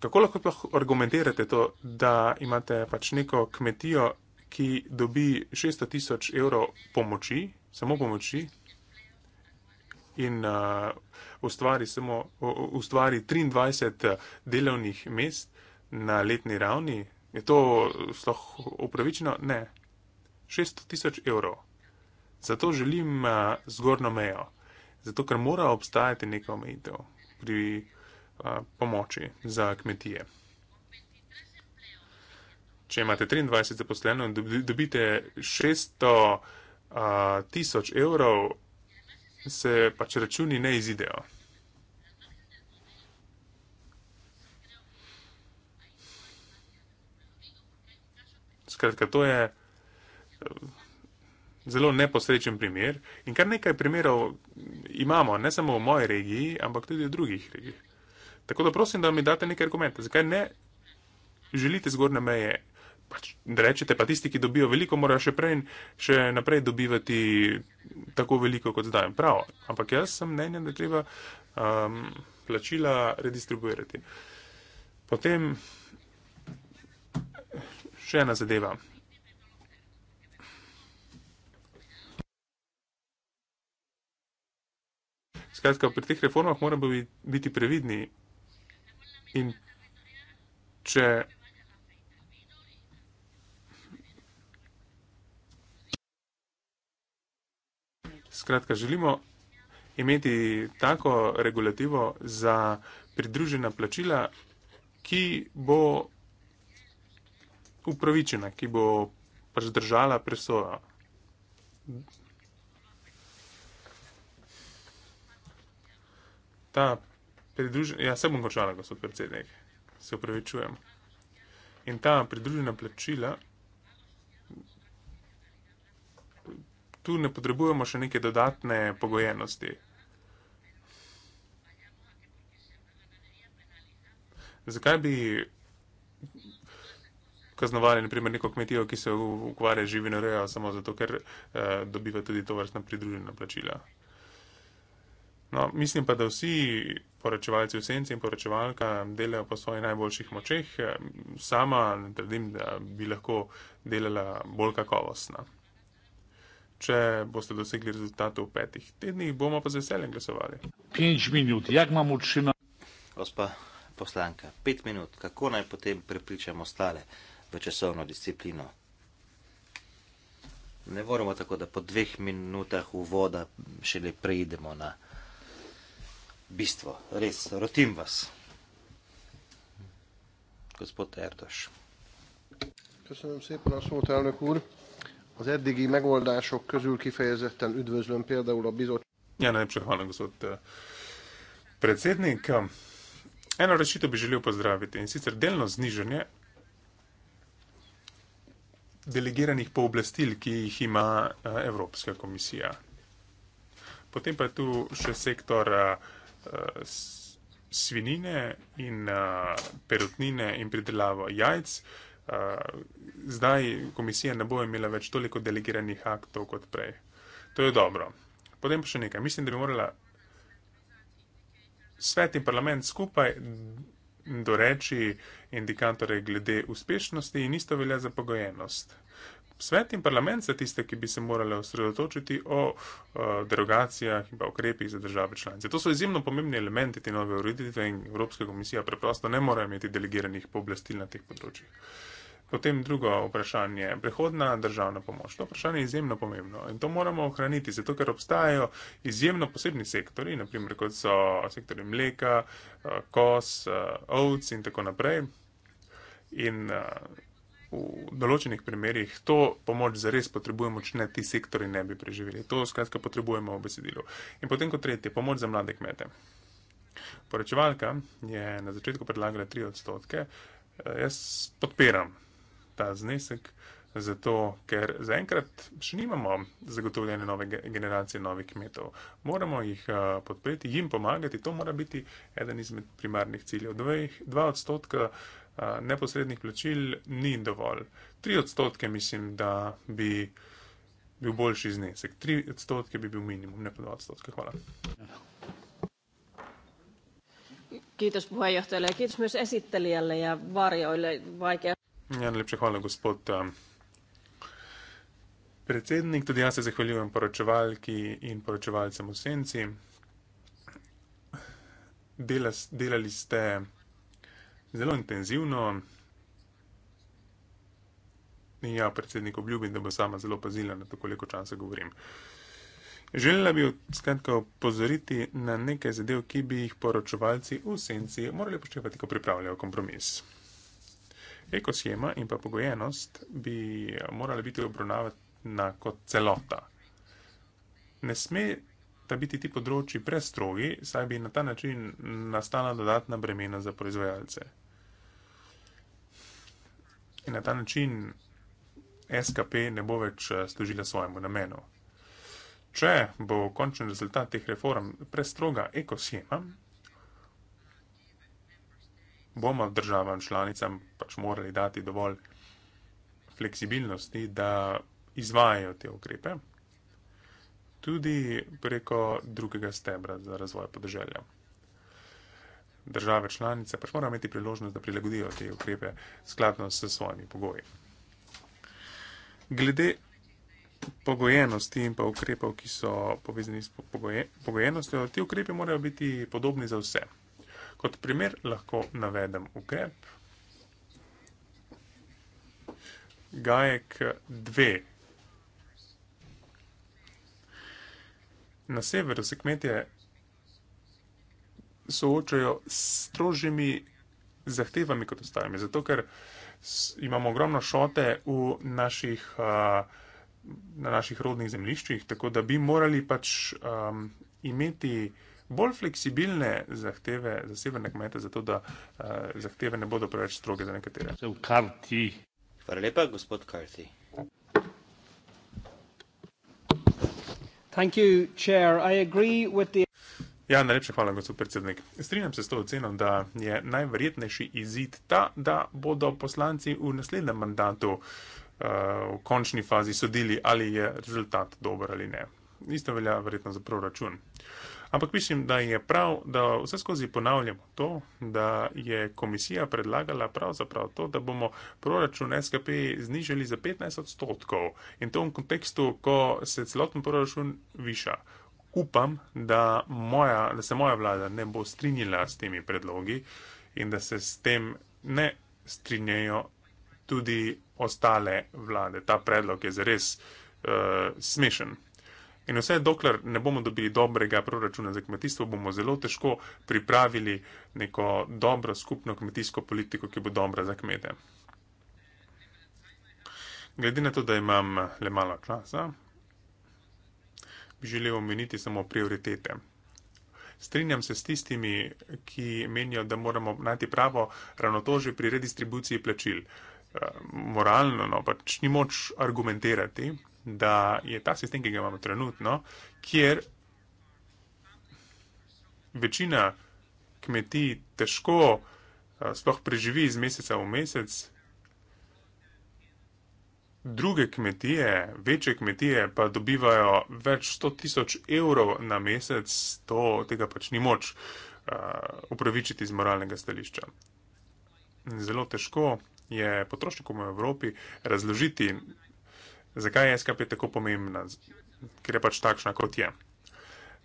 kako lahko argumentirate to, da imate pač neko kmetijo, ki dobi 600 tisoč evrov pomoči, samo pomoči, in uh, ustvari, samo, uh, ustvari 23 delovnih mest na letni ravni. Je to sploh upravičeno? Ne. 600 tisoč evrov. Zato želim uh, zgornjo mejo. Zato, ker mora obstajati neka omejitev pri uh, pomoči za kmetije. Če imate 23 zaposleno in dobite 600 uh, tisoč evrov se pač računi ne izidejo. Skratka, to je eh, zelo neposrečen primer in kar nekaj primerov imamo, ne samo v moji regiji, ampak tudi v drugih regijih. Tako da prosim, da mi date nekaj argumente, zakaj ne želite zgornje meje pač, rečete, pa tisti, ki dobijo veliko, morajo še, prej, še naprej dobivati tako veliko, kot zdaj. Prav, ampak jaz sem mnenja, da treba um, plačila redistribuirati. Potem še ena zadeva. Skratka, pri teh reformah moramo biti previdni. In če Skratka, želimo imeti tako regulativo za pridružena plačila, ki bo upravičena, ki bo pač držala presojo. Ta pridružena, ja, se bom končala, gospod predsednik, se upravičujem. In ta pridružena plačila. tu ne potrebujemo še neke dodatne pogojenosti. Zakaj bi kaznovali naprimer neko kmetijo, ki se ukvarja živino rejo, samo zato, ker eh, dobiva tudi to vrstna pridružena plačila? No, mislim pa, da vsi poročevalci v senci in poročevalka delajo po svojih najboljših močeh. Sama ne trdim, da bi lahko delala bolj kakovostna. Če boste dosegli rezultate v petih tednih, bomo pa z veseljem glasovali. Pet minut, jak imamo učina? Gospa poslanka, pet minut, kako naj potem prepričamo stale v časovno disciplino? Ne moramo tako, da po dveh minutah uvoda šele preidemo na bistvo. Res, rotim vas. Gospod Erdoš. Kaj se nam vse prašamo v travnih urah? az eddigi megoldások közül kifejezetten üdvözlöm például a bizottság. Ja, najlepšie hvala, gospod predsednik. Eno rešitev bi želel pozdraviti in sicer delno znižanje delegiranih pooblastil, ki jih ima Evropska komisija. Potem pa je tu še sektor svinine in perutnine in pridelava jajc uh, zdaj komisija ne bo imela več toliko delegiranih aktov kot prej. To je dobro. Potem pa še nekaj. Mislim, da bi morala svet in parlament skupaj doreči indikatore glede uspešnosti in isto velja za pogojenost svet in parlament so tiste, ki bi se morali osredotočiti o, o derogacijah in pa okrepih za države članice. To so izjemno pomembni elementi te nove ureditve in Evropska komisija preprosto ne more imeti delegiranih pooblastil na teh področjih. Potem drugo vprašanje, prehodna državna pomoč. To vprašanje je izjemno pomembno in to moramo ohraniti, zato ker obstajajo izjemno posebni sektori, naprimer kot so sektori mleka, eh, kos, eh, ovc in tako naprej. In eh, v določenih primerjih to pomoč zares potrebujemo, če ne ti sektori ne bi preživeli. To skratka potrebujemo v besedilu. In potem kot tretje, pomoč za mlade kmete. Poročevalka je na začetku predlagala 3 odstotke. Eh, jaz podpiram ta znesek, zato ker zaenkrat še nimamo zagotovljene nove generacije novih kmetov. Moramo jih eh, podpreti, jim pomagati, to mora biti eden izmed primarnih ciljev. 2 odstotka neposrednih plačil ni dovolj. Tri odstotke mislim, da bi bil boljši znesek. Tri odstotke bi bil minimum, ne pa dva odstotka. Hvala. Kiitos puheenjohtajalle ja kiitos myös esittelijälle ja varjoille. Vaikea. Ja najlepša hvala, gospod predsednik. Tudi ja se zahvaljujem poročevalki in poročevalcem v senci. Dela, delali ste zelo intenzivno. In ja, predsednik obljubim, da bo sama zelo pazila na to, koliko časa govorim. Želela bi skratka opozoriti na nekaj zadev, ki bi jih poročevalci v senci morali počepati, ko pripravljajo kompromis. Ekosjema in pa pogojenost bi morali biti obravnavana kot celota. Ne sme ta biti ti področji prestrogi, saj bi na ta način nastala dodatna bremena za proizvajalce in na ta način SKP ne bo več eh, služila svojemu namenu. Če bo končen rezultat teh reform prestroga ekosjema, bomo državam članicam pač morali dati dovolj fleksibilnosti, da izvajajo te ukrepe, tudi preko drugega stebra za razvoj podeželja države članice pač morajo imeti priložnost, da prilagodijo te ukrepe skladno s svojimi pogoji. Glede pogojenosti in pa ukrepov, ki so povezani s pogoje, pogojenostjo, ti ukrepi morajo biti podobni za vse. Kot primer lahko navedem ukrep Gajek 2. Na severu se kmetje soočajo s strožjimi zahtevami kot ostalimi. Zato, ker imamo ogromno šote naših, na naših rodnih zemljiščih, tako da bi morali pač um, imeti bolj fleksibilne zahteve za severne kmete, zato da uh, zahteve ne bodo preveč stroge za nekatere. Hvala lepa, gospod Karti. Thank you, Chair. I agree with the Ja, najlepša hvala, gospod predsednik. Strinjam se s to oceno, da je najverjetnejši izid ta, da bodo poslanci v naslednjem mandatu uh, v končni fazi sodili, ali je rezultat dober ali ne. Isto velja verjetno za proračun. Ampak mislim, da je prav, da vse skozi ponavljamo to, da je komisija predlagala pravzaprav to, da bomo proračun SKP znižali za 15 odstotkov in to v kontekstu, ko se celoten proračun viša upam, da, moja, da se moja vlada ne bo strinjala s temi predlogi in da se s tem ne strinjajo tudi ostale vlade. Ta predlog je zares uh, smešen. In vse dokler ne bomo dobili dobrega proračuna za kmetijstvo, bomo zelo težko pripravili neko dobro skupno kmetijsko politiko, ki bo dobra za kmete. Glede na to, da imam le malo časa, bi želel omeniti samo prioritete. Strinjam se s tistimi, ki menijo, da moramo najti pravo ravnotožje pri redistribuciji plačil. Eh, moralno, no, pač ni moč argumentirati, da je ta sistem, ki ga imamo trenutno, kjer večina kmetij težko eh, sploh preživi iz meseca v mesec, druge kmetije, večje kmetije pa dobivajo več sto tisoč evrov na mesec, to tega pač ni moč uh, upravičiti iz moralnega stališča. Zelo težko je potrošnikom v Evropi razložiti, zakaj je SKP tako pomembna, ker je pač takšna, kot je.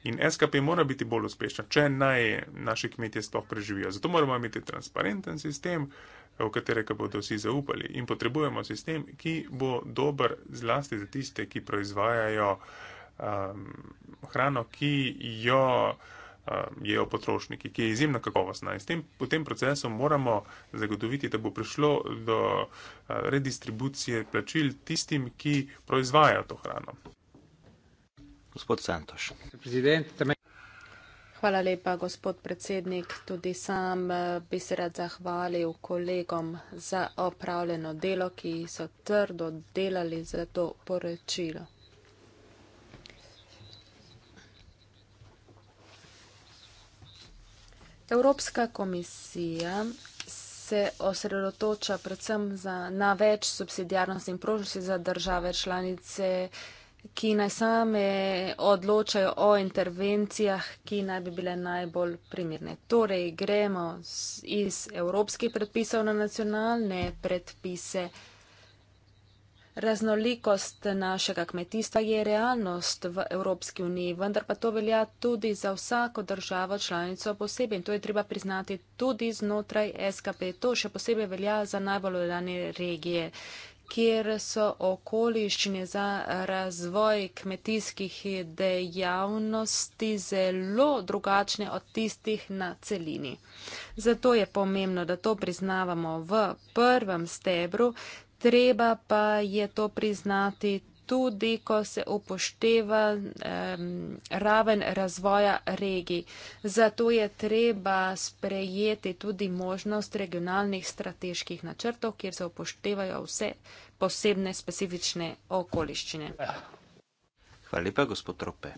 In SKP mora biti bolj uspešna, če naj naše kmetje sploh preživijo. Zato moramo imeti transparenten sistem, uh, v katerega bodo vsi zaupali. In potrebujemo sistem, ki bo dober zlasti za tiste, ki proizvajajo um, hrano, ki jo um, jejo potrošniki, ki je izjemno kakovostna. In s tem, v tem procesu moramo zagotoviti, da bo prišlo do uh, redistribucije plačil tistim, ki proizvajajo to hrano. Gospod Santoš. Hvala lepa, gospod predsednik. Tudi sam eh, bi se rad zahvalil kolegom za opravljeno delo, ki so trdo delali za to poročilo. Evropska komisija se osredotoča predvsem za, na več subsidijarnosti in prožnosti za države članice ki naj same odločajo o intervencijah, ki naj bi bile najbolj primirne. Torej, gremo iz evropskih predpisov na nacionalne predpise. Raznolikost našega kmetijstva je realnost v Evropski uniji, vendar pa to velja tudi za vsako državo članico posebej. In to je treba priznati tudi znotraj SKP. To še posebej velja za najbolj oddane regije kjer so okoliščine za razvoj kmetijskih dejavnosti zelo drugačne od tistih na celini. Zato je pomembno, da to priznavamo v prvem stebru, treba pa je to priznati tudi, ko se upošteva um, raven razvoja regij. Zato je treba sprejeti tudi možnost regionalnih strateških načrtov, kjer se upoštevajo vse posebne specifične okoliščine. Hvala lepa, gospod Trope.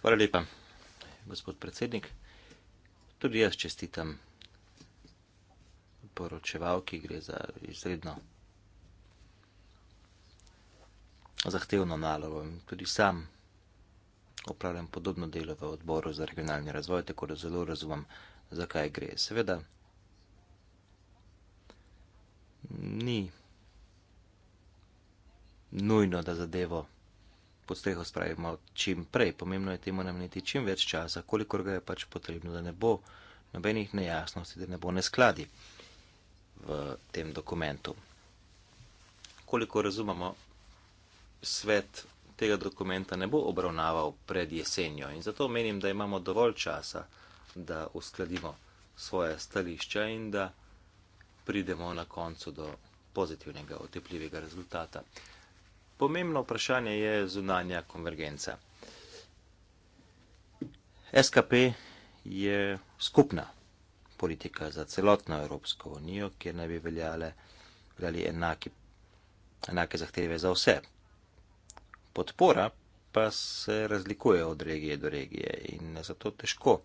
Hvala lepa, gospod predsednik. Tudi jaz čestitam poročevalki gre za izredno zahtevno nalogo. Tudi sam opravljam podobno delo v odboru za regionalni razvoj, tako da zelo razumem, zakaj gre. Seveda ni nujno, da zadevo pod streho spravimo čim prej. Pomembno je temu nameniti čim več časa, kolikor ga je pač potrebno, da ne bo nobenih nejasnosti, da ne bo neskladi v tem dokumentu. Koliko razumemo, svet tega dokumenta ne bo obravnaval pred jesenjo in zato menim, da imamo dovolj časa, da uskladimo svoje stališča in da pridemo na koncu do pozitivnega, otepljivega rezultata. Pomembno vprašanje je zunanja konvergenca. SKP je skupna politika za celotno Evropsko unijo, kjer naj bi veljale veljali enaki, enake zahteve za vse. Podpora pa se razlikuje od regije do regije in zato težko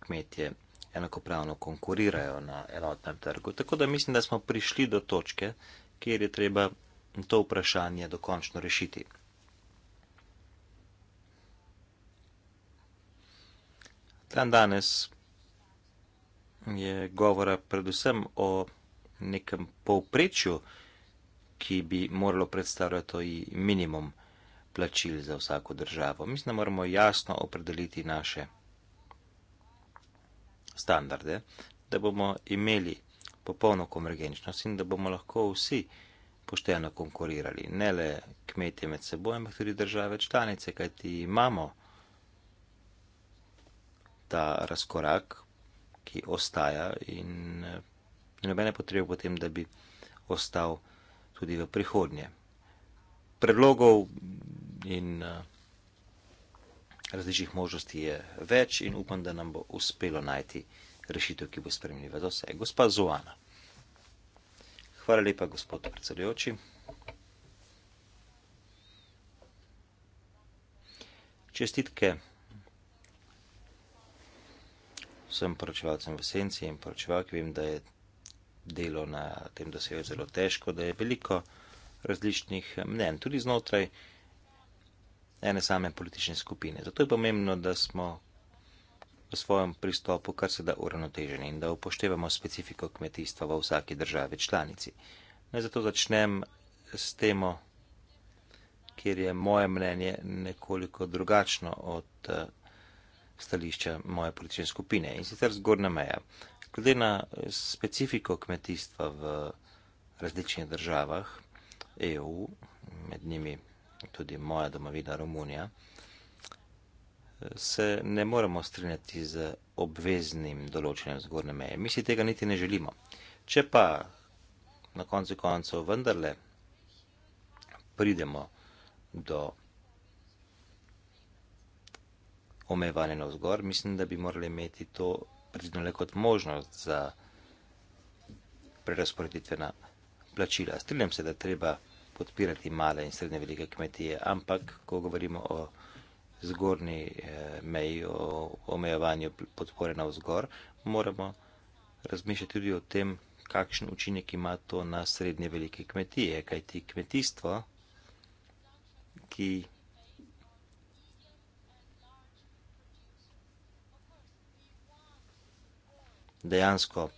kmetje enakopravno konkurirajo na enotnem trgu. Tako da mislim, da smo prišli do točke, kjer je treba to vprašanje dokončno rešiti. Dan danes je govora predvsem o nekem povprečju, ki bi moralo predstavljati minimum plačil za vsako državo. Mislim, da moramo jasno opredeliti naše standarde, da bomo imeli popolno konvergenčnost in da bomo lahko vsi pošteno konkurirali, ne le kmetje med seboj, ampak tudi države članice, kajti imamo ta razkorak, ki ostaja in eh, nobene potrebe potem, da bi ostal tudi v prihodnje. Predlogov in eh, različnih možnosti je več in upam, da nam bo uspelo najti rešitev, ki bo spremljiva do vse. Gospa Zoana. Hvala lepa, gospod predsedujoči. Čestitke vsem poročevalcem v senci in poročevalki vem, da je delo na tem dosegu zelo težko, da je veliko različnih mnen, tudi znotraj ene same politične skupine. Zato je pomembno, da smo v svojem pristopu kar se da uravnoteženi in da upoštevamo specifiko kmetijstva v vsaki državi članici. Ne zato začnem s temo, kjer je moje mnenje nekoliko drugačno od eh, stališča moje politične skupine in sicer zgornja meja. Glede na eh, specifiko kmetijstva v različnih državah EU, med njimi tudi moja domovina Romunija, eh, se ne moremo strinjati z obveznim določenjem zgornje meje. Mi si tega niti ne želimo. Če pa na koncu koncev vendarle pridemo do omejevanje na vzgor, mislim, da bi morali imeti to predvideno le kot možnost za prerasporeditvena plačila. Strinjam se, da treba podpirati male in srednje velike kmetije, ampak ko govorimo o zgornji eh, meji, o omejevanju podpore na vzgor, moramo razmišljati tudi o tem, kakšen učinek ima to na srednje velike kmetije, kajti kmetijstvo, ki dejansko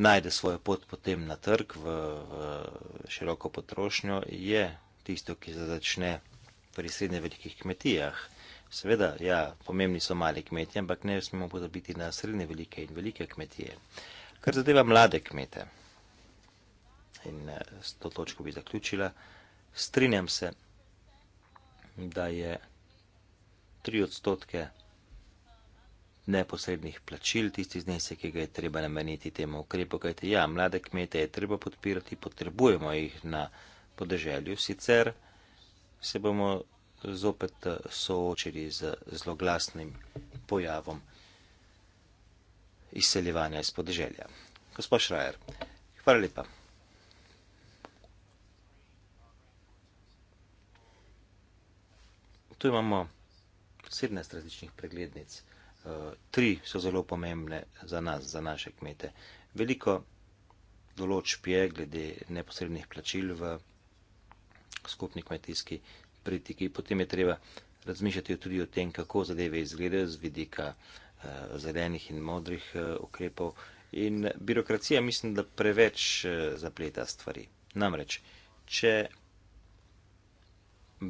najde svojo pot potem na trg v, v široko potrošnjo, je tisto, ki se začne pri srednje velikih kmetijah. Seveda, ja, pomembni so mali kmetje, ampak ne smemo pozabiti na srednje velike in velike kmetije. Kar zadeva mlade kmete, in eh, s to točko bi zaključila, strinjam se, da je tri odstotke neposrednih plačil, tisti znesek, ki ga je treba nameniti temu ukrepu, kajte ja, mlade kmete je treba podpirati, potrebujemo jih na podeželju, sicer se bomo zopet soočili z zloglasnim pojavom izseljevanja iz podeželja. Gospod Šrajer, hvala lepa. Tu imamo 17 različnih preglednic. Eh, tri so zelo pomembne za nas, za naše kmete. Veliko določb je glede neposrednih plačil v skupni kmetijski pritiki. Potem je treba razmišljati tudi o tem, kako zadeve izgledajo z vidika eh, zelenih in modrih eh, ukrepov. In birokracija mislim, da preveč zapleta stvari. Namreč, če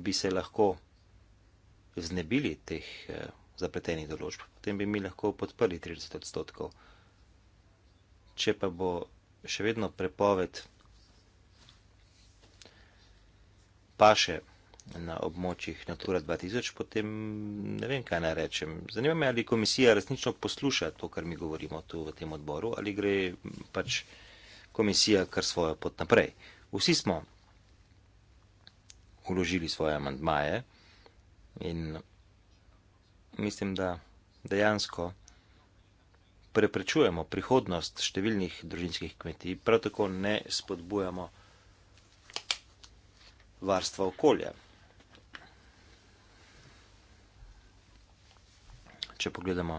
bi se lahko znebili teh zapletenih določb, potem bi mi lahko podprli 30 odstotkov. Če pa bo še vedno prepoved paše na območjih Natura 2000, potem ne vem, kaj naj rečem. Zanima me, ali komisija resnično posluša to, kar mi govorimo tu v tem odboru, ali gre pač komisija kar svojo pot naprej. Vsi smo uložili svoje amandmaje in mislim, da dejansko preprečujemo prihodnost številnih družinskih kmetij, prav tako ne spodbujamo varstva okolja. Če pogledamo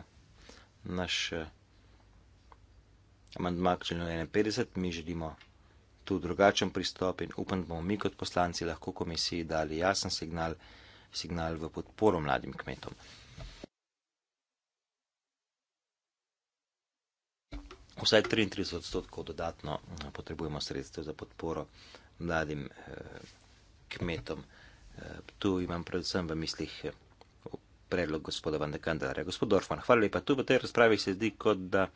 naš eh, amandmak členu 51, mi želimo tu drugačen pristop in upam, da bomo mi kot poslanci lahko komisiji dali jasen signal, signal v podporo mladim kmetom. vsaj 33 odstotkov dodatno eh, potrebujemo sredstev za podporo mladim eh, kmetom. Eh, tu imam predvsem v mislih predlog gospoda Van de Kandelarja. Gospod Dorfman, hvala lepa. Tu v tej razpravi se zdi, kot da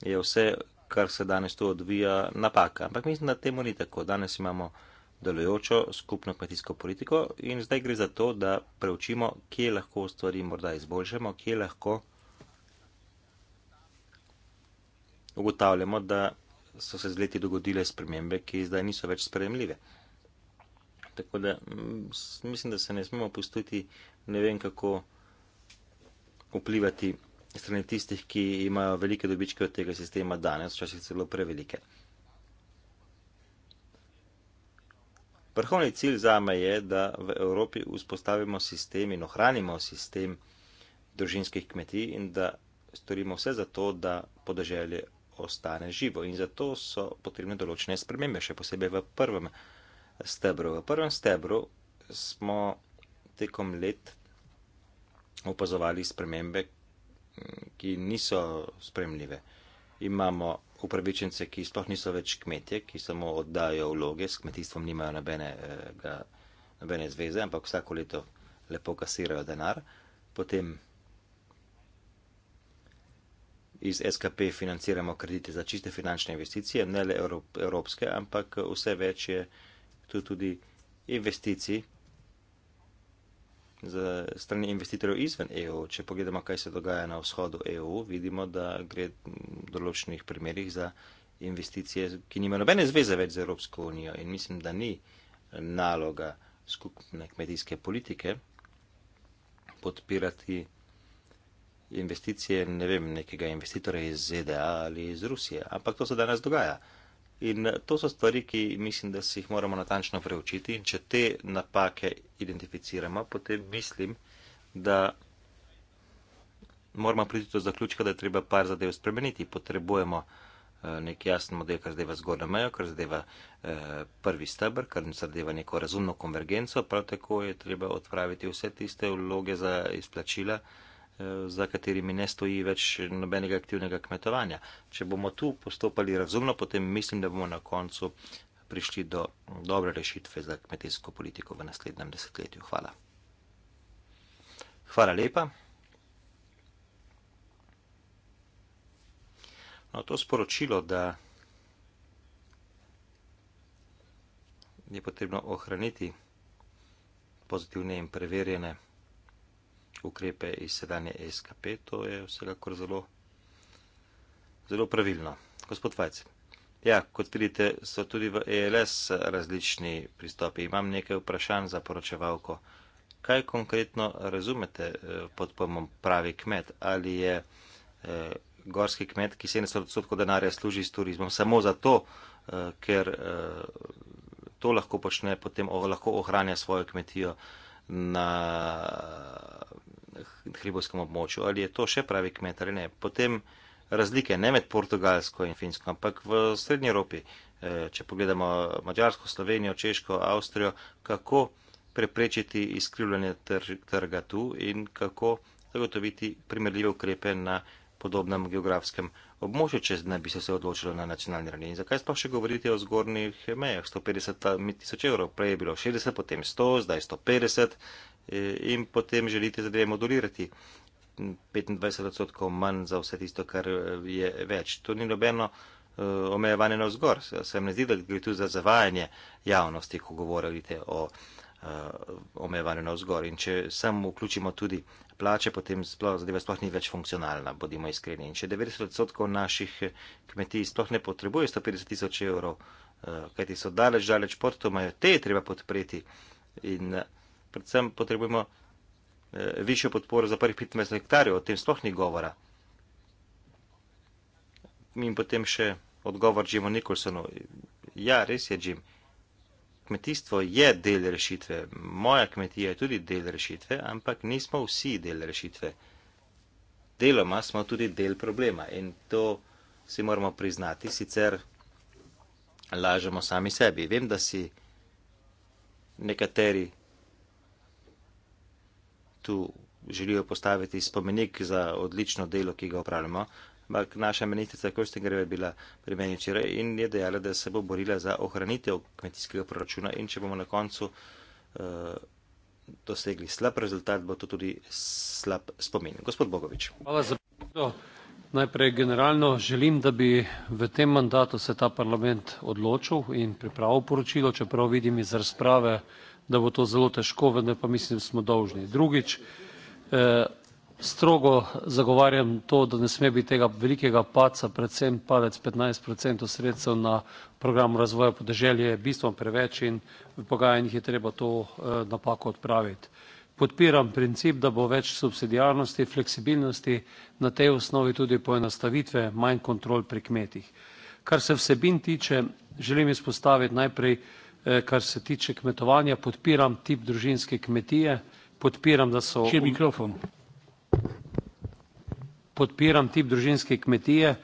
je vse, kar se danes tu odvija, napaka. Ampak mislim, da temu ni tako. Danes imamo delujočo skupno kmetijsko politiko in zdaj gre za to, da preučimo, kje lahko stvari morda izboljšamo, kje lahko ugotavljamo, da so se z leti dogodile spremembe, ki zdaj niso več spremljive. Tako da mm, mislim, da se ne smemo postiti, ne vem kako vplivati strani tistih, ki imajo velike dobičke od tega sistema danes, včasih celo prevelike. Vrhovni cilj za me je, da v Evropi vzpostavimo sistem in ohranimo sistem družinskih kmetij in da storimo vse za to, da podeželje ostane živo. In zato so potrebne določene spremembe, še posebej v prvem stebru. V prvem stebru smo tekom let opazovali spremembe, ki niso spremljive. Imamo upravičence, ki sploh niso več kmetje, ki samo oddajo vloge, s kmetijstvom nimajo nobene zveze, ampak vsako leto lepo kasirajo denar. Potem iz SKP financiramo kredite za čiste finančne investicije, ne le evropske, ampak vse več je tu tudi investicij za strani investitorjev izven EU. Če pogledamo, kaj se dogaja na vzhodu EU, vidimo, da gre v določenih primerjih za investicije, ki nima nobene zveze več z Evropsko unijo in mislim, da ni naloga skupne kmetijske politike podpirati investicije ne vem, nekega investitora iz ZDA ali iz Rusije, ampak to se danes dogaja. In eh, to so stvari, ki mislim, da si jih moramo natančno preučiti. In če te napake identificiramo, potem mislim, da moramo priti do zaključka, da je treba par zadev spremeniti. Potrebujemo eh, nek jasen model, kar zadeva zgornjo mejo, kar zadeva eh, prvi stebr, kar zadeva neko razumno konvergenco. Prav tako je treba odpraviti vse tiste vloge za izplačila, za katerimi ne stoji več nobenega aktivnega kmetovanja. Če bomo tu postopali razumno, potem mislim, da bomo na koncu prišli do dobre rešitve za kmetijsko politiko v naslednjem desetletju. Hvala. Hvala lepa. No, to sporočilo, da je potrebno ohraniti pozitivne in preverjene ukrepe iz sedanje SKP, to je vsekakor zelo, zelo pravilno. Gospod Fajci. Ja, kot vidite, so tudi v ELS različni pristopi. Imam nekaj vprašanj za poročevalko. Kaj konkretno razumete eh, pod pojmom pravi kmet? Ali je eh, gorski kmet, ki 70% denarja služi s turizmom, samo zato, eh, ker eh, to lahko počne, potem oh, lahko ohranja svojo kmetijo na hribovskem območju, ali je to še pravi kmet ali ne. Potem razlike ne med Portugalsko in Finsko, ampak v Srednji Evropi, eh, če pogledamo Mačarsko, Slovenijo, Češko, Avstrijo, kako preprečiti izkrivljanje trga tu in kako zagotoviti primerljive ukrepe na podobnem geografskem območju, če ne bi se vse odločilo na nacionalni ravni. In zakaj sploh še govoriti o zgornjih mejah? 150 eh, tisoč evrov, prej je bilo 60, potem 100, zdaj 150 in potem želite zadeve modulirati. 25 odstotkov manj za vse tisto, kar eh, je več. To ni nobeno uh, omejevanje na vzgor. Se mi zdi, da gre tu za zavajanje javnosti, ko govorite o uh, omejevanju na vzgor. In če samo vključimo tudi plače, potem sploh, zadeva sploh ni več funkcionalna, bodimo iskreni. In če 90 odstotkov naših kmetij sploh ne potrebuje 150 tisoč evrov, uh, kajti so daleč, daleč pod to, imajo te treba podpreti. In, uh, predvsem potrebujemo eh, višjo podporo za prvih 15 hektarjev, o tem sploh ni govora. In potem še odgovor Jimu Nikolsonu. Ja, res je, Jim. Kmetijstvo je del rešitve, moja kmetija je tudi del rešitve, ampak nismo vsi del rešitve. Deloma smo tudi del problema in to si moramo priznati, sicer lažemo sami sebi. Vem, da si nekateri mestu želijo postaviti spomenik za odlično delo, ki ga opravljamo. Ampak naša ministrica Kostengreva je bila pri meni včeraj in je dejala, da se bo borila za ohranitev kmetijskega proračuna in če bomo na koncu eh, dosegli slab rezultat, bo to tudi slab spomin. Gospod Bogovič. Hvala za pogodbo. Najprej generalno želim, da bi v tem mandatu se ta parlament odločil in pripravil poročilo, čeprav vidim iz razprave, da bo to zelo težko, vendar pa mislim, da smo dolžni. Drugič, eh, strogo zagovarjam to, da ne sme biti tega velikega paca, predvsem palec 15% sredstev na program razvoja podeželje je bistvo preveč in v pogajanjih je treba to eh, napako odpraviti. Podpiram princip, da bo več subsidijarnosti, fleksibilnosti, na tej osnovi tudi poenostavitve, manj kontrol pri kmetih. Kar se vsebin tiče, želim izpostaviti najprej Eh, kar se tiče kmetovanja, podpiram tip družinske kmetije, podpiram, da so... Če um, mikrofon. Podpiram tip družinske kmetije,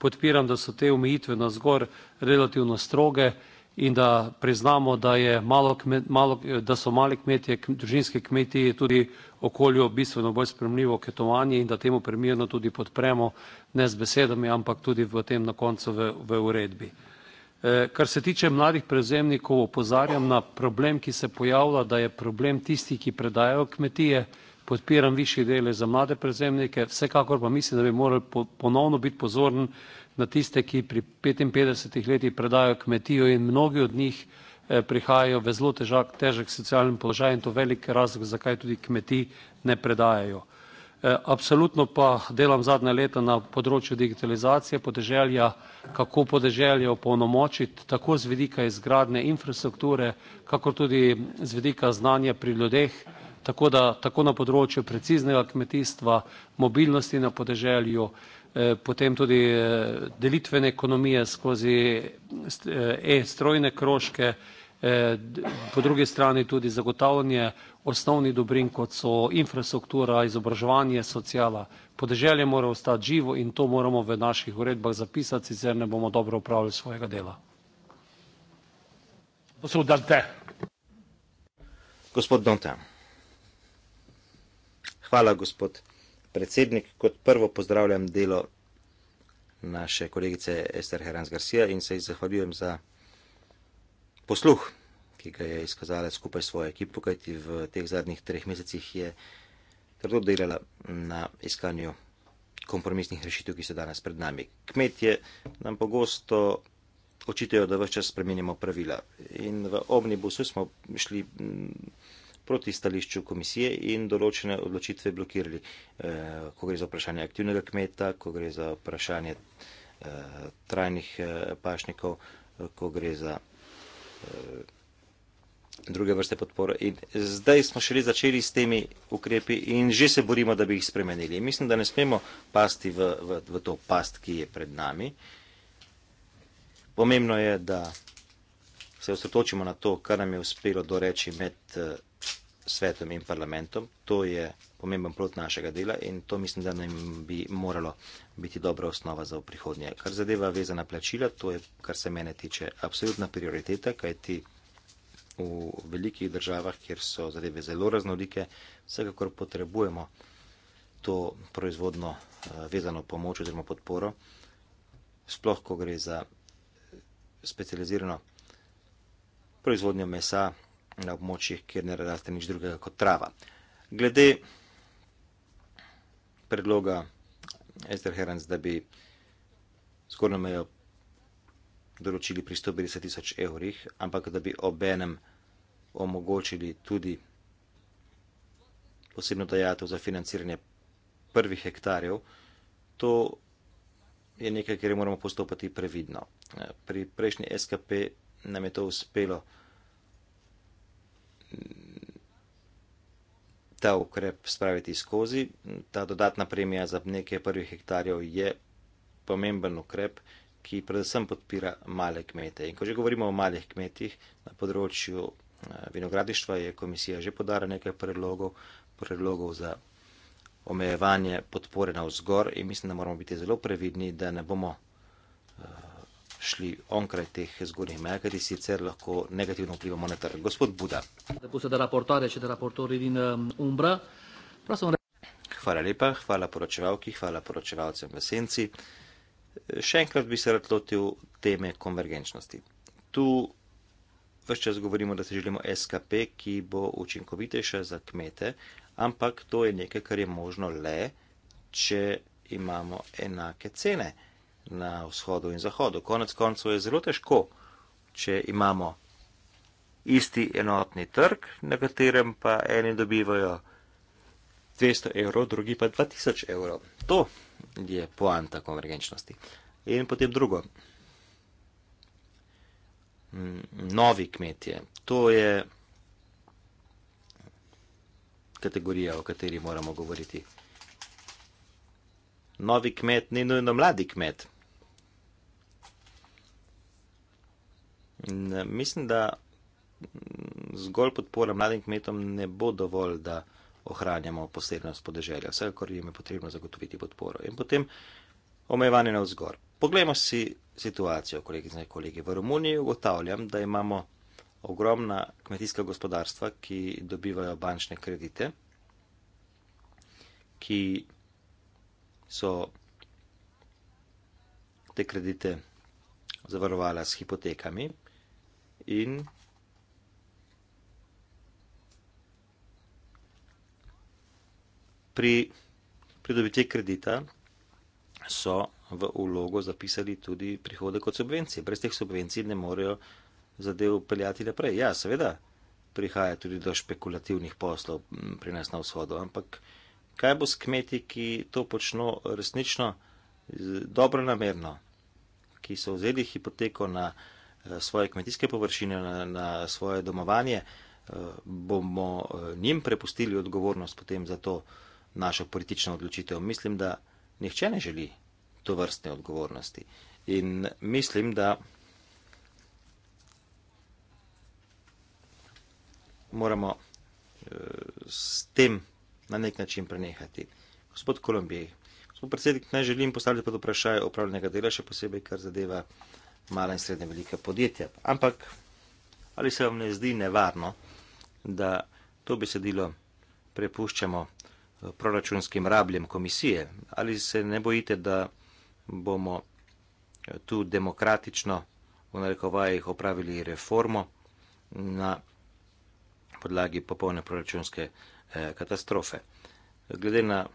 podpiram, da so te omejitve na zgor relativno stroge in da priznamo, da, je malo kmet, malo, da so mali kmetje, družinske kmetije tudi okolju bistveno bolj spremljivo kmetovanje in da temu primerno tudi podpremo ne z besedami, ampak tudi v tem na koncu v, v uredbi. Eh, kar se tiče mladih prevzemnikov, opozarjam na problem, ki se pojavlja, da je problem tisti, ki predajajo kmetije, podpiram višje dele za mlade prevzemnike, vsekakor pa mislim, da bi morali po, ponovno biti pozoren na tiste, ki pri 55 letih predajajo kmetijo in mnogi od njih eh, prihajajo v zelo težak, težek socialni položaj in to velik razlog, zakaj tudi kmeti ne predajajo. Eh, absolutno pa delam zadnja leta na področju digitalizacije podeželja, kako podeželje opolnomočiti tako z vidika izgradne infrastrukture, kako tudi z vidika znanja pri ljudeh, tako da tako na področju preciznega kmetijstva, mobilnosti na podeželju, eh, potem tudi eh, delitvene ekonomije skozi e-strojne krožke, Eh, po drugi strani tudi zagotavljanje osnovnih dobrin, kot so infrastruktura, izobraževanje, sociala. Podeželje mora ostati živo in to moramo v naših uredbah zapisati, sicer ne bomo dobro upravljali svojega dela. Gospod Dante. Gospod Dante. Hvala, gospod predsednik. Kot prvo pozdravljam delo naše kolegice Ester Heranz Garcia in se jih zahvaljujem za posluh, ki ga je izkazala skupaj s svojo ekipo, kajti v teh zadnjih treh mesecih je trdo delala na iskanju kompromisnih rešitev, ki so danes pred nami. Kmetje nam pogosto očitajo, da vse čas spremenjamo pravila. In v omnibusu smo šli mm, proti stališču komisije in določene odločitve blokirali. Eh, ko gre za vprašanje aktivnega kmeta, ko gre za vprašanje eh, trajnih eh, pašnikov, ko gre za Eh, druge vrste podpore. In zdaj smo šele začeli s temi ukrepi in že se borimo, da bi jih spremenili. Mislim, da ne smemo pasti v, v, v to past, ki je pred nami. Pomembno je, da se osredotočimo na to, kar nam je uspelo doreči med eh, svetom in parlamentom. To je pomemben plot našega dela in to mislim, da nam bi moralo biti dobra osnova za prihodnje. Kar zadeva vezana plačila, to je, kar se mene tiče, absolutna prioriteta, kajti v velikih državah, kjer so zadeve zelo raznolike, vsekakor potrebujemo to proizvodno eh, vezano pomoč oziroma podporo, sploh, ko gre za specializirano proizvodnjo mesa na območjih, kjer ne radate nič drugega kot trava. Glede predloga Ester Herans, da bi zgornjo mejo določili pri 150 tisoč evrih, ampak da bi obenem omogočili tudi posebno dajatev za financiranje prvih hektarjev, to je nekaj, kjer moramo postopati previdno. Pri prejšnji SKP nam je to uspelo ta ukrep spraviti skozi. Ta dodatna premija za nekaj prvih hektarjev je pomemben ukrep, ki predvsem podpira male kmete. In ko že govorimo o malih kmetih na področju eh, vinogradištva, je komisija že podala nekaj predlogov, predlogov za omejevanje podpore na vzgor in mislim, da moramo biti zelo previdni, da ne bomo. Uh, šli onkraj teh zgornjih meja, kajti sicer lahko negativno vplivamo na trg. Gospod Buda. Um, hvala lepa, hvala poročevalki, hvala poročevalcem v senci. Še enkrat bi se rad lotil teme konvergenčnosti. Tu vse čas govorimo, da se želimo SKP, ki bo učinkovitejša za kmete, ampak to je nekaj, kar je možno le, če imamo enake cene na vzhodu in zahodu. Konec koncev je zelo težko, če imamo isti enotni trg, na katerem pa eni dobivajo 200 evrov, drugi pa 2000 evrov. To je poanta konvergenčnosti. In potem drugo. Mm, novi kmetje. To je kategorija, o kateri moramo govoriti. Novi kmet ni nujno mladi kmet. In mislim, da zgolj podpora mladim kmetom ne bo dovolj, da ohranjamo posebnost podeželja. Vse, kar jim je potrebno zagotoviti podporo. In potem omejevanje na vzgor. Poglejmo si situacijo, kolegice in kolegi. V Romuniji ugotavljam, da imamo ogromna kmetijska gospodarstva, ki dobivajo bančne kredite, ki so te kredite zavarovala s hipotekami, in pri pridobitvi kredita so v ulogo zapisali tudi prihode kot subvencije. Brez teh subvencij ne morejo zadev peljati naprej. Ja, seveda prihaja tudi do špekulativnih poslov mm, pri nas na vzhodu, ampak kaj bo s kmeti, ki to počno resnično dobro namerno, ki so vzeli hipoteko na uh, Eh, svoje kmetijske površine, na, na svoje domovanje, eh, bomo eh, njim prepustili odgovornost potem za to našo politično odločitev. Mislim, da nihče ne želi to vrstne odgovornosti. In mislim, da moramo s tem na nek način prenehati. Gospod Kolumbij, gospod predsednik, ne želim postaviti pod vprašanje upravljenega dela, še posebej, kar zadeva mala in srednja velika podjetja. Ampak ali se vam ne zdi nevarno, da to besedilo prepuščamo eh, proračunskim rabljem komisije? Ali se ne bojite, da bomo eh, tu demokratično v narekovajih opravili reformo na podlagi popolne proračunske eh, katastrofe? Glede na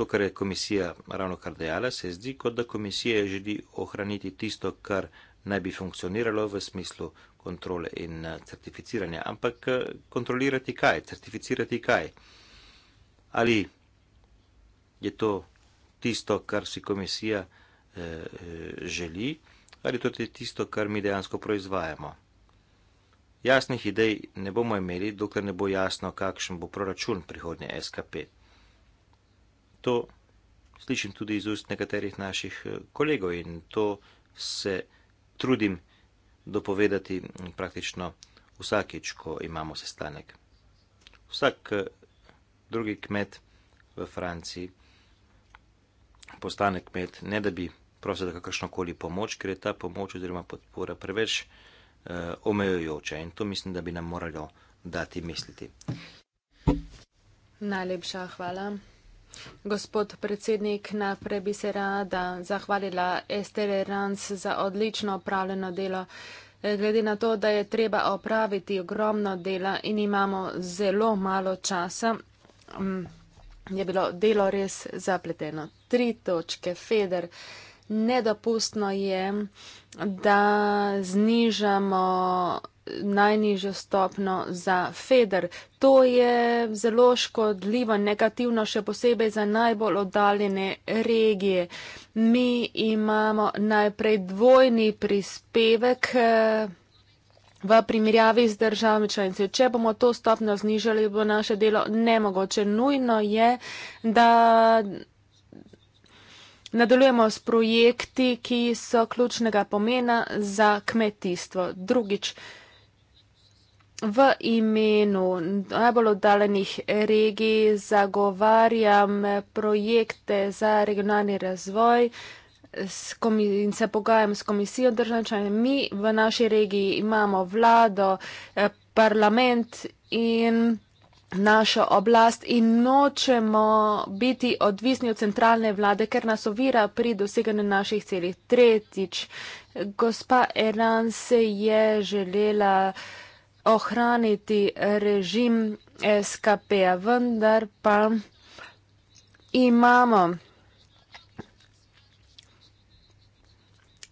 to, kar je komisija ravno kar dejala, se zdi, kot da komisija želi ohraniti tisto, kar naj bi funkcioniralo v smislu kontrole in eh, certificiranja. Ampak eh, kontrolirati kaj? Certificirati kaj? Ali je to tisto, kar si komisija eh, eh, želi, ali to je tisto, kar mi dejansko proizvajamo? Jasnih idej ne bomo imeli, dokler ne bo jasno, kakšen bo proračun prihodnje SKP. To slišim tudi iz ust nekaterih naših eh, kolegov in to se trudim dopovedati mm, praktično vsakič, ko imamo sestanek. Vsak eh, drugi kmet v Franciji postane kmet, ne da bi prosil za kakršnokoli pomoč, ker je ta pomoč oziroma podpora preveč eh, omejujoča in to mislim, da bi nam moralo dati misliti. Najlepša hvala. Gospod predsednik, najprej bi se rada zahvalila Estere Ranc za odlično opravljeno delo. Eh, glede na to, da je treba opraviti ogromno dela in imamo zelo malo časa, mm, je bilo delo res zapleteno. Tri točke, Feder nedopustno je, da znižamo najnižjo stopno za feder. To je zelo škodljivo, negativno, še posebej za najbolj oddaljene regije. Mi imamo najprej dvojni prispevek eh, v primerjavi z državami članice. Če bomo to stopno znižali, bo naše delo nemogoče. Nujno je, da Nadaljujemo s projekti, ki so ključnega pomena za kmetijstvo. Drugič, v imenu najbolj oddaljenih regij zagovarjam projekte za regionalni razvoj in se pogajam s komisijo državčanja. Mi v naši regiji imamo vlado, eh, parlament in našo oblast in nočemo biti odvisni od centralne vlade, ker nas ovira pri doseganju naših celih. Tretjič, gospa Eran se je želela ohraniti režim SKP-a, vendar pa imamo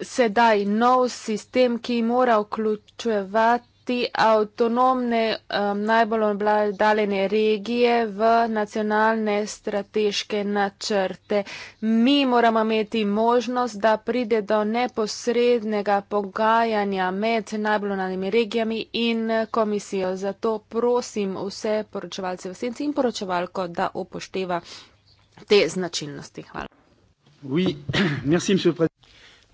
sedaj nov sistem, ki mora vključevati oblasti avtonomne um, najbolj obladalene regije v nacionalne strateške načrte. Mi moramo imeti možnost, da pride do neposrednega pogajanja med najbolj obladalnimi regijami in komisijo. Zato prosim vse poročevalce v senci in poročevalko, da upošteva te značilnosti. Hvala. Oui. Merci,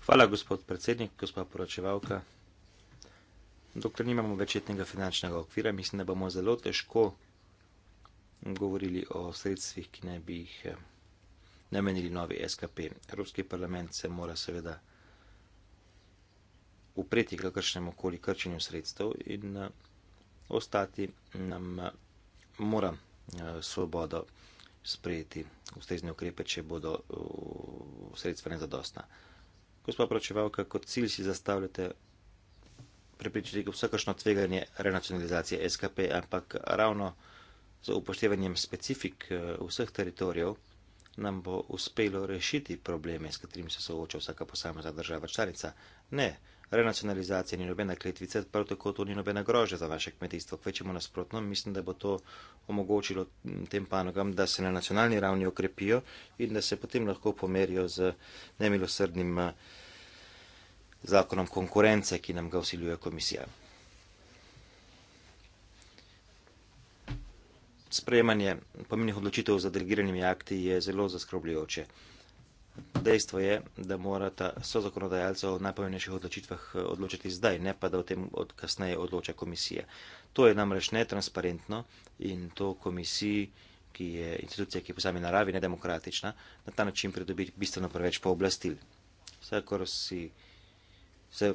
Hvala, gospod predsednik, gospod poročevalka dokler nimamo večetnega finančnega okvira, mislim, da bomo zelo težko govorili o sredstvih, ki naj bi jih eh, namenili novi SKP. Evropski parlament se mora seveda upreti kakršnemu koli krčenju sredstev in eh, ostati nam eh, mora svobodo sprejeti ustrezne ukrepe, če bodo sredstva nezadostna. Gospod pročevalka, kot cilj si zastavljate prepričati vsakošno tveganje renacionalizacije SKP, ampak ravno z upoštevanjem specifik eh, vseh teritorijev nam bo uspelo rešiti probleme, s katerimi se sooča vsaka posamezna država članica. Ne, renacionalizacija ni nobena kletvica, prav tako to ni nobena grožnja za naše kmetijstvo, kvečemo nasprotno, mislim, da bo to omogočilo tem panogam, da se na nacionalni ravni okrepijo in da se potem lahko pomerijo z nemilosrdnim uh, zakonom konkurence, ki nam ga usiljuje komisija. Sprejemanje pomenih odločitev za delegiranimi akti je zelo zaskrbljujoče. Dejstvo je, da morata so zakonodajalce o najpomembnejših odločitvah eh, odločiti zdaj, ne pa da o tem od kasneje odloča komisija. To je namreč netransparentno in to komisiji, ki je institucija, ki je po sami naravi nedemokratična, na ta način pridobi bistveno preveč pooblastil. Vsekor si vsekor Vse,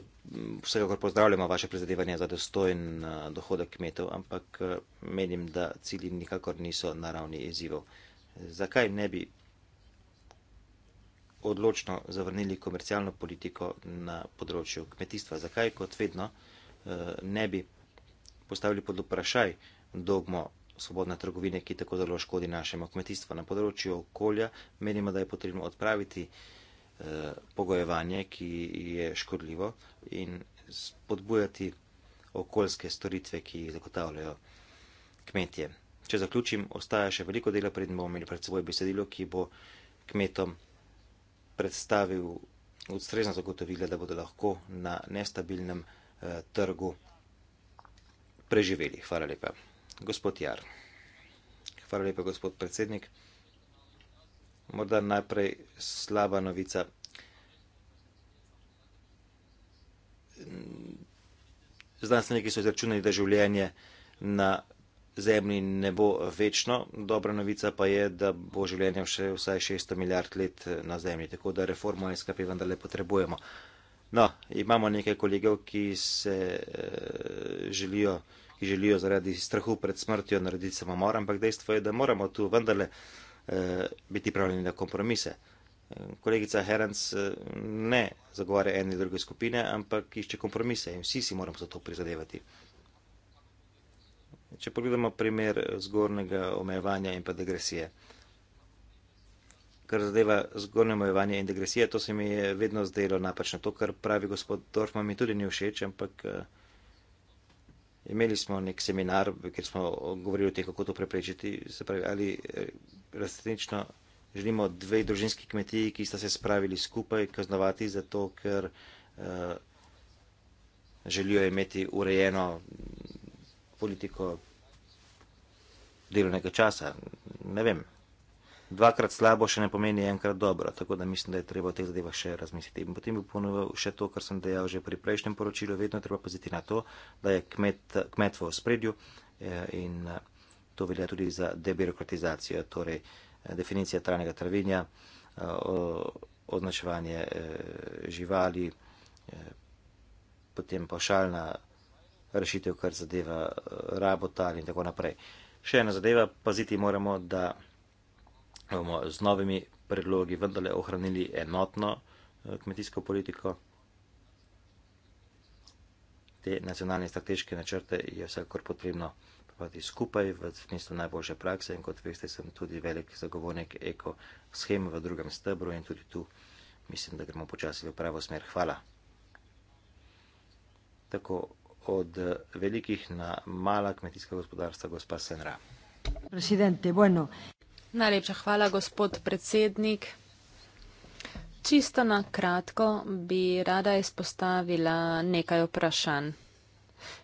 vsekakor pozdravljamo vaše prizadevanje za dostojen eh, dohodek kmetov, ampak eh, menim, da cilji nikakor niso na ravni izzivov. Zakaj ne bi odločno zavrnili komercialno politiko na področju kmetijstva? Zakaj kot vedno eh, ne bi postavili pod vprašaj dogmo svobodne trgovine, ki tako zelo škodi našemu kmetijstvu? Na področju okolja menimo, da je potrebno odpraviti. Eh, pogojevanje, ki je škodljivo, in spodbujati okoljske storitve, ki jih zagotavljajo kmetje. Če zaključim, ostaja še veliko dela, predtem bomo imeli pred seboj besedilo, ki bo kmetom predstavil ustrezna zagotovila, da bodo lahko na nestabilnem eh, trgu preživeli. Hvala lepa, gospod Jar. Hvala lepa, gospod predsednik. Morda najprej slaba novica. Znanstveniki so izračunali, da življenje na Zemlji ne bo večno, dobra novica pa je, da bo življenje še vsaj 600 milijard let na Zemlji, tako da reformo SKP vendarle potrebujemo. No, imamo nekaj kolegov, ki se e, želijo, ki želijo zaradi strahu pred smrtjo narediti samomor, ampak dejstvo je, da moramo tu vendarle. Eh, biti pripravljeni na kompromise. Kolegica Herenc eh, ne zagovarja ene in druge skupine, ampak išče kompromise in vsi si moramo za to prizadevati. Če pogledamo primer zgornjega omejevanja in pa degresije. Kar zadeva zgornje omejevanje in degresije, to se mi je vedno zdelo napačno. To, kar pravi gospod Dorfman, mi tudi ni všeč, ampak uh, Imeli smo nek seminar, kjer smo govorili o tem, kako to preprečiti. Se pravi, ali eh, resnično želimo dve družinski kmetiji, ki sta se spravili skupaj, kaznovati zato, ker uh, želijo imeti urejeno mm, politiko delovnega časa. Ne vem dvakrat slabo še ne pomeni enkrat dobro. Tako da mislim, da je treba o teh zadevah še razmisliti. In potem bi ponovil še to, kar sem dejal že pri prejšnjem poročilu. Vedno treba paziti na to, da je kmet, kmet v spredju eh, in eh, to velja tudi za debirokratizacijo, torej eh, definicija trajnega travinja, označevanje živali, potem pašalna rešitev, kar zadeva rabo tal in tako naprej. Še ena zadeva, paziti moramo, da bomo z novimi predlogi vendarle ohranili enotno eh, kmetijsko politiko. Te nacionalne strateške načrte je vse kar potrebno pripraviti skupaj v smislu najboljše prakse in kot veste, sem tudi velik zagovornik eko schem v drugem stebru in tudi tu mislim, da gremo počasi v pravo smer. Hvala. Tako od eh, velikih na mala kmetijska gospodarstva, gospa Senra. Presidente, bueno. Najlepša hvala, gospod predsednik. Čisto na kratko bi rada izpostavila nekaj vprašanj.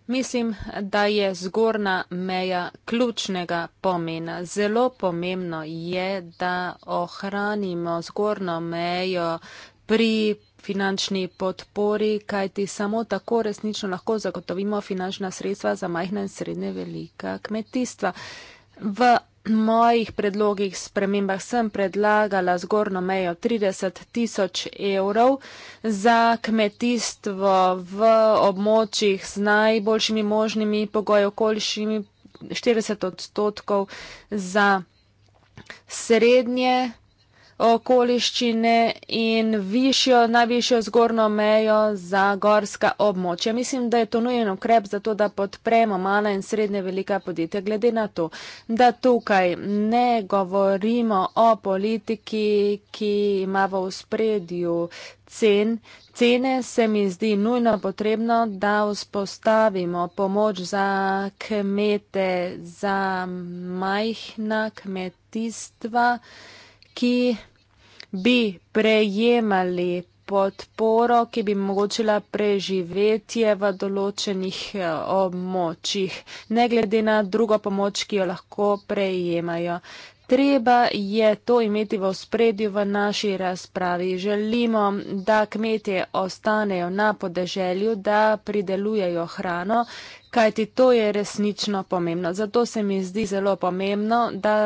Mislim, da je zgorna meja ključnega pomena. Zelo pomembno je, da ohranimo zgorno mejo pri finančni podpori, kajti samo tako resnično lahko zagotovimo finančna sredstva za majhna in srednje velika kmetijstva. V mojih predlogih spremembah sem predlagala zgornjo mejo 30 tisoč evrov za kmetijstvo v območjih z najboljšimi možnimi pogoji okoljšimi 40 odstotkov za srednje okoliščine in višjo, najvišjo zgornjo mejo za gorska območja. Mislim, da je to nujen ukrep za to, da podpremo mala in srednje velika podjetja. Glede na to, da tukaj ne govorimo o politiki, ki ima v spredju cen, cene, se mi zdi nujno potrebno, da vzpostavimo pomoč za kmete, za majhna kmetijstva ki bi prejemali podporo, ki bi mogočila preživetje v določenih eh, območjih, ne glede na drugo pomoč, ki jo lahko prejemajo. Treba je to imeti v spredju v naši razpravi. Želimo, da kmetje ostanejo na podeželju, da pridelujejo hrano, kajti to je resnično pomembno. Zato se mi zdi zelo pomembno, da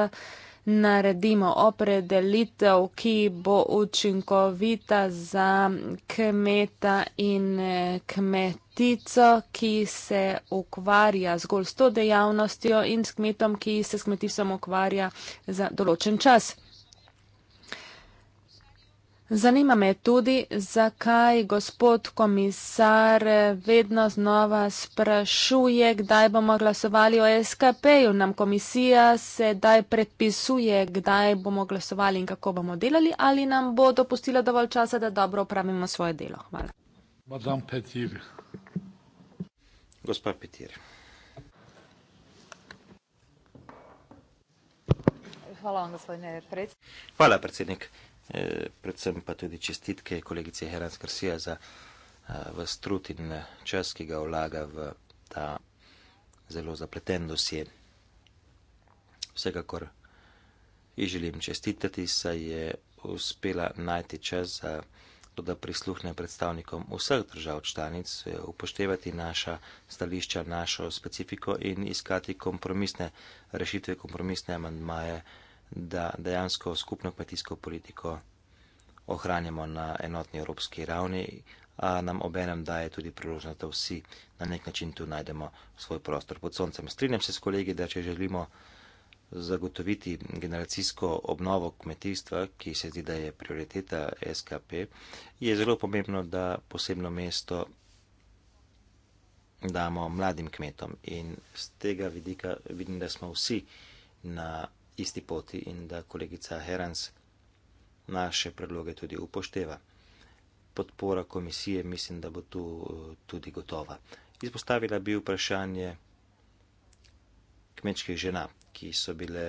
naredimo opredelitev, ki bo učinkovita za kmeta in eh, kmetico, ki se ukvarja zgolj s to dejavnostjo in s kmetom, ki se s kmetijstvom ukvarja za določen čas. Zanima me tudi, zakaj gospod komisar vedno znova sprašuje, kdaj bomo glasovali o SKP-ju. Nam komisija sedaj predpisuje, kdaj bomo glasovali in kako bomo delali, ali nam bo dopustila dovolj časa, da dobro opravimo svoje delo. Hvala. Petir. Gospa Petir. Hvala, vam, Hvala predsednik. Eh, predvsem pa tudi čestitke kolegici Herans Krsija za eh, v strut in eh, čas, ki ga vlaga v ta zelo zapleten dosje. Vsekakor ji želim čestitati, saj je uspela najti čas za to, da prisluhne predstavnikom vseh držav članic, upoštevati naša stališča, našo specifiko in iskati kompromisne rešitve, kompromisne amandmaje da dejansko skupno kmetijsko politiko ohranjamo na enotni evropski ravni, a nam obenem daje tudi priložnost, da vsi na nek način tu najdemo svoj prostor pod soncem. Strinjam se s kolegi, da če želimo zagotoviti generacijsko obnovo kmetijstva, ki se zdi, da je prioriteta SKP, je zelo pomembno, da posebno mesto damo mladim kmetom. In z tega vidika vidim, da smo vsi na isti poti in da kolegica Herans naše predloge tudi upošteva. Podpora komisije mislim, da bo tu eh, tudi gotova. Izpostavila bi vprašanje kmečkih žena, ki so bile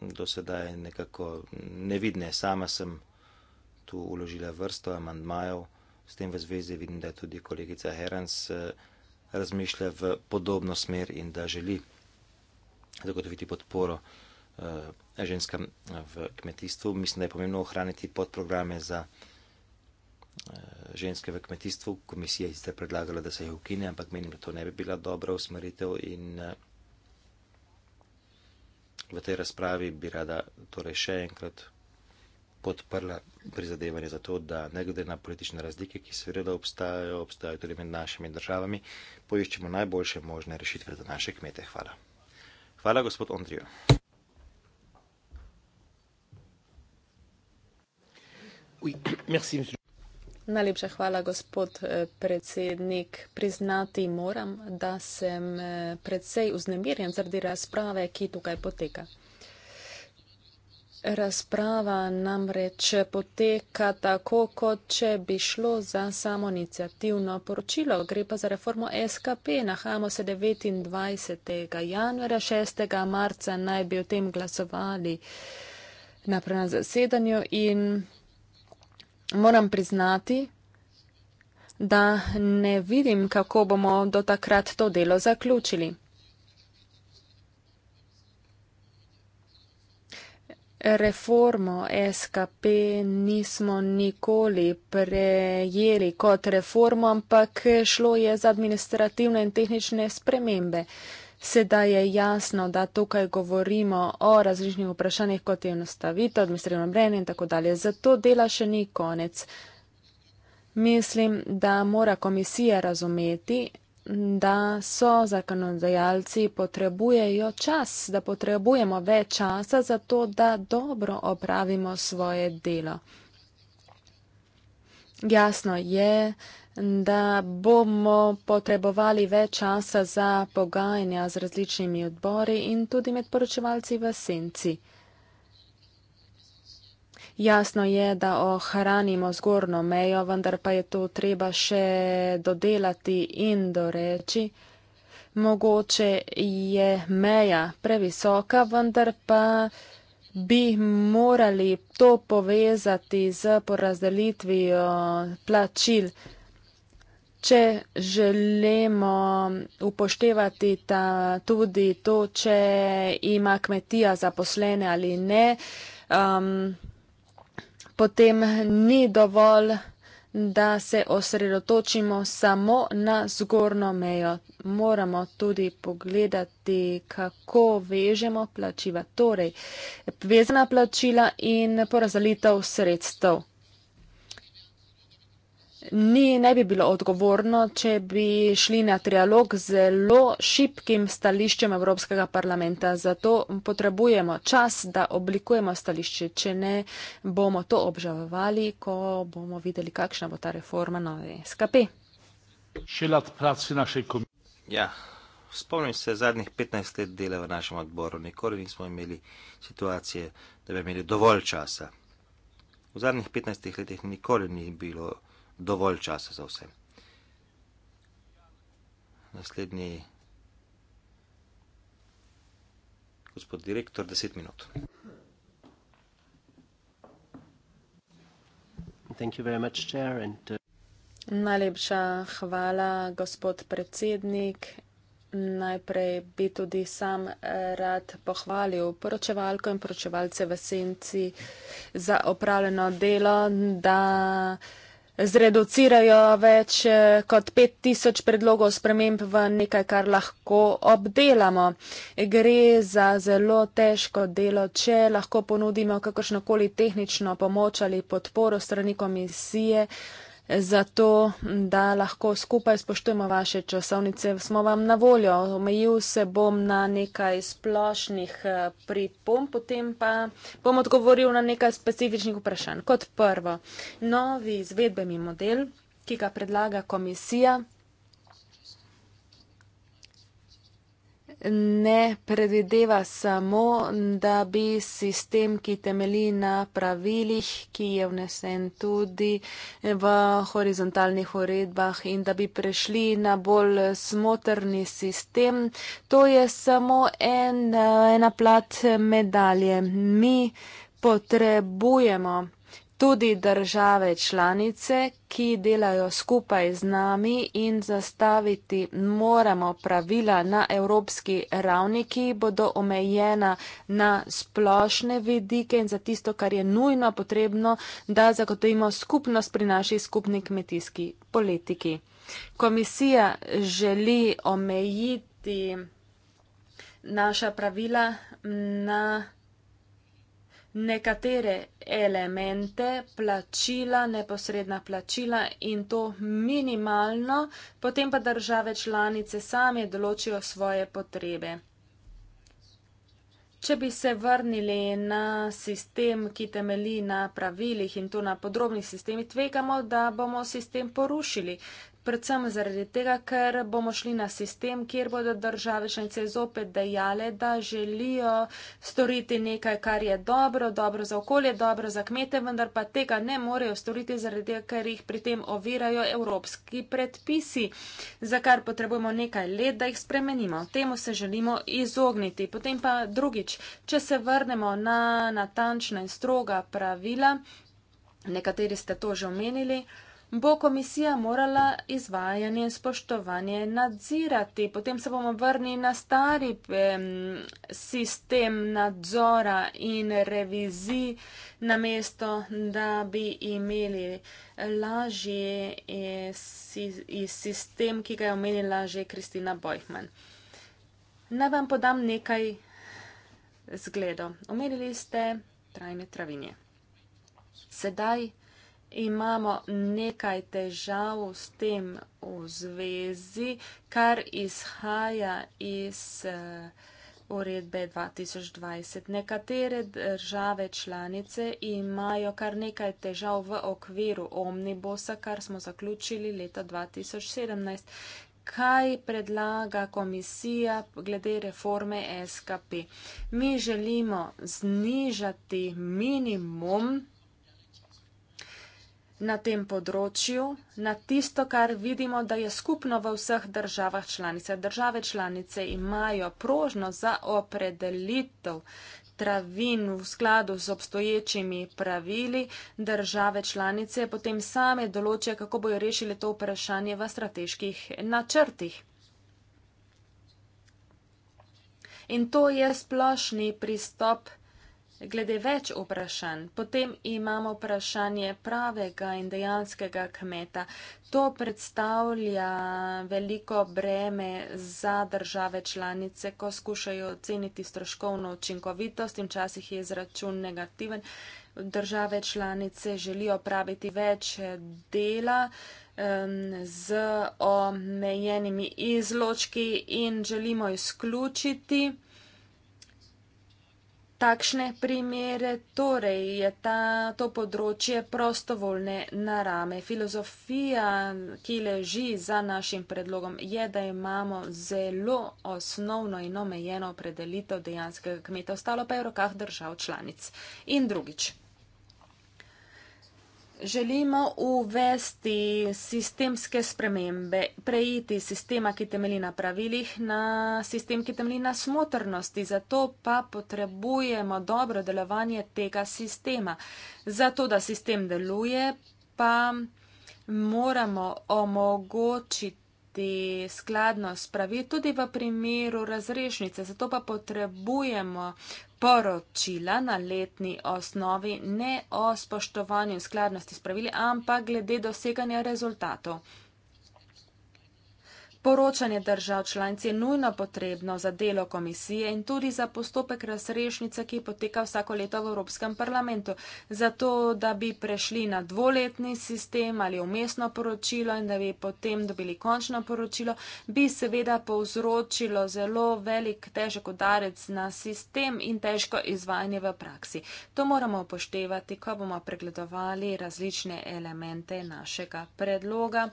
do sedaj nekako nevidne. Sama sem tu uložila vrsto amandmajev, s tem v zvezi vidim, da tudi kolegica Herans eh, razmišlja v podobno smer in da želi zagotoviti podporo uh, Eh, ženskam eh, v kmetijstvu. Mislim, da je pomembno ohraniti podprograme za eh, ženske v kmetijstvu. Komisija je sicer predlagala, da se jih ukine, ampak menim, da to ne bi bila dobra usmeritev in v tej razpravi bi rada torej še enkrat podprla prizadevanje za to, da ne glede na politične razlike, ki seveda obstajajo, obstajajo tudi med našimi državami, poiščemo najboljše možne rešitve za naše kmete. Hvala. Hvala, gospod Ondrijo. Najlepša hvala, gospod eh, predsednik. Priznati moram, da sem eh, predvsej vznemirjen zaradi razprave, ki tukaj poteka. Razprava namreč poteka tako, kot če bi šlo za samo inicijativno poročilo. Gre pa za reformo SKP. Nahajamo se 29. januarja, 6. marca naj bi o tem glasovali na prenazasedanju in moram priznati, da ne vidim, kako bomo do takrat to delo zaključili. Reformo SKP nismo nikoli prejeli kot reformo, ampak šlo je za administrativne in tehnične spremembe. Uh, Sedaj je jasno, da tukaj govorimo o različnih vprašanjih, kot je enostavitev, administrativno mrenje in tako dalje. Zato dela še ni konec. Mislim, da mora komisija razumeti, da so zakonodajalci potrebujejo čas, da potrebujemo več časa za to, da dobro opravimo svoje delo. Jasno je, da bomo potrebovali več časa za pogajanja z različnimi odbori in tudi med poročevalci v senci. Jasno je, da ohranimo zgornjo mejo, vendar pa je to treba še dodelati in doreči. Mogoče je meja previsoka, vendar pa bi morali to povezati z porazdelitvijo eh, plačil. Če želimo upoštevati ta, tudi to, če ima kmetija zaposlene ali ne, um, potem ni dovolj da se osredotočimo samo na zgornjo mejo. Moramo tudi pogledati, kako vežemo plačiva, torej vezana plačila in porazalitev sredstev. Ni, ne bi bilo odgovorno, če bi šli na trialog z zelo šipkim stališčem Evropskega parlamenta. Zato potrebujemo čas, da oblikujemo stališče. Če ne, bomo to obžalovali, ko bomo videli, kakšna bo ta reforma nove SKP. Ja, spomnim se zadnjih 15 let dela v našem odboru. Nikoli nismo imeli situacije, da bi imeli dovolj časa. V zadnjih 15 letih nikoli ni bilo dovolj časa za vse. Naslednji, gospod direktor, deset minut. Uh, Najlepša hvala, gospod predsednik. Najprej bi tudi sam eh, rad pohvalil poročevalko in poročevalce v senci za opravljeno delo, da zreducirajo več eh, kot 5000 predlogov sprememb v nekaj, kar lahko obdelamo. Gre za zelo težko delo, če lahko ponudimo kakršnokoli tehnično pomoč ali podporo strani komisije zato, da lahko skupaj spoštujemo vaše časovnice, smo vam na voljo. Omejil se bom na nekaj splošnih eh, pripom, potem pa bom odgovoril na nekaj specifičnih vprašanj. Kot prvo, novi izvedbeni model, ki ga predlaga komisija, ne predvideva samo, da bi sistem, ki temeli na pravilih, ki je vnesen tudi v horizontalnih uredbah in da bi prešli na bolj smotrni sistem. To je samo en, ena plat medalje. Mi potrebujemo tudi države članice, ki delajo skupaj z nami in zastaviti moramo pravila na evropski ravni, ki bodo omejena na splošne vidike in za tisto, kar je nujno potrebno, da zagotovimo skupnost pri naši skupni kmetijski politiki. Komisija želi omejiti naša pravila na nekatere elemente, plačila, neposredna plačila in to minimalno, potem pa države članice same določijo svoje potrebe. Če bi se vrnili na sistem, ki temeli na pravilih in to na podrobnih sistemih, tvegamo, da bomo sistem porušili. Predvsem zaradi tega, ker bomo šli na sistem, kjer bodo države članice zopet dejale, da želijo storiti nekaj, kar je dobro, dobro za okolje, dobro za kmete, vendar pa tega ne morejo storiti, zaradi tega, ker jih pri tem ovirajo evropski predpisi, za kar potrebujemo nekaj let, da jih spremenimo. Temu se želimo izogniti. Potem pa drugič, če se vrnemo na natančna in stroga pravila, nekateri ste to že omenili bo komisija morala izvajanje in spoštovanje nadzirati. Potem se bomo vrnili na stari sistem nadzora in revizij, na mesto, da bi imeli lažji sistem, ki ga je omenila že Kristina Bojhman. Naj vam podam nekaj zgledov. Omenili ste trajne travinje. Sedaj imamo nekaj težav s tem v zvezi, kar izhaja iz eh, uredbe 2020. Nekatere države članice imajo kar nekaj težav v okviru omnibosa, kar smo zaključili leta 2017. Kaj predlaga komisija glede reforme SKP? Mi želimo znižati minimum na tem področju, na tisto, kar vidimo, da je skupno v vseh državah članice. Države članice imajo prožno za opredelitev travin v skladu z obstoječimi pravili, države članice potem same določijo, kako bojo rešili to vprašanje v strateških načrtih. In to je splošni pristop državljanov glede več vprašanj. Potem imamo vprašanje pravega in dejanskega kmeta. To predstavlja veliko breme za države članice, ko skušajo oceniti stroškovno učinkovitost in včasih je izračun negativen. Države članice želijo praviti več dela z omejenimi izločki in želimo izključiti takšne primere, torej je ta, to področje prostovoljne narave. Filozofija, ki leži za našim predlogom, je, da imamo zelo osnovno in omejeno opredelitev dejanskega kmeta, ostalo pa je v rokah držav članic. In drugič želimo uvesti sistemske spremembe, preiti sistema, ki temeli na pravilih, na sistem, ki temeli na smotrnosti. Zato pa potrebujemo dobro delovanje tega sistema. Zato, da sistem deluje, pa moramo omogočiti skladno spravi tudi v primeru razrešnice. Zato pa potrebujemo poročila na letni osnovi ne o spoštovanju in skladnosti s pravili, ampak glede doseganja rezultatov. Poročanje držav članic je nujno potrebno za delo komisije in tudi za postopek razrešnice, ki poteka vsako leto v Evropskem parlamentu. Zato, da bi prešli na dvoletni sistem ali umestno poročilo in da bi potem dobili končno poročilo, bi seveda povzročilo zelo velik težek udarec na sistem in težko izvajanje v praksi. To moramo upoštevati, ko bomo pregledovali različne elemente našega predloga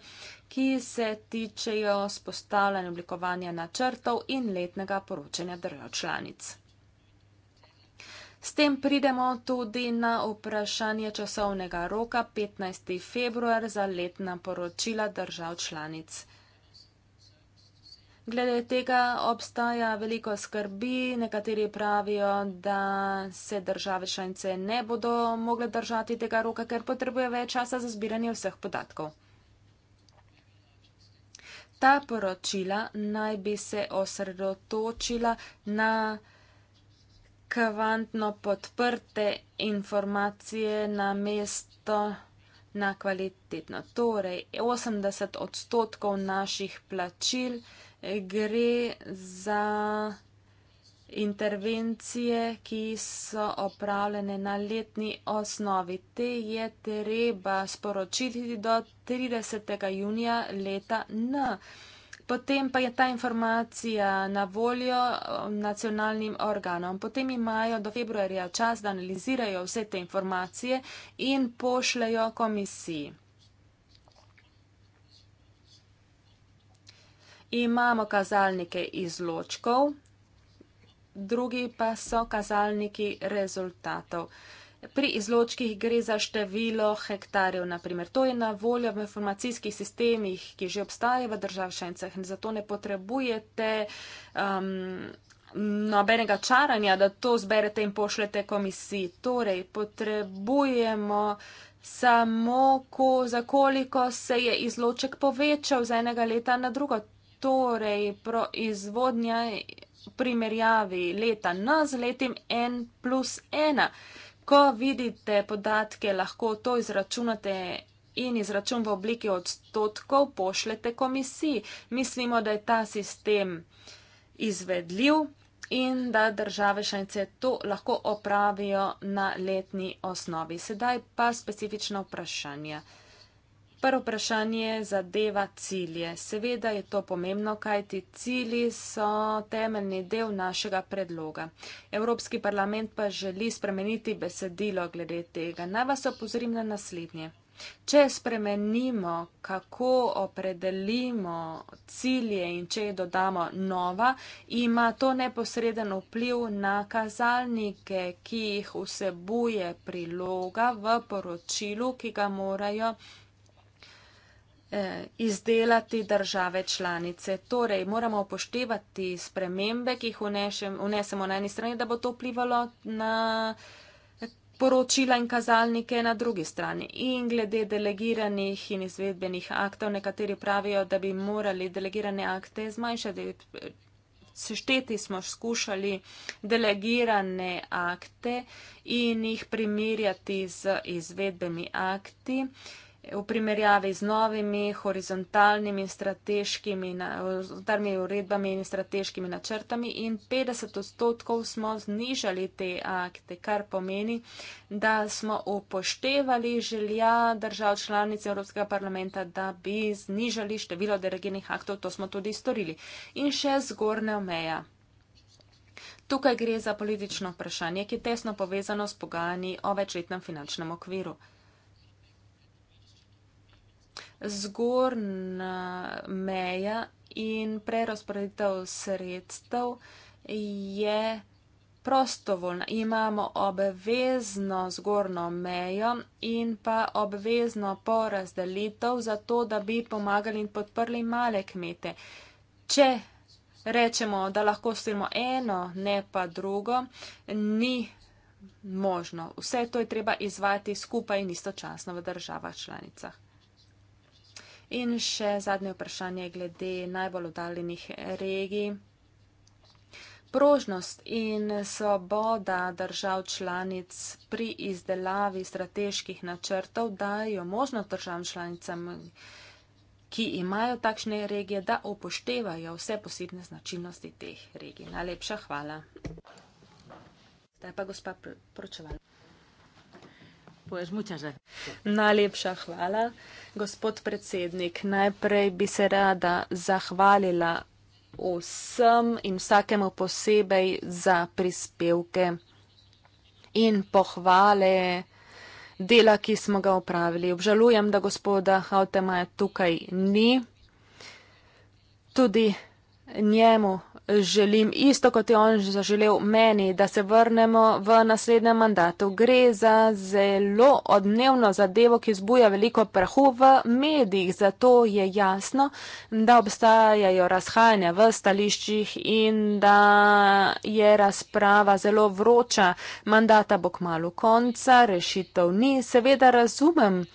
ki se tičejo spostavljanja oblikovanja načrtov in letnega poročanja držav članic. S tem pridemo tudi na vprašanje časovnega roka 15. februar za letna poročila držav članic. Glede tega obstaja veliko skrbi, nekateri pravijo, da se države članice ne bodo mogle držati tega roka, ker potrebuje več časa za zbiranje vseh podatkov. Ta poročila naj bi se osredotočila na kvantno podprte informacije na mesto na kvalitetno. Torej, 80 odstotkov naših plačil gre za intervencije, ki so opravljene na letni osnovi. Te je treba sporočiti do 30. junija leta N. Potem pa je ta informacija na voljo um, nacionalnim organom. Potem imajo do februarja čas, da analizirajo vse te informacije in pošljajo komisiji. Imamo kazalnike izločkov, drugi pa so kazalniki rezultatov. Pri izločkih gre za število hektarjev, naprimer. To je na voljo v informacijskih sistemih, ki že obstajajo v državšencah in zato ne potrebujete. Um, nobenega čaranja, da to zberete in pošljete komisiji. Torej, potrebujemo samo, ko, za koliko se je izloček povečal z enega leta na drugo. Torej, proizvodnja v primerjavi leta N z letim N plus 1. Ko vidite podatke, lahko to izračunate in izračun v obliki odstotkov pošljete komisiji. Mislimo, da je ta sistem izvedljiv in da države šanice to lahko opravijo na letni osnovi. Sedaj pa specifično vprašanje. Prvo vprašanje zadeva cilje. Seveda je to pomembno, kajti cilji so temeljni del našega predloga. Evropski parlament pa želi spremeniti besedilo glede tega. Naj vas opozorim na naslednje. Če spremenimo, kako opredelimo cilje in če jih dodamo nova, ima to neposreden vpliv na kazalnike, ki jih vsebuje priloga v poročilu, ki ga morajo Eh, izdelati države članice. Torej, moramo upoštevati spremembe, ki jih vnešem, vnesemo na eni strani, da bo to vplivalo na poročila in kazalnike na drugi strani. In glede delegiranih in izvedbenih aktov, nekateri pravijo, da bi morali delegirane akte zmanjšati. Sešteti smo skušali delegirane akte in jih primerjati z izvedbenimi akti v primerjavi z novimi horizontalnimi strateškimi, zdarmi uredbami in strateškimi načrtami in 50 odstotkov smo znižali te akte, kar pomeni, da smo upoštevali želja držav članic Evropskega parlamenta, da bi znižali število deregenih aktov, to smo tudi storili. In še zgornja meja. Tukaj gre za politično vprašanje, ki je tesno povezano s pogajanji o večletnem finančnem okviru zgornja meja in prerasporeditev sredstev je prostovoljna. Imamo obvezno zgornjo mejo in pa obvezno porazdelitev za to, da bi pomagali in podprli male kmete. Če rečemo, da lahko stojimo eno, ne pa drugo, ni možno. Vse to je treba izvati skupaj in istočasno v državah članicah. In še zadnje vprašanje glede najbolj oddaljenih regij. Prožnost in svoboda držav članic pri izdelavi strateških načrtov dajo možnost državam članicam, ki imajo takšne regije, da upoštevajo vse posebne značilnosti teh regij. Najlepša hvala. Zdaj pa gospa Pročevalj. Pues muchas gracias. Najlepša hvala. Gospod predsednik, najprej bi se rada zahvalila vsem in vsakemu posebej za prispevke in pohvale dela, ki smo ga upravili. Obžalujem, da gospoda Hautemaja tukaj ni. Tudi njemu želim isto, kot je on zaželel meni, da se vrnemo v naslednjem mandatu. Gre za zelo odnevno zadevo, ki zbuja veliko prahu v medijih, zato je jasno, da obstajajo razhajanja v stališčih in da je razprava zelo vroča. Mandata bo k malu konca, rešitev ni. Seveda razumem,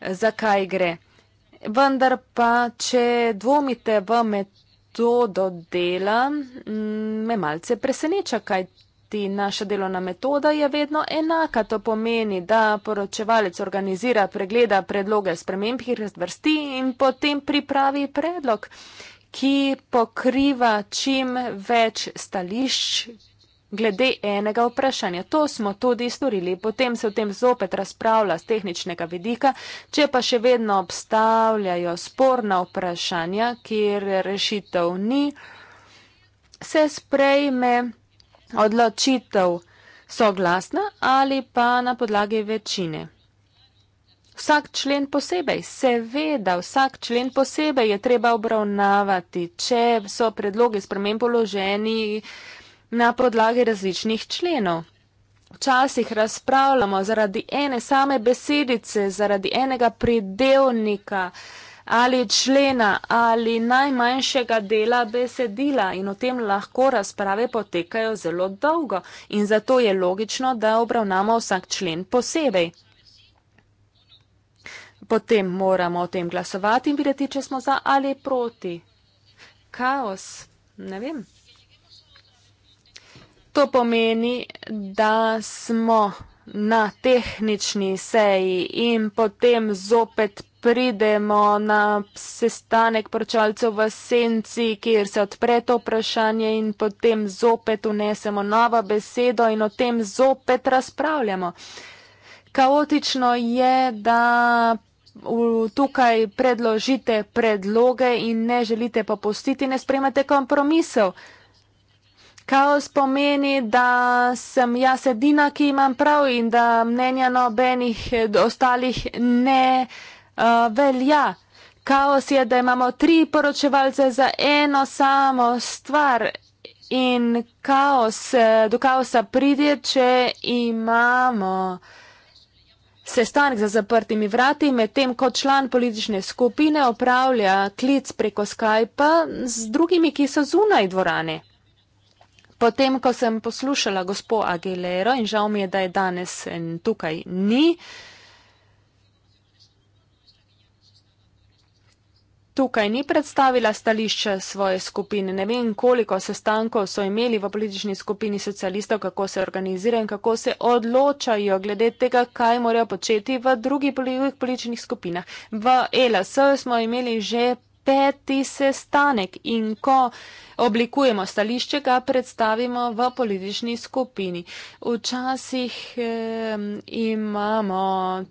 zakaj gre. Vendar pa, če dvomite v metodologijo, to dodela, mm, me malce preseneča, kaj ti naša delovna metoda je vedno enaka. To pomeni, da poročevalec organizira, pregleda predloge sprememb, jih razvrsti in potem pripravi predlog, ki pokriva čim več stališč, glede enega vprašanja. To smo tudi storili. Potem se o tem zopet razpravlja z tehničnega vidika, če pa še vedno obstavljajo sporna vprašanja, kjer rešitev ni, se sprejme odločitev soglasna ali pa na podlagi večine. Vsak člen posebej, seveda, vsak člen posebej je treba obravnavati, če so predloge spremen položeni, na podlagi različnih členov. Včasih razpravljamo zaradi ene same besedice, zaradi enega pridevnika ali člena ali najmanjšega dela besedila in o tem lahko razprave potekajo zelo dolgo in zato je logično, da obravnamo vsak člen posebej. Potem moramo o tem glasovati in videti, če smo za ali proti. Kaos. Ne vem. To pomeni, da smo na tehnični seji in potem zopet pridemo na sestanek poročalcev v senci, kjer se odpre to vprašanje in potem zopet unesemo novo besedo in o tem zopet razpravljamo. Kaotično je, da tukaj predložite predloge in ne želite popustiti, ne spremate kompromisov. Kaos pomeni, da sem jaz edina, ki imam prav in da mnenja nobenih ostalih ne uh, velja. Kaos je, da imamo tri poročevalce za eno samo stvar in kaos, eh, do kaosa pride, če imamo sestanek za zaprtimi vrati, medtem ko član politične skupine opravlja klic preko Skypa z drugimi, ki so zunaj dvorane. Potem, ko sem poslušala gospo Aguilero in žal mi je, da je danes in tukaj ni, tukaj ni predstavila stališče svoje skupine. Ne vem, koliko sestankov so imeli v politični skupini socialistov, kako se organizirajo in kako se odločajo glede tega, kaj morajo početi v drugih političnih skupinah. V LSE smo imeli že peti sestanek in ko oblikujemo stališče, ga predstavimo v politični skupini. Včasih eh, imamo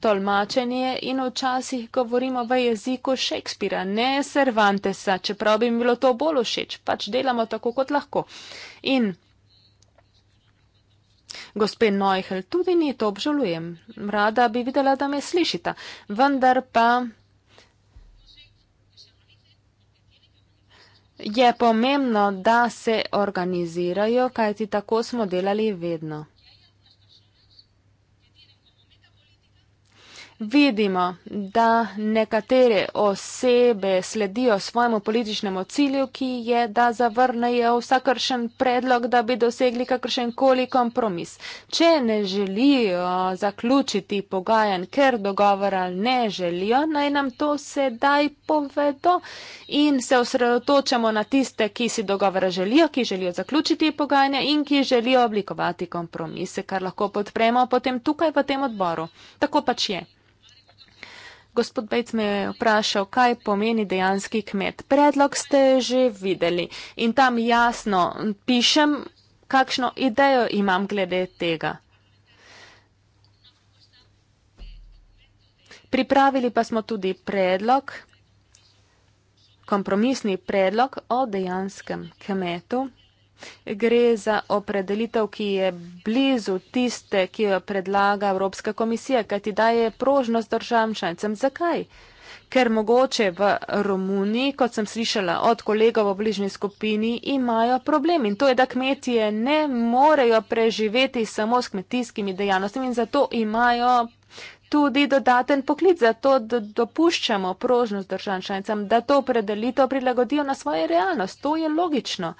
tolmačenje in včasih govorimo v jeziku Šekspira, ne Cervantesa, čeprav bi mi bilo to bolj všeč, pač delamo tako, kot lahko. In Gospe Neuhel, tudi ni to obžalujem. Rada bi videla, da me slišite. Vendar pa Je pomembno, da se organizirajo, kajti tako smo delali vedno. vidimo, da nekatere osebe sledijo svojemu političnemu cilju, ki je, da zavrnejo vsakršen predlog, da bi dosegli kakršen koli kompromis. Če ne želijo zaključiti pogajan, ker dogovora ne želijo, naj nam to sedaj povedo in se osredotočamo na tiste, ki si dogovora želijo, ki želijo zaključiti pogajanja in ki želijo oblikovati kompromise, kar lahko podpremo potem tukaj v tem odboru. Tako pač je. Gospod Bejc me je vprašal, kaj pomeni dejanski kmet. Predlog ste že videli in tam jasno pišem, kakšno idejo imam glede tega. Pripravili pa smo tudi predlog, kompromisni predlog o dejanskem kmetu. Gre za opredelitev, ki je blizu tiste, ki jo predlaga Evropska komisija, kajti daje prožnost državam članicam. Zakaj? Ker mogoče v Romuniji, kot sem slišala od kolega v bližnji skupini, imajo problem in to je, da kmetije ne morejo preživeti samo s kmetijskimi dejavnostmi in zato imajo tudi dodaten poklic, zato dopuščamo prožnost državam članicam, da to opredelitev prilagodijo na svoje realnost. To je logično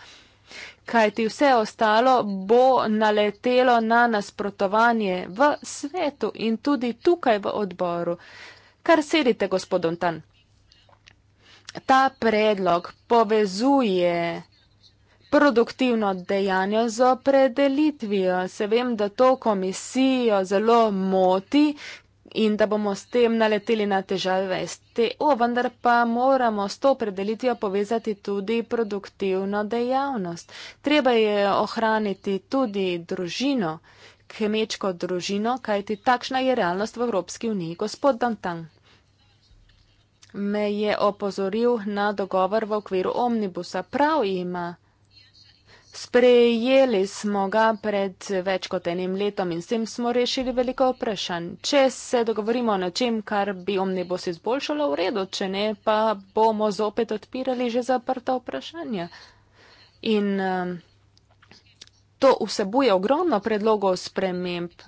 kaj ti vse ostalo bo naletelo na nasprotovanje v svetu in tudi tukaj v odboru. Kar sedite, gospodom Tan. Ta predlog povezuje produktivno dejanje z opredelitvijo. Se vem, da to komisijo zelo moti, in da bomo s tem naleteli na težave s TO, vendar pa moramo s to predelitvijo povezati tudi produktivno dejavnost. Treba je ohraniti tudi družino, kmečko družino, kajti takšna je realnost v Evropski uniji. Gospod Dantan me je opozoril na dogovor v okviru omnibusa. Prav ima. Sprejeli smo ga pred več kot enim letom in s tem smo rešili veliko vprašanj. Če se dogovorimo o nečem, kar bi omnibus izboljšalo, v redu, če ne, pa bomo zopet odpirali že zaprta vprašanja. In um, to vsebuje ogromno predlogov sprememb.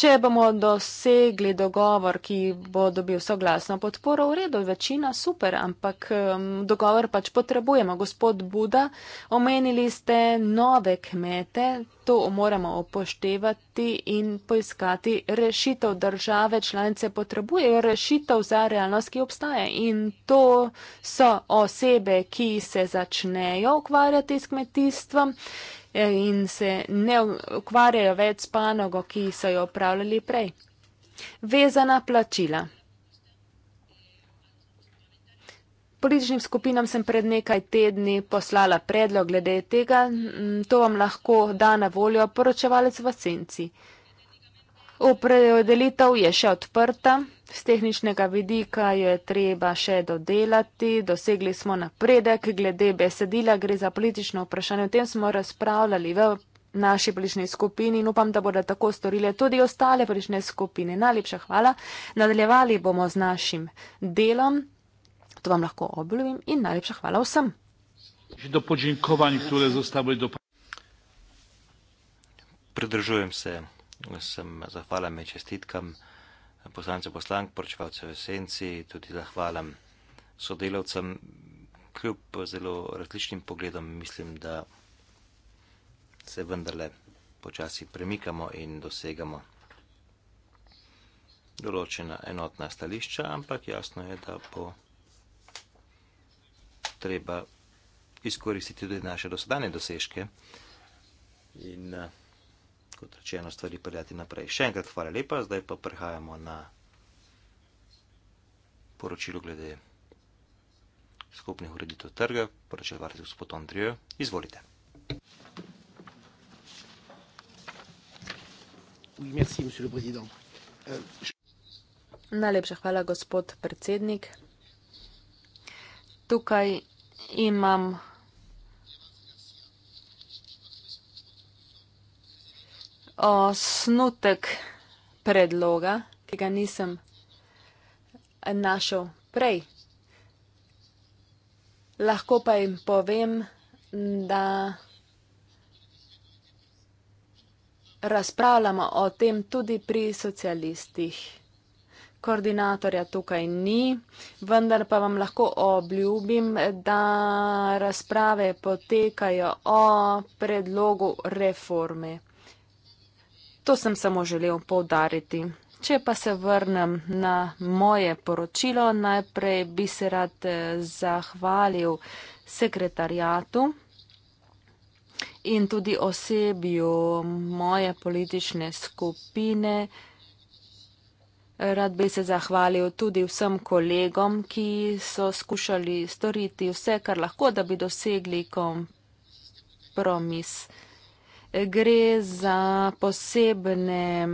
Če bomo dosegli dogovor, ki bo dobil soglasno podporo, v redu, večina super, ampak um, dogovor pač potrebujemo. Gospod Buda, omenili ste nove kmete, to moramo upoštevati in poiskati rešitev. Države članice potrebujejo rešitev za realnost, ki obstaja in to so osebe, ki se začnejo ukvarjati s kmetijstvom in se ne ukvarjajo več s panogo, ki so jo upravljali prej. Vezana plačila. Političnim skupinam sem pred nekaj tedni poslala predlog glede tega, mm, to vam lahko da na voljo poročevalec v senci. Opredelitev je še odprta, z tehničnega vidika jo je treba še dodelati, dosegli smo napredek glede besedila, gre za politično vprašanje, o tem smo razpravljali v naši politični skupini in upam, da bodo tako storile tudi ostale politične skupine. Najlepša hvala. Nadaljevali bomo z našim delom. To vam lahko obljubim in najlepša hvala vsem. Pridržujem se sem zahvalen in čestitkam poslancem poslank, poročevalcev esenci, tudi zahvalen sodelavcem, kljub zelo različnim pogledom, mislim, da se vendarle počasi premikamo in dosegamo določena enotna stališča, ampak jasno je, da bo treba izkoristiti tudi naše dosedanje dosežke. In uh, kot rečeno, stvari peljati naprej. Še enkrat hvala lepa, zdaj pa prehajamo na poročilo glede skupnih ureditev trga, poročil varci gospod Andrijo. Izvolite. Merci, monsieur le président. Euh, Najlepša hvala, gospod predsednik. Tukaj imam osnutek predloga, ki ga nisem našel prej. Lahko pa jim povem, da razpravljamo o tem tudi pri socialistih. Koordinatorja tukaj ni, vendar pa vam lahko obljubim, da razprave potekajo o predlogu reforme. To sem samo želel povdariti. Če pa se vrnem na moje poročilo, najprej bi se rad eh, zahvalil sekretarjatu in tudi osebju moje politične skupine. Rad bi se zahvalil tudi vsem kolegom, ki so skušali storiti vse, kar lahko, da bi dosegli kompromis gre za posebne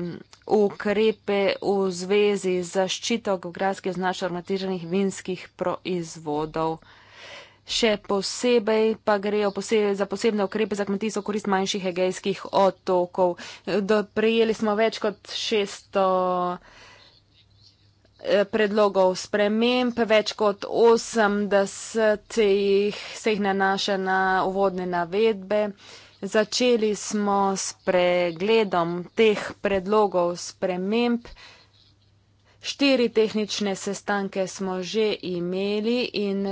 ukrepe v zvezi z zaščito geografske označbe aromatiziranih vinskih proizvodov. Še posebej pa grejo posebej za posebne ukrepe za kmetijstvo korist manjših egejskih otokov. Do, prijeli smo več kot 600 eh, predlogov sprememb, več kot 80 jih se jih nanaša na uvodne navedbe. Začeli smo s pregledom teh predlogov sprememb. Štiri tehnične sestanke smo že imeli in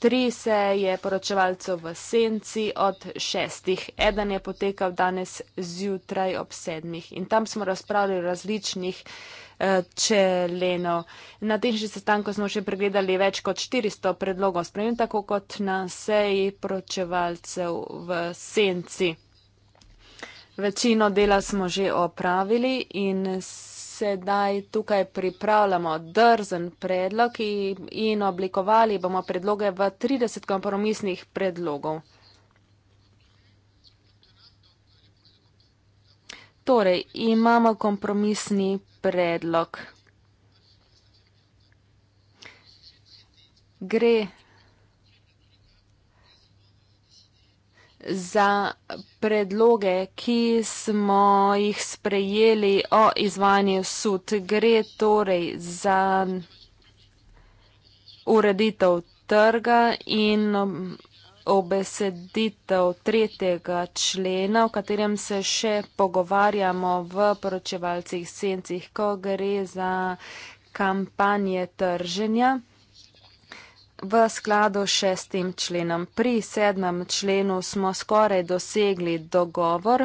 tri se je poročevalcev v senci od šestih. Eden je potekal danes zjutraj ob sedmih in tam smo razpravljali različnih členu. Na tehničnem sestanku smo še pregledali več kot 400 predlogov sprejem, tako kot na seji pročevalcev v senci. Večino dela smo že opravili in sedaj tukaj pripravljamo drzen predlog in oblikovali bomo predloge v 30 kompromisnih predlogov. Torej, imamo kompromisni predlog. Gre za predloge, ki smo jih sprejeli o izvajanju sud. Gre torej za ureditev trga in obeseditev tretjega člena, o katerem se še pogovarjamo v poročevalcih sencih, ko gre za kampanje trženja. V skladu s šestim členom. Pri sedmem členu smo skoraj dosegli dogovor.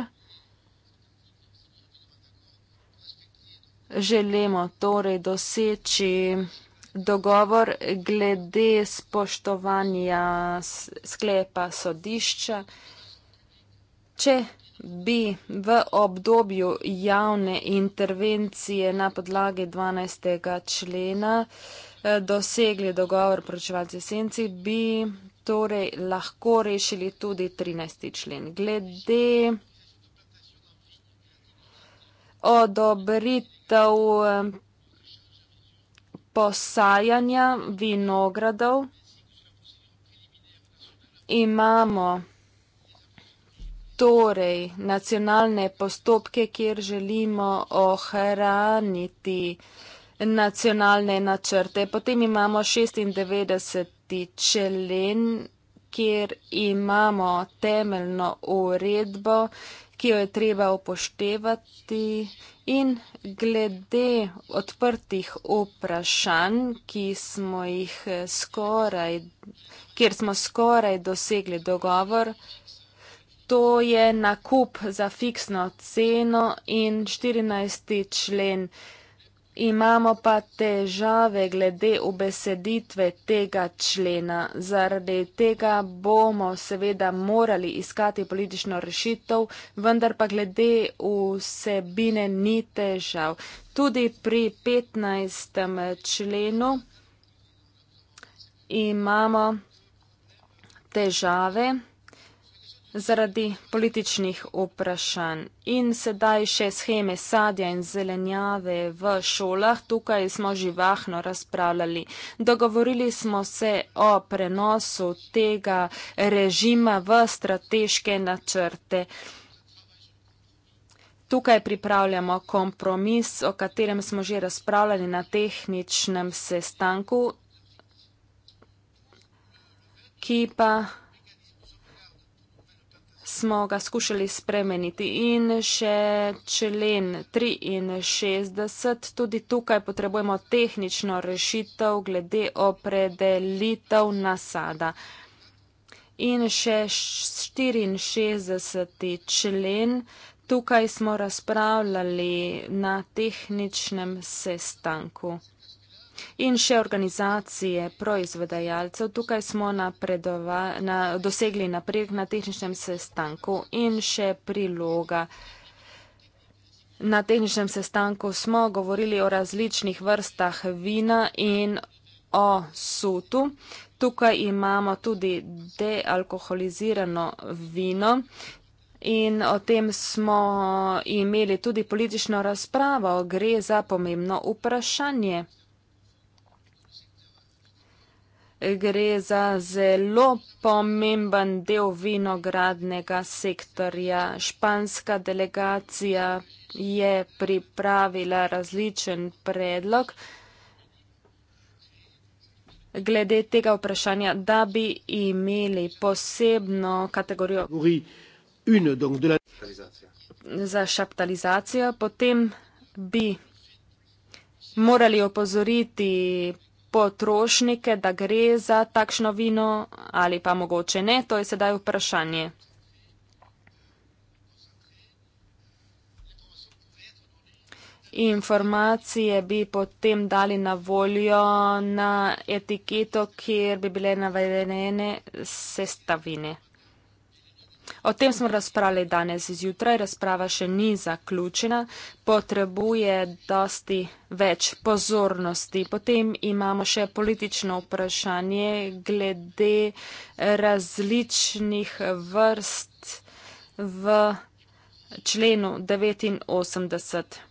Želimo torej doseči dogovor glede spoštovanja sklepa sodišča. Če bi v obdobju javne intervencije na podlagi 12. člena eh, dosegli dogovor pročevalci senci, bi torej lahko rešili tudi 13. člen. Glede odobritev eh, posajanja vinogradov imamo torej nacionalne postopke, kjer želimo ohraniti nacionalne načrte. Potem imamo 96. člen, kjer imamo temeljno uredbo ki jo je treba upoštevati in glede odprtih vprašanj, ki smo jih eh, skoraj, kjer smo skoraj dosegli dogovor, to je nakup za fiksno ceno in 14. člen. Imamo pa težave glede obeseditve tega člena. Zaradi tega bomo seveda morali iskati politično rešitev, vendar pa glede vsebine ni težav. Tudi pri 15. členu imamo težave zaradi političnih vprašanj. In sedaj še scheme sadja in zelenjave v šolah. Tukaj smo živahno razpravljali. Dogovorili smo se o prenosu tega režima v strateške načrte. Tukaj pripravljamo kompromis, o katerem smo že razpravljali na tehničnem sestanku, ki pa smo ga skušali spremeniti in še člen 63. Tudi tukaj potrebujemo tehnično rešitev glede opredelitev nasada. In še 64. člen. Tukaj smo razpravljali na tehničnem sestanku in še organizacije proizvedajalcev. Tukaj smo napredova, na, dosegli napredek na tehničnem sestanku in še priloga. Na tehničnem sestanku smo govorili o različnih vrstah vina in o sutu. Tukaj imamo tudi dealkoholizirano vino in o tem smo imeli tudi politično razpravo. Gre za pomembno vprašanje gre za zelo pomemben del vinogradnega sektorja. Španska delegacija je pripravila različen predlog glede tega vprašanja, da bi imeli posebno kategorijo za šaptalizacijo, potem bi morali opozoriti potrošnike, da gre za takšno vino ali pa mogoče ne, to je sedaj vprašanje. Informacije bi potem dali na voljo na etiketo, kjer bi bile navedene sestavine. O tem smo razpravljali danes zjutraj, razprava še ni zaključena, potrebuje dosti več pozornosti. Potem imamo še politično vprašanje glede različnih vrst v členu 89.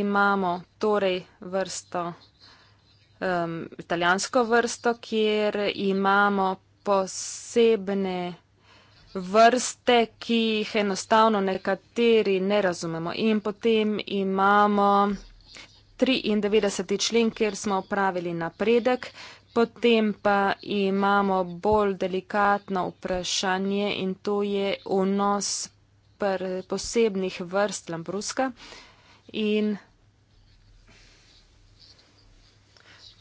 Imamo torej vrsto um, italijansko vrsto, kjer imamo posebne vrste, ki jih enostavno nekateri ne razumemo. In potem imamo 93. člen, kjer smo upravili napredek, potem pa imamo bolj delikatno vprašanje in to je vnos posebnih vrst lambruska. In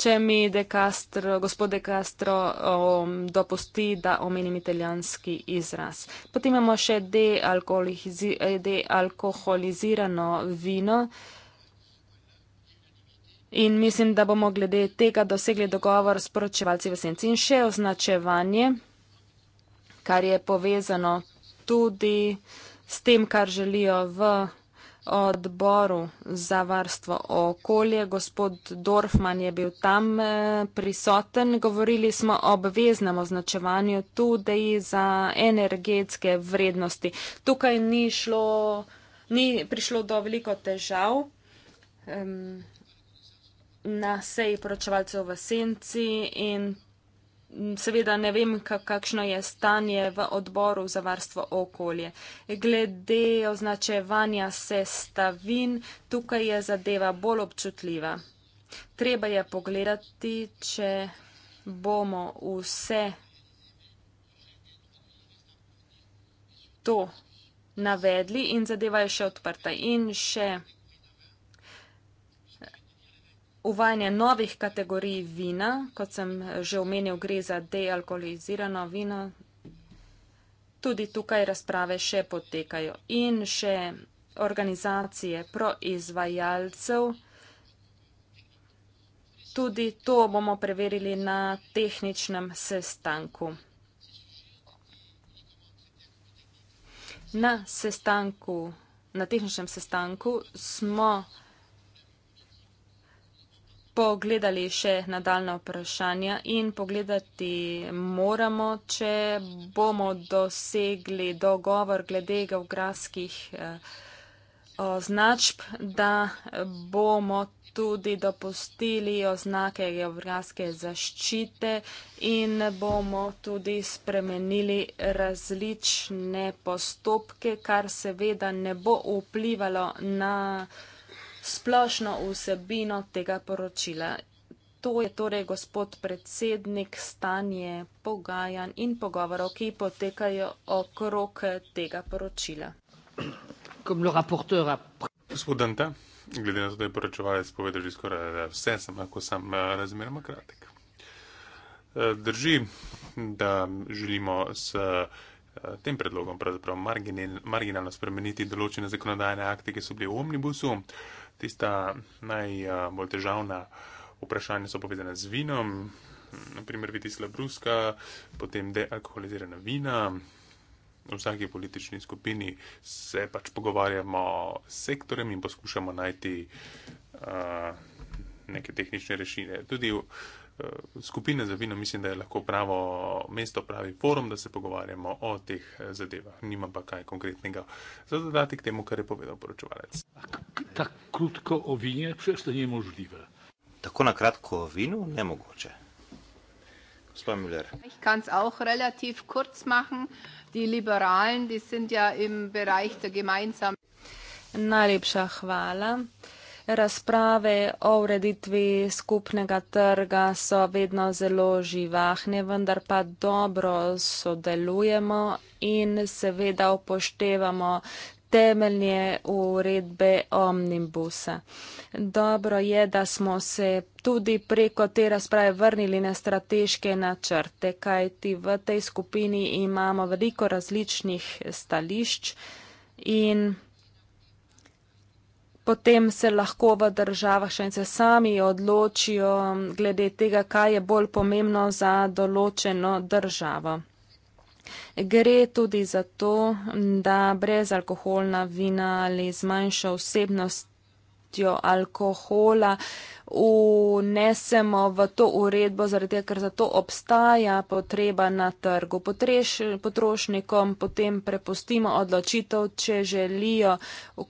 Če mi De Castro, gospod De Castro um, dopusti, da omenim italijanski izraz. Potem imamo še dealkoholizirano vino. In mislim, da bomo glede tega dosegli dogovor s poročevalci v senci. In še označevanje, kar je povezano tudi s tem, kar želijo v odboru za varstvo okolje, gospod Dorfman je bil tam eh, prisoten. Govorili smo o obveznem označevanju tudi za energetske vrednosti. Tukaj ni, šlo, ni prišlo do veliko težav. Na seji poročevalcev v Senci in Seveda ne vem, kakšno je stanje v odboru za varstvo okolje. Glede označevanja sestavin, tukaj je zadeva bolj občutljiva. Treba je pogledati, če bomo vse to navedli in zadeva je še odprta. In še uvajanje novih kategorij vina, kot sem že omenil, gre za dealkoholizirano vino. Tudi tukaj razprave še potekajo in še organizacije proizvajalcev. Tudi to bomo preverili na tehničnem sestanku. Na, sestanku, na tehničnem sestanku smo pogledali še nadaljna vprašanja in pogledati moramo, če bomo dosegli dogovor glede geografskih eh, označb, da bomo tudi dopustili oznake geografske zaščite in bomo tudi spremenili različne postopke, kar seveda ne bo vplivalo na splošno vsebino tega poročila. To je torej gospod predsednik stanje pogajanj in pogovorov, ki potekajo okrog tega poročila. Gospod Dante, glede na to, da je poročevalec povedal že skoraj vse, sem lahko sam eh, razmeroma kratek. Eh, drži, da želimo s eh, tem predlogom pravzaprav marginalno spremeniti določene zakonodajne akte, ki so bili v omnibusu. Tista najbolj težavna vprašanja so povezana z vinom, naprimer vitisla bruska, potem dealkoholizirana vina. V vsaki politični skupini se pač pogovarjamo s sektorjem in poskušamo najti uh, neke tehnične rešitve. Tudi uh, Eh, skupine za vino, mislim, da je lahko pravo mesto, pravi forum, da se pogovarjamo o teh eh, zadevah. Nimam pa kaj konkretnega za dodati k temu, kar je povedal poročevalec. Tako kratko o vinu, če ste njemu možljive. Tako na kratko o vinu, ne mogoče. Gospod Müller. Kan se auch relativ kurz machen. Die Liberalen, die sind ja im Bereich der Gemeinsamkeit. Najlepša hvala razprave o ureditvi skupnega trga so vedno zelo živahne, vendar pa dobro sodelujemo in seveda upoštevamo temeljne uredbe omnibusa. Dobro je, da smo se tudi preko te razprave vrnili na strateške načrte, kajti v tej skupini imamo veliko različnih stališč in potem se lahko v državah članice sami odločijo glede tega, kaj je bolj pomembno za določeno državo. Gre tudi za to, da brezalkoholna vina ali zmanjša vsebnost vsebnostjo alkohola unesemo v to uredbo, zaradi tega, ker za to obstaja potreba na trgu. Potreš, potrošnikom potem prepustimo odločitev, če želijo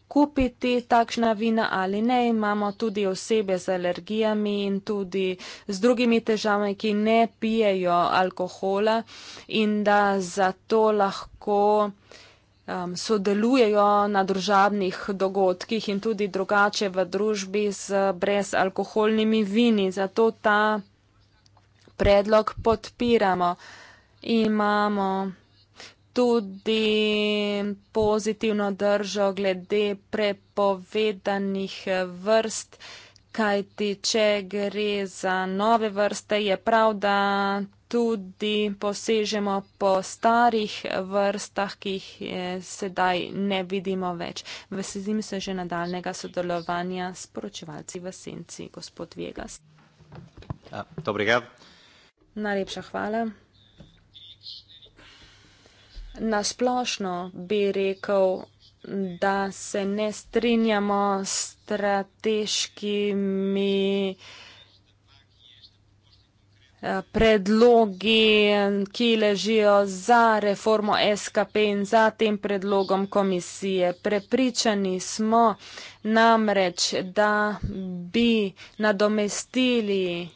kupiti takšna vina ali ne. Imamo tudi osebe z alergijami in tudi z drugimi težavami, ki ne pijejo alkohola in da za to lahko um, sodelujejo na družabnih dogodkih in tudi drugače v družbi z brezalkoholnimi vini. Zato ta predlog podpiramo. Imamo tudi pozitivno držo glede prepovedanih vrst. Kajti, če gre za nove vrste, je prav, da tudi posežemo po starih vrstah, ki jih eh, sedaj ne vidimo več. Veselim se že nadaljnega sodelovanja s poročevalci v Senci, gospod Vegas. Ja, Dobrega. Najlepša hvala. Nasplošno bi rekel, da se ne strinjamo s strateškimi eh, predlogi, ki ležijo za reformo SKP in za tem predlogom komisije. Prepričani smo namreč, da bi nadomestili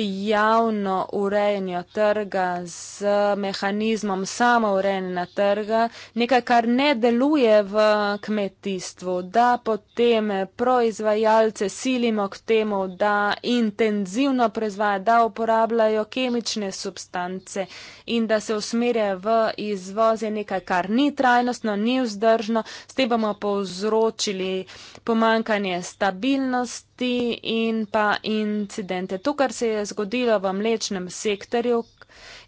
javno urejanje trga z mehanizmom samo urejanja trga, nekaj, kar ne deluje v kmetijstvu, da potem proizvajalce silimo k temu, da intenzivno proizvaja, da uporabljajo kemične substance in da se usmerja v izvoz je nekaj, kar ni trajnostno, ni vzdržno, s tem bomo povzročili pomankanje stabilnosti smrti in pa incidente. To, kar se je zgodilo v mlečnem sektorju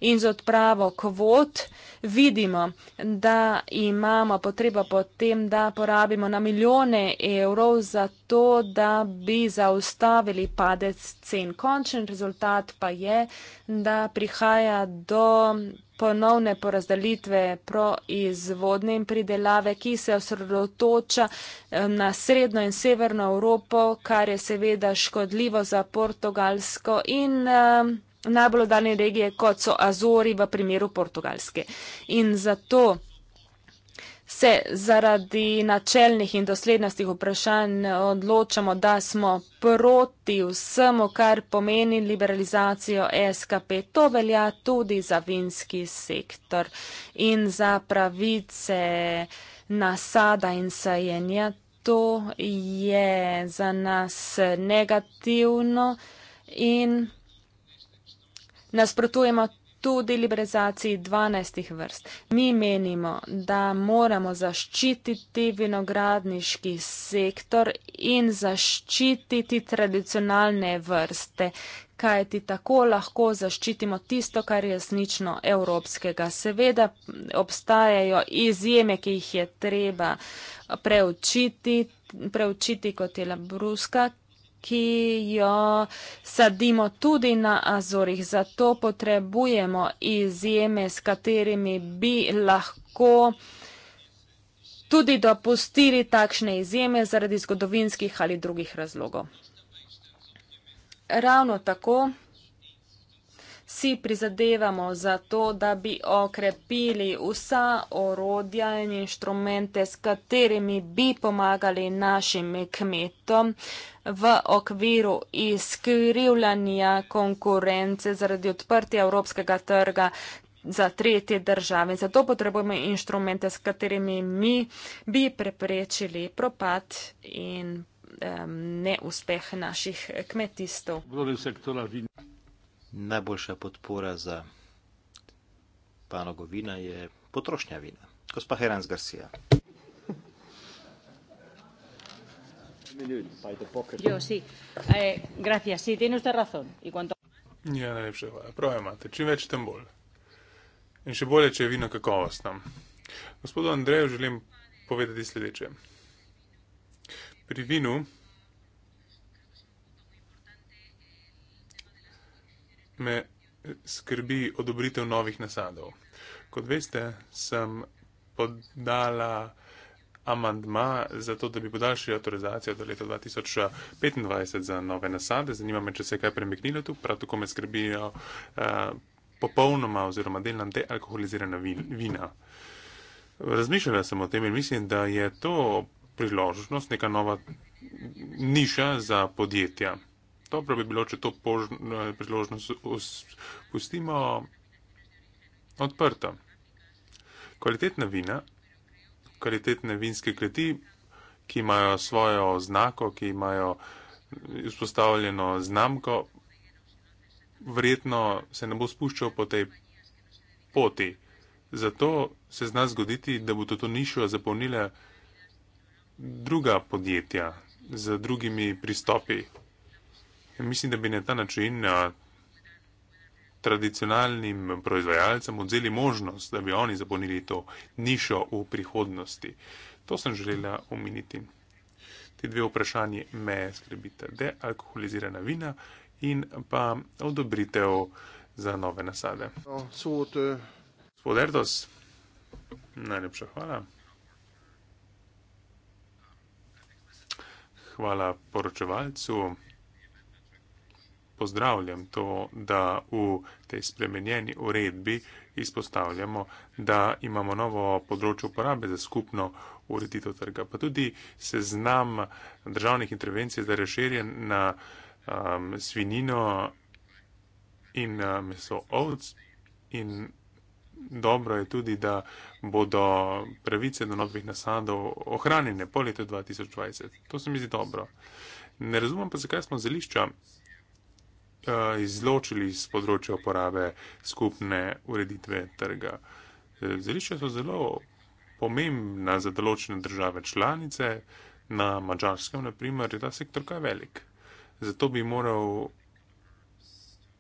in z odpravo kvot, vidimo, da imamo potrebo potem, da porabimo na milijone evrov za to, da bi zaustavili padec cen. Končen rezultat pa je, da prihaja do ponovne porazdelitve proizvodne in pridelave, ki se osredotoča na srednjo in severno Evropo, kar je seveda škodljivo za Portugalsko in najbolj oddaljene regije, kot so Azori v primeru Portugalske. In zato se zaradi načelnih in doslednostih vprašanj odločamo, da smo proti vsemu, kar pomeni liberalizacijo SKP. To velja tudi za vinski sektor in za pravice nasada in sajenja. To je za nas negativno in nasprotujemo tudi liberalizaciji 12 vrst. Mi menimo, da moramo zaščititi vinogradniški sektor in zaščititi tradicionalne vrste, kajti tako lahko zaščitimo tisto, kar je resnično evropskega. Seveda obstajajo izjeme, ki jih je treba preučiti, preučiti kot je Labruska, ki jo sadimo tudi na Azorih. Zato potrebujemo izjeme, s katerimi bi lahko tudi dopustili takšne izjeme zaradi zgodovinskih ali drugih razlogov. Ravno tako vsi prizadevamo za to, da bi okrepili vsa orodja in inštrumente, s katerimi bi pomagali našim kmetom v okviru izkrivljanja konkurence zaradi odprtja evropskega trga za tretje države. Zato potrebujemo inštrumente, s katerimi mi bi preprečili propad in um, neuspeh naših kmetistov najboljša podpora za panogo vina je potrošnja vina. Gospa Herans Garcia. Eh, ja, najlepša hvala. Prav imate. Čim več, tem bolj. In še bolje, če je vino kakovostno. Gospodu Andreju želim povedati sledeče. Pri vinu me skrbi odobritev novih nasadov. Kot veste, sem podala amandma za to, da bi podaljšali autorizacijo do leta 2025 za nove nasade. Zanima me, če se je kaj premiknilo tu, prav tako me skrbijo uh, popolnoma oziroma delno te alkoholizirane vina. Razmišljala sem o tem in mislim, da je to priložnost, neka nova niša za podjetja dobro bi bilo, če to požno, eh, priložnost pustimo odprto. Kvalitetna vina, kvalitetne vinske kleti, ki imajo svojo znako, ki imajo izpostavljeno znamko, verjetno se ne bo spuščal po tej poti. Zato se zna zgoditi, da bo to nišo zapolnila druga podjetja z drugimi pristopi. Mislim, da bi na ta način a, tradicionalnim proizvajalcem odzeli možnost, da bi oni zapolnili to nišo v prihodnosti. To sem želela omeniti. Te dve vprašanje me skrbita. Dealkoholizirana vina in pa odobritev za nove nasade. Gospod eh. Erdos, najlepša hvala. Hvala poročevalcu pozdravljam to, da v tej spremenjeni uredbi izpostavljamo, da imamo novo področje uporabe za skupno ureditev trga. Pa tudi seznam državnih intervencij za reširjen na um, svinino in uh, meso ovc. In dobro je tudi, da bodo pravice do novih nasadov ohranjene po letu 2020. To se mi zdi dobro. Ne razumem pa, zakaj smo zelišča Eh, izločili z področja uporabe skupne ureditve trga. Eh, zelišča so zelo pomembna za določene države članice, na mačarskem naprimer je ta sektor kaj velik. Zato bi moral,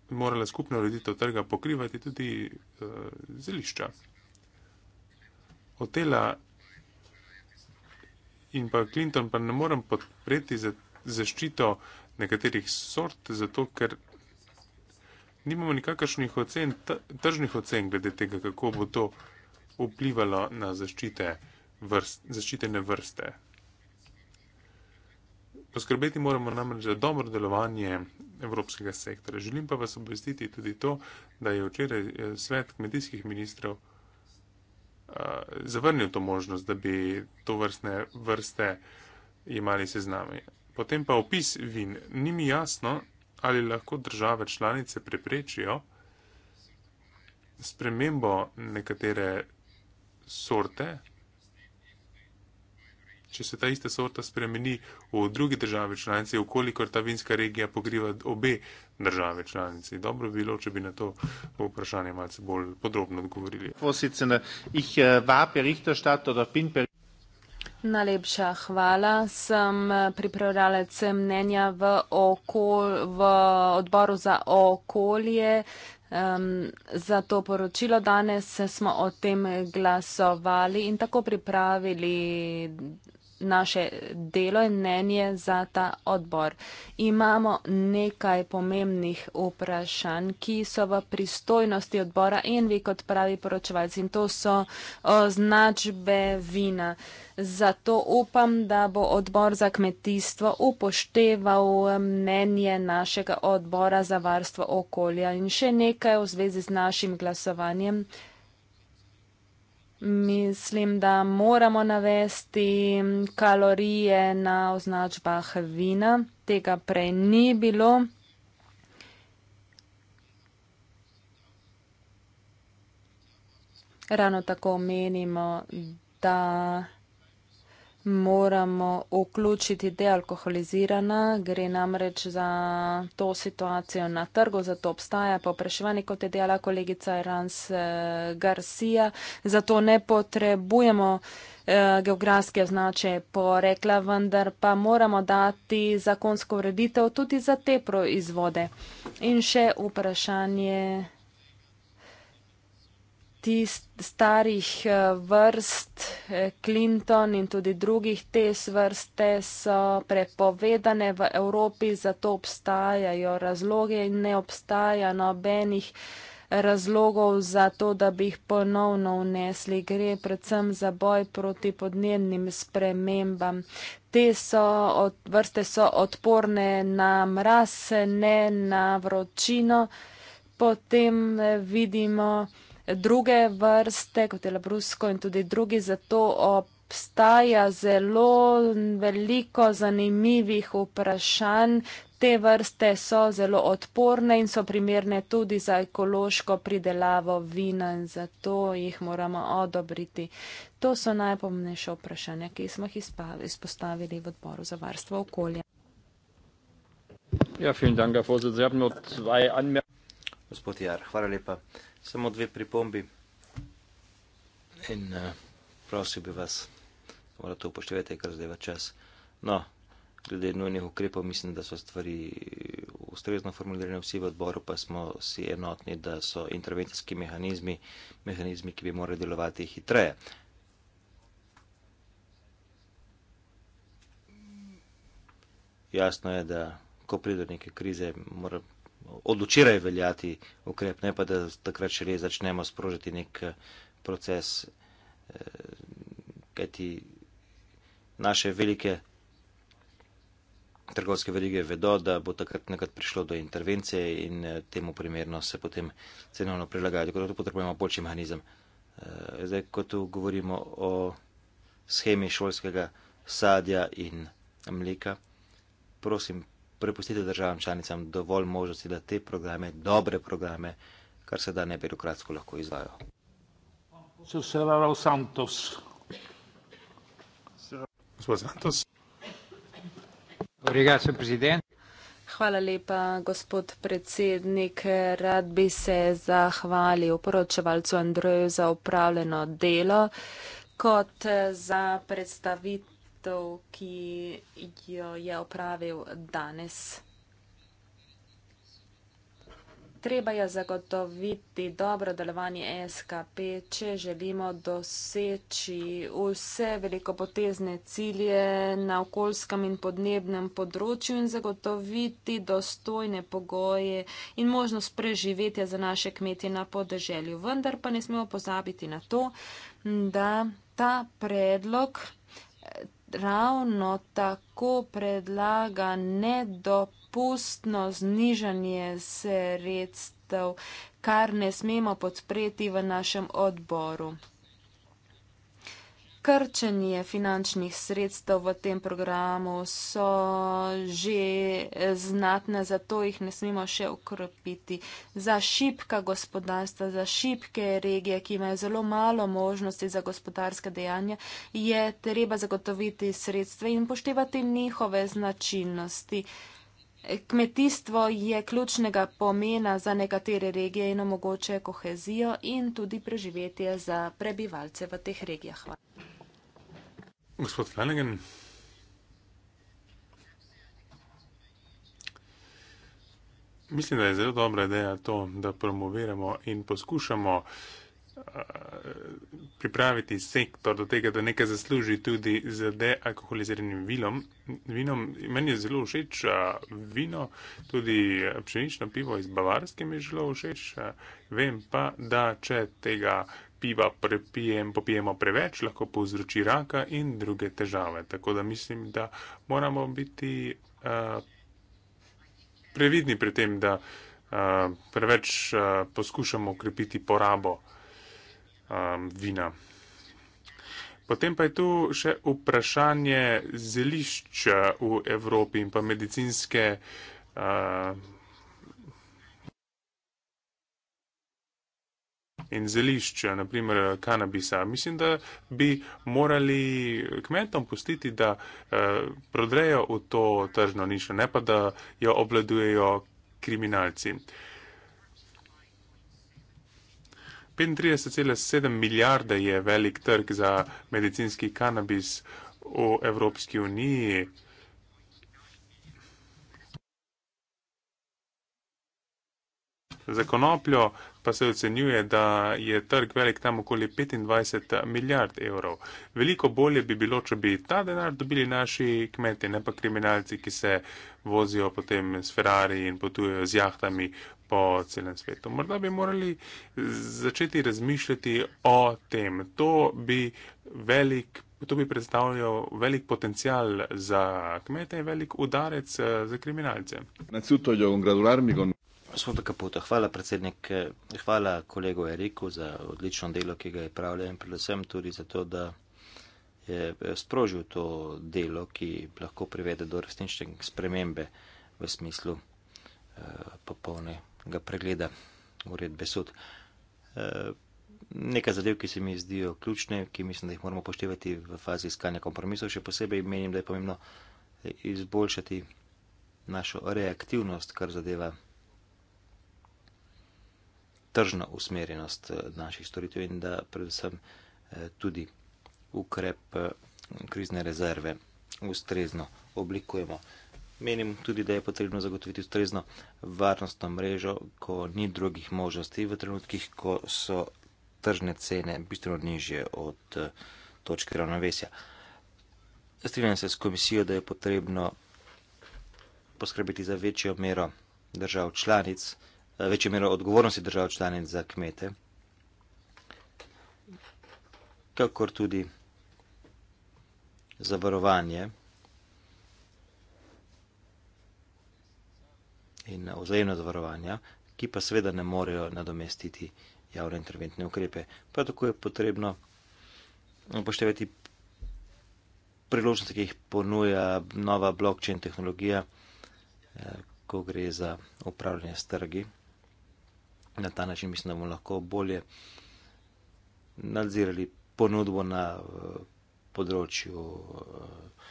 morala skupna ureditev trga pokrivati tudi uh, zelišča. Otela in pa Clinton pa ne morem podpreti za zaščito nekaterih sort, zato ker nimamo nikakršnih ocen, tržnih ocen glede tega, kako bo to vplivalo na zaščite vrst, zaščitene vrste. Poskrbeti moramo namreč za dobro delovanje Evropskega sektora. Želim pa vas obvestiti tudi to, da je včeraj eh, svet kmetijskih ministrov eh, zavrnil to možnost, da bi to vrstne vrste imali se z nami. Potem pa opis vin. Ni mi jasno, ali lahko države članice preprečijo spremembo nekatere sorte, če se ta ista sorta spremeni v drugi državi članici, ukolikor ta vinska regija pokriva obe države članici. Dobro bi bilo, če bi na to vprašanje malce bolj podrobno odgovorili. Najlepša hvala. Sem pripravljalec mnenja v, okol, v odboru za okolje. Um, za to poročilo danes smo o tem glasovali in tako pripravili naše delo in mnenje za ta odbor. Imamo nekaj pomembnih vprašanj, ki so v pristojnosti odbora in vi kot pravi poročevalci in to so označbe vina. Zato upam, da bo odbor za kmetijstvo upošteval mnenje našega odbora za varstvo okolja in še nekaj v zvezi z našim glasovanjem. Mislim, da moramo navesti kalorije na označbah vina. Tega prej ni bilo. Ravno tako menimo, da moramo vključiti dealkoholizirana, gre namreč za to situacijo na trgu, zato obstaja popraševanje, kot je dejala kolegica Rans eh, Garcia, zato ne potrebujemo eh, geografske označe porekla, vendar pa moramo dati zakonsko ureditev tudi za te proizvode. In še vprašanje ti starih eh, vrst, eh, Clinton in tudi drugih tes vrste so prepovedane v Evropi, zato obstajajo razloge in ne obstaja nobenih razlogov za to, da bi jih ponovno vnesli. Gre predvsem za boj proti podnebnim spremembam. Te so, od, vrste so odporne na mraz, ne na vročino. Potem eh, vidimo, druge vrste, kot je labrusko in tudi drugi, zato obstaja zelo veliko zanimivih vprašanj. Te vrste so zelo odporne in so primerne tudi za ekološko pridelavo vina in zato jih moramo odobriti. To so najpomnejše vprašanja, ki smo jih izpostavili v odboru za varstvo okolja. Ja, vielen Dank, Herr Vorsitzender. Wir haben nur zwei Anmerkungen. Gospod Jar, hvala lepa. Uh, Samo dve pripombi. In uh, prosil bi vas, da to upoštevate, ker zdaj je čas. No, glede nujnih ukrepov, mislim, da so stvari ustrezno formulirane vsi v odboru, pa smo si enotni, da so intervencijski mehanizmi, mehanizmi, ki bi morali delovati hitreje. Jasno je, da ko pride do neke krize, moramo odločiraj veljati ukrep, ne pa da takrat še res začnemo sprožiti nek eh, proces, eh, kaj ti naše velike trgovske verige vedo, da bo takrat nekrat prišlo do intervencije in eh, temu primerno se potem cenovno prilagajati. Tako da tu potrebujemo boljši mehanizem. Zdaj, ko tu govorimo o schemi šolskega sadja in mleka, prosim, prepustite državam članicam dovolj možnosti, da te programe, dobre programe, kar se da ne birokratsko lahko izvajo. Hvala lepa, gospod predsednik. Rad bi se zahvalil poročevalcu Andreju za upravljeno delo kot za predstavitev molitev, ki jo je opravil danes. Treba je zagotoviti dobro delovanje SKP, če želimo doseči vse velikopotezne cilje na okoljskem in podnebnem področju in zagotoviti dostojne pogoje in možnost preživetja za naše kmetje na podeželju. Vendar pa ne smemo pozabiti na to, da ta predlog ravno tako predlaga nedopustno znižanje sredstev, kar ne smemo podpreti v našem odboru krčenje finančnih sredstev v tem programu so že znatne, zato jih ne smemo še okrepiti. Za šipka gospodarstva, za šipke regije, ki imajo zelo malo možnosti za gospodarske dejanja, je treba zagotoviti sredstva in poštevati njihove značilnosti. Kmetijstvo je ključnega pomena za nekatere regije in omogoča kohezijo in tudi preživetje za prebivalce v teh regijah. Hvala. Gospod Flanagan, mislim, da je zelo dobra ideja to, da promoviramo in poskušamo eh, pripraviti sektor do tega, da nekaj zasluži tudi z dealkoholiziranim vilom. vinom. Meni je zelo všeč eh, vino, tudi eh, pšenično pivo iz Bavarske mi je zelo všeč. Vem pa, da če tega piva popijemo preveč, lahko povzroči raka in druge težave. Tako da mislim, da moramo biti eh, previdni pri tem, da eh, preveč eh, poskušamo ukrepiti porabo vina. Potem pa je tu še vprašanje zelišča v Evropi in pa medicinske. in zelišča, naprimer eh, kanabisa. Mislim, da bi morali kmetom pustiti, da eh, prodrejo v to tržno nišo, ne pa da jo obladujejo kriminalci. 35,7 milijarde je velik trg za medicinski kanabis v Evropski uniji. Za konopljo pa se ocenjuje, da je trg velik tam okoli 25 milijard evrov. Veliko bolje bi bilo, če bi ta denar dobili naši kmeti, ne pa kriminalci, ki se vozijo potem s Ferrari in potujejo z jahtami po celem svetu. Morda bi morali začeti razmišljati o tem. To bi, velik, to bi predstavljal velik potencial za kmete in velik udarec eh, za kriminalce. Na cuto, jo, Smo pa kaputa. Hvala, predsednik. Hvala kolegu Eriku za odlično delo, ki ga je pravljal in predvsem tudi za to, da je eh, sprožil to delo, ki lahko privede do resnične spremembe v smislu eh, popolnega pregleda uredbe sud. Eh, nekaj zadev, ki se mi zdijo ključne, ki mislim, da jih moramo poštevati v fazi iskanja kompromisov, še posebej menim, da je pomembno eh, izboljšati našo reaktivnost, kar zadeva tržna usmerjenost eh, naših storitev in da predvsem eh, tudi ukrep eh, krizne rezerve ustrezno oblikujemo. Menim tudi, da je potrebno zagotoviti ustrezno varnostno mrežo, ko ni drugih možnosti v trenutkih, ko so tržne cene bistveno nižje od točke ravnovesja. Strinjam se s komisijo, da je potrebno poskrbeti za večjo mero držav članic, večjo mero odgovornosti držav članic za kmete, kakor tudi zavarovanje in vzajemno zavarovanja, ki pa seveda ne morejo nadomestiti javne interventne ukrepe. Prav tako je potrebno upoštevati priložnosti, ki jih ponuja nova blockchain tehnologija, eh, ko gre za upravljanje s trgi na ta način mislim, da bomo lahko bolje nadzirali ponudbo na eh, področju eh,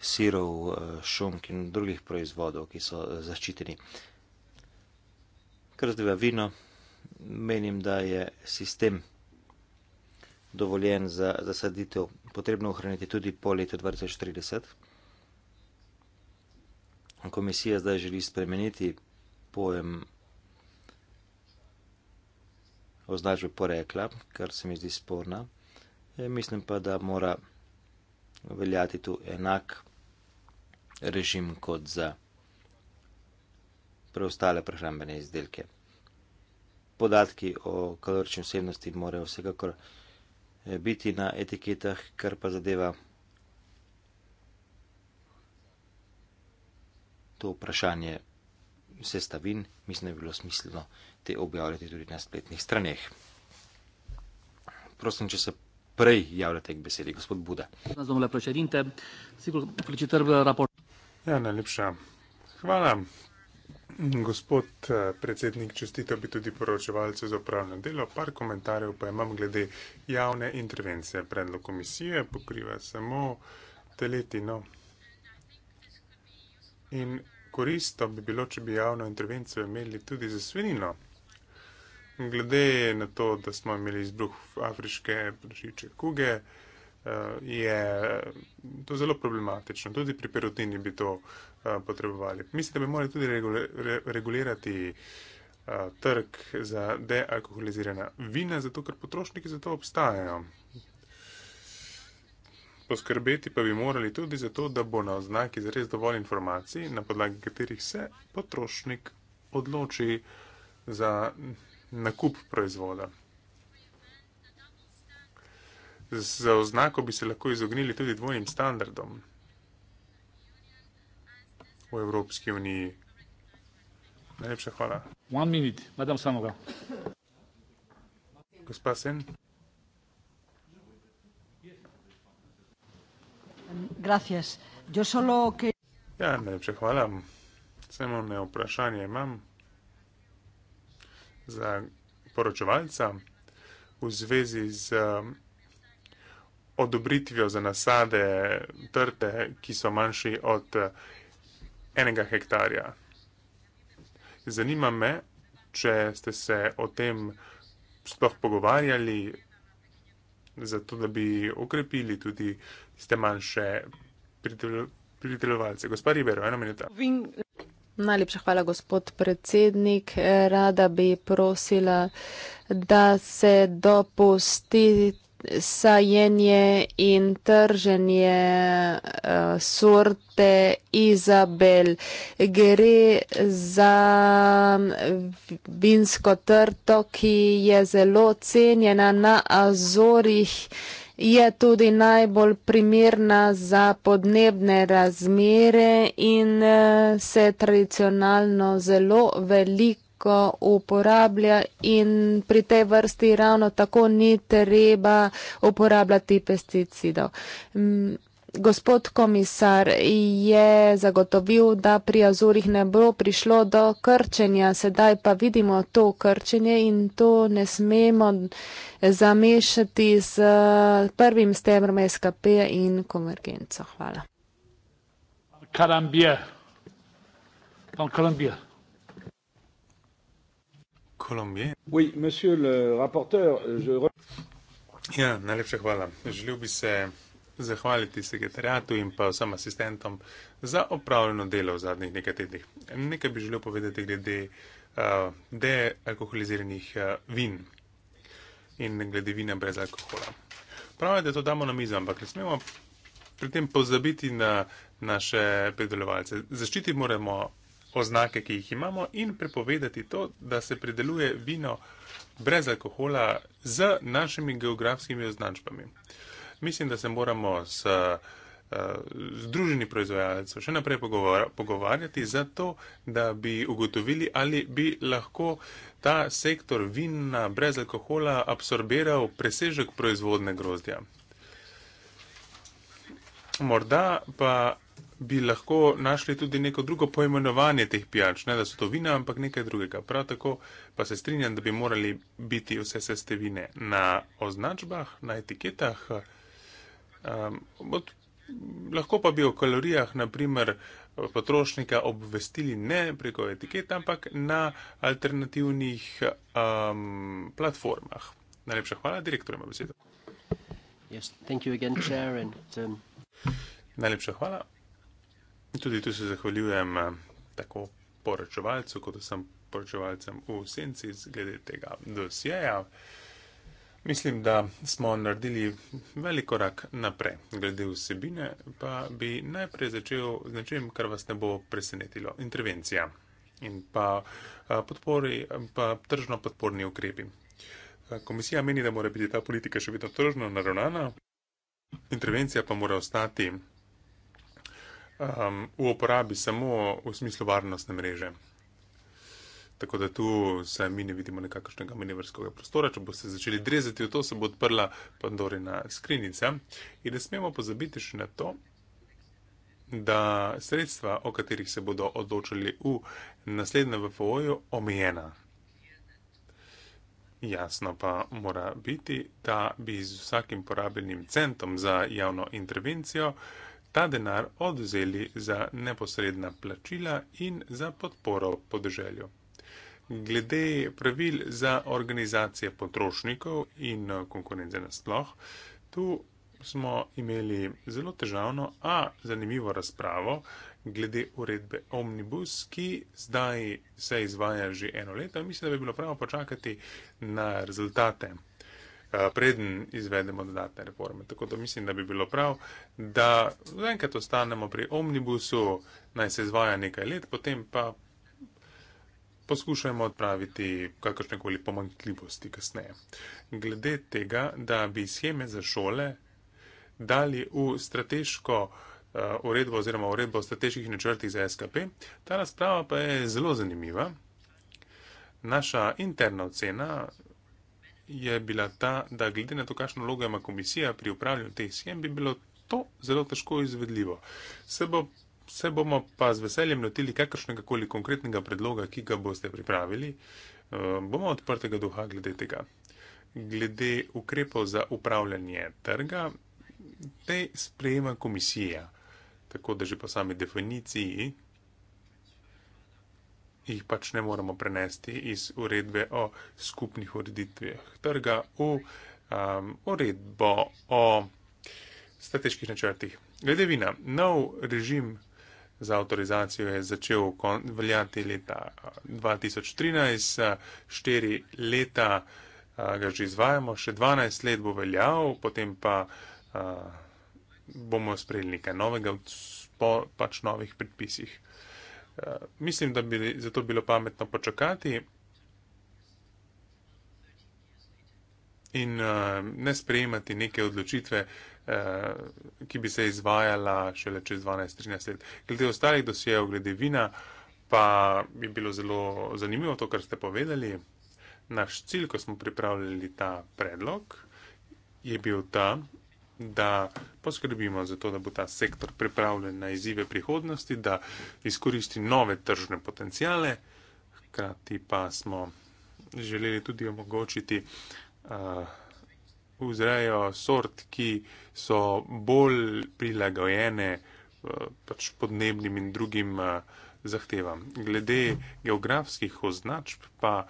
sirov, eh, šunk in drugih proizvodov, ki so zaščiteni. Kar zdaj vino, menim, da je sistem dovoljen za zasaditev potrebno ohraniti tudi po letu 2030. Komisija zdaj želi spremeniti pojem označbe porekla, kar se mi zdi sporna. Ja, mislim pa, da mora veljati tu enak režim kot za preostale prehrambene izdelke. Podatki o kalorični vsebnosti morajo vsekakor eh, biti na etiketah, kar pa zadeva to vprašanje sestavin, mislim, da bi bilo smiselno te objavljati tudi na spletnih straneh. Prosim, če se prej javljate k besedi, gospod Buda. Ja, najlepša. Hvala. Gospod eh, predsednik, čestito bi tudi poročevalce za upravno delo. Par komentarjev pa imam glede javne intervencije. Predlog komisije pokriva samo teletino. In koristno bi bilo, če bi javno intervencijo imeli tudi za svinino. Glede na to, da smo imeli izbruh afriške pršiče kuge, eh, je to zelo problematično. Tudi pri perutini bi to eh, potrebovali. Mislim, da bi morali tudi regulirati eh, trg za dealkoholizirana vina, zato ker potrošniki za to obstajajo. Poskrbeti pa bi morali tudi za to, da bo na oznaki zres dovolj informacij, na podlagi katerih se potrošnik odloči za nakup proizvoda. Za oznako bi se lahko izognili tudi dvojnim standardom v Evropski uniji. Najlepša hvala. One minute, madam Samoga. Gospa Sen. Gracias. Yo solo que... Ja, najlepša hvala. Samo ne vprašanje imam za poročevalca v zvezi z um, odobritvijo za nasade trte, ki so manjši od uh, enega hektarja. Zanima me, če ste se o tem sploh pogovarjali, zato da bi okrepili tudi uh, ste manjše pridelovalce. Gospa Ribero, eno minuto. Najlepša hvala, gospod predsednik. Rada bi prosila, da se dopusti sajenje in trženje uh, sorte Izabel. Gre za mm, vinsko trto, ki je zelo cenjena na Azorih. Uh, je tudi najbolj primerna za podnebne razmere in eh, se tradicionalno zelo veliko uporablja in pri tej vrsti ravno tako ni treba uporabljati pesticidov. Gospod komisar je zagotovil, da pri Azurih ne bo prišlo do krčenja, sedaj pa vidimo to krčenje in to ne smemo zamešati z eh, prvim stebrom SKP in konvergenco. Hvala. Karambije. En Colombie. Colombie. Oui, monsieur le rapporteur, je. Ja, najlepša hvala. Želel bi se zahvaliti sekretariatu in pa vsem asistentom za opravljeno delo v zadnjih nekaj tednih. Nekaj bi želel povedati glede uh, dealkoholiziranih uh, vin in glede vina brez alkohola. Pravno je, da to damo na mizo, ampak ne smemo pri tem pozabiti na naše pridelovalce. Zaščititi moramo oznake, ki jih imamo, in prepovedati to, da se prideluje vino brez alkohola z našimi geografskimi označbami. Mislim, da se moramo s. Eh, združeni proizvajalcev še naprej pogovarjati za to, da bi ugotovili, ali bi lahko ta sektor vina brez alkohola absorbiral presežek proizvodne grozdja. Morda pa bi lahko našli tudi neko drugo poimenovanje teh pijač, ne da so to vina, ampak nekaj drugega. Prav tako pa se strinjam, da bi morali biti vse sestevine na označbah, na etiketah, um, od Lahko pa bi o kalorijah, naprimer, potrošnika obvestili ne preko etiket, ampak na alternativnih um, platformah. Najlepša hvala, direktor ima besedo. Yes, again, chair, and, um... Najlepša hvala. Tudi tu se zahvaljujem eh, tako poročevalcu, kot sem poročevalcem v senci z glede tega dosjeja. Mislim, da smo naredili velik korak naprej. Glede vsebine pa bi najprej začel z nečim, kar vas ne bo presenetilo. Intervencija in pa, eh, podpori, pa tržno podporni ukrepi. Eh, komisija meni, da mora biti ta politika še vedno tržno naravnana, intervencija pa mora ostati um, v uporabi samo v smislu varnostne mreže. Tako da tu se mi ne vidimo nekakšnega manevrskega prostora. Če boste začeli drezati v to, se bo odprla Pandorina skrinjica. In ne smemo pozabiti še na to, da sredstva, o katerih se bodo odločili v naslednjem VFO-ju, omejena. Jasno pa mora biti, da bi z vsakim porabljenim centom za javno intervencijo ta denar odzeli za neposredna plačila in za podporo podeželju glede pravil za organizacije potrošnikov in eh, konkurence nasploh. Tu smo imeli zelo težavno, a zanimivo razpravo glede uredbe Omnibus, ki zdaj se izvaja že eno leto. Mislim, da bi bilo pravo počakati na rezultate, eh, preden izvedemo dodatne reforme. Tako da mislim, da bi bilo prav, da zaenkrat ostanemo pri Omnibusu, naj se izvaja nekaj let, potem pa poskušajmo odpraviti kakršne koli pomankljivosti kasneje. Glede tega, da bi scheme za šole dali v strateško eh, uredbo oziroma uredbo o strateških načrtih za SKP, ta razprava pa je zelo zanimiva. Naša interna ocena je bila ta, da glede na to, kakšno logo ima komisija pri upravljanju teh schem, bi bilo to zelo težko izvedljivo. Se bo Se bomo pa z veseljem lotili kakršnega koli konkretnega predloga, ki ga boste pripravili. Eh, bomo odprtega duha glede tega. Glede ukrepov za upravljanje trga, te sprejema komisija. Tako da že po sami definiciji jih pač ne moramo prenesti iz uredbe o skupnih ureditvah trga v um, uredbo o strateških načrtih. Glede vina, nov režim za avtorizacijo je začel veljati leta 2013, štiri leta ga že izvajamo, še 12 let bo veljal, potem pa bomo sprejeli nekaj novega v spo, pač novih predpisih. Mislim, da bi zato bilo pametno počakati. In uh, ne sprejemati neke odločitve, uh, Eh, ki bi se izvajala šele čez 12-13 let. Glede ostalih dosijev, glede vina, pa bi bilo zelo zanimivo to, kar ste povedali. Naš cilj, ko smo pripravljali ta predlog, je bil ta, da poskrbimo za to, da bo ta sektor pripravljen na izzive prihodnosti, da izkoristi nove tržne potencijale, hkrati pa smo želeli tudi omogočiti uh, vzrejo sort, ki so bolj prilagojene eh, pač podnebnim in drugim eh, zahtevam. Glede geografskih označb pa eh,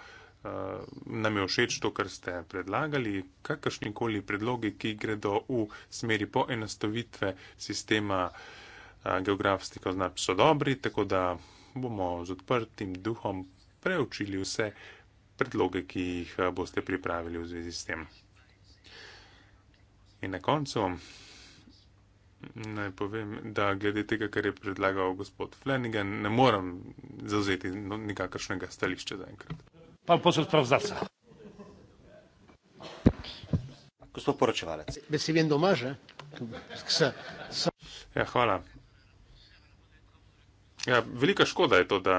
nam je všeč to, kar ste predlagali, kakršnikoli predlogi, ki gredo v smeri poenostavitve sistema geografskih označb so dobri, tako da bomo z odprtim duhom preučili vse predloge, ki jih boste pripravili v zvezi s tem. In na koncu naj povem, da glede tega, kar je predlagal gospod Flanagan, ne moram zauzeti no, nikakršnega stališča zaenkrat. Pa posod prav za vse. Gospod poročevalec. Ja, hvala. Ja, velika škoda je to, da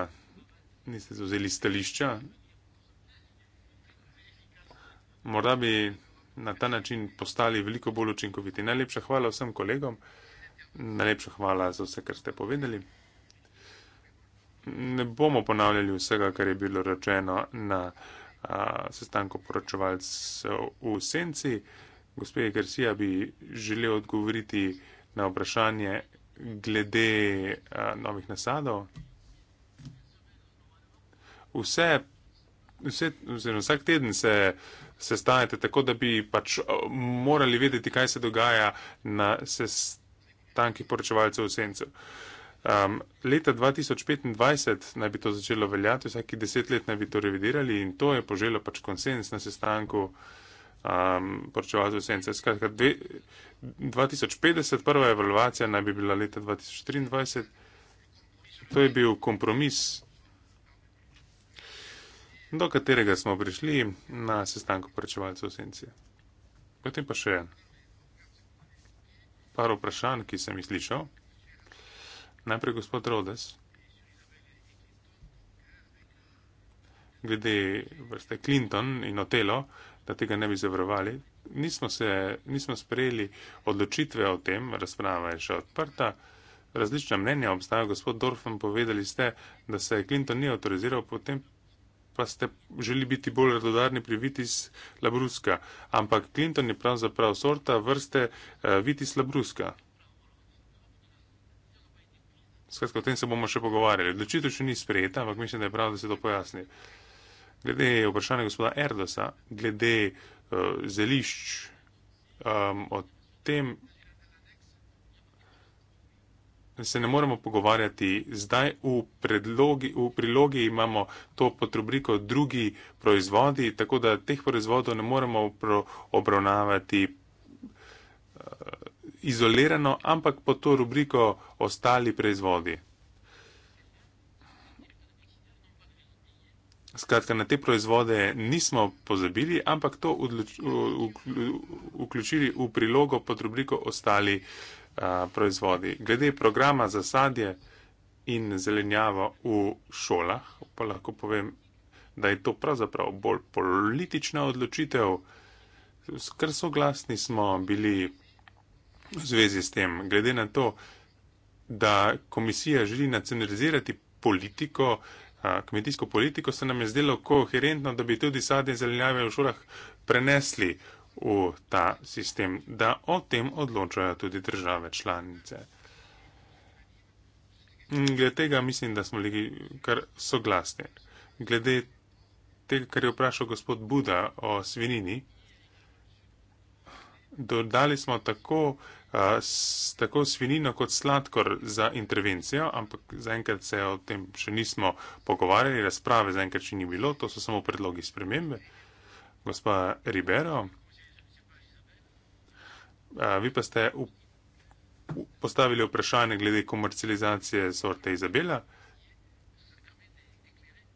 niste zauzeli stališča. Morda bi na ta način postali veliko bolj učinkoviti. Najlepša hvala vsem kolegom, najlepša hvala za vse, kar ste povedali. Ne bomo ponavljali vsega, kar je bilo rečeno na a, sestanku poročevalcev v Senci. Gospod Garcia bi želel odgovoriti na vprašanje glede a, novih nasadov. Vse, vse, vse, vsak teden se sestajate, tako da bi pač eh, morali vedeti, kaj se dogaja na sestankih poročevalcev v sencu. Um, leta 2025 naj bi to začelo veljati, vsaki deset let naj bi to revidirali in to je poželo pač konsens na sestanku um, poročevalcev v sencu. Skratka, 2050, prva evalvacija naj bi bila leta 2023. To je bil kompromis do katerega smo prišli na sestanku poročevalcev Sencije. Potem pa še par vprašanj, ki sem jih slišal. Najprej gospod Rodes, glede vrste Clinton in Otelo, da tega ne bi zavrvali. Nismo, se, nismo sprejeli odločitve o tem, razprava je še odprta. Različna mnenja obstajajo, gospod Dorfman, povedali ste, da se Clinton ni avtoriziral, potem pa ste želi biti bolj radodarni pri Vitis Labruska. Ampak Clinton je pravzaprav sorta vrste uh, Vitis Labruska. Skratka, o tem se bomo še pogovarjali. Odločitev še ni sprejeta, ampak mislim, da je prav, da se to pojasni. Glede vprašanja gospoda Erdosa, glede uh, zelišč, um, o tem se ne moremo pogovarjati. Zdaj v, predlogi, v prilogi imamo to podrubriko drugi proizvodi, tako da teh proizvodov ne moremo obravnavati eh, izolirano, ampak pod to rubriko ostali proizvodi. Skratka, na te proizvode nismo pozabili, ampak to vključili v prilogo pod rubriko ostali proizvodi proizvodi. Glede programa za sadje in zelenjavo v šolah, pa lahko povem, da je to pravzaprav bolj politična odločitev, ker soglasni smo bili v zvezi s tem. Glede na to, da komisija želi nacionalizirati politiko, kmetijsko politiko, se nam je zdelo koherentno, da bi tudi sadje in zelenjave v šolah prenesli v ta sistem, da o tem odločajo tudi države članice. Glede tega mislim, da smo bili kar soglasni. Glede tega, kar je vprašal gospod Buda o svinini, dodali smo tako, a, s, tako svinino kot sladkor za intervencijo, ampak zaenkrat se o tem še nismo pogovarjali, razprave zaenkrat še ni bilo, to so samo predlogi spremembe. Gospa Ribero vi pa ste v, v, postavili vprašanje glede komercializacije sorte Izabela.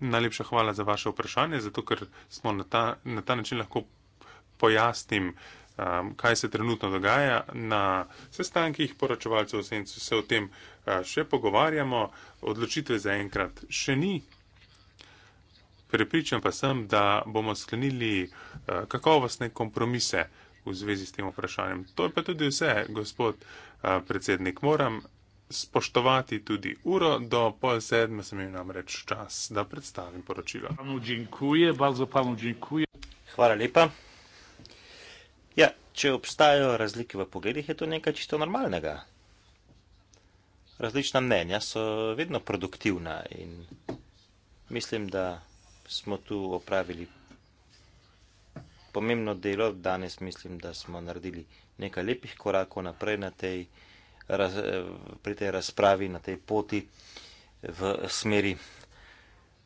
Najlepša hvala za vaše vprašanje, zato ker smo na ta, na ta način lahko pojasnim, um, kaj se trenutno dogaja na sestankih poročevalcev v Sencu. Se o tem uh, še pogovarjamo, odločitve za enkrat še ni. Prepričan pa sem, da bomo sklenili uh, kakovostne kompromise, uh, v zvezi s tem vprašanjem. To je pa tudi vse, gospod eh, predsednik. Moram spoštovati tudi uro, do pol sedme sem imel namreč čas, da predstavim poročilo. Hvala lepa. Ja, če obstajajo razlike v pogledih, je to nekaj čisto normalnega. Različna mnenja so vedno produktivna in mislim, da smo tu opravili pomembno delo. Danes mislim, da smo naredili nekaj lepih korakov naprej na tej, raz, pri tej razpravi, na tej poti v smeri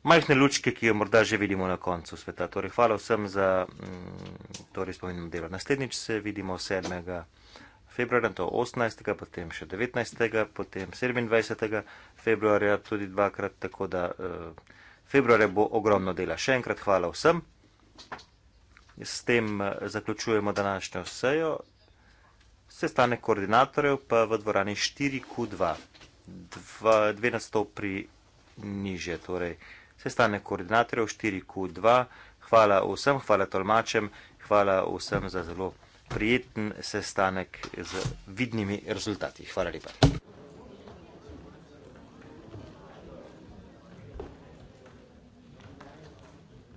majhne lučke, ki jo morda že vidimo na koncu sveta. Torej, hvala vsem za to mm, torej spomenimo delo. Naslednjič se vidimo 7. februarja, to 18., potem še 19., potem 27. februarja, tudi dvakrat, tako da eh, februarja bo ogromno dela. Še enkrat hvala vsem. Thank you. S tem eh, zaključujemo današnjo sejo. Se stane koordinatorjev pa v dvorani 4Q2. Dva, dve nastopi niže, torej se stane koordinatorjev 4Q2. Hvala vsem, hvala tolmačem, hvala vsem za zelo prijeten sestanek z vidnimi rezultati. Hvala lepa.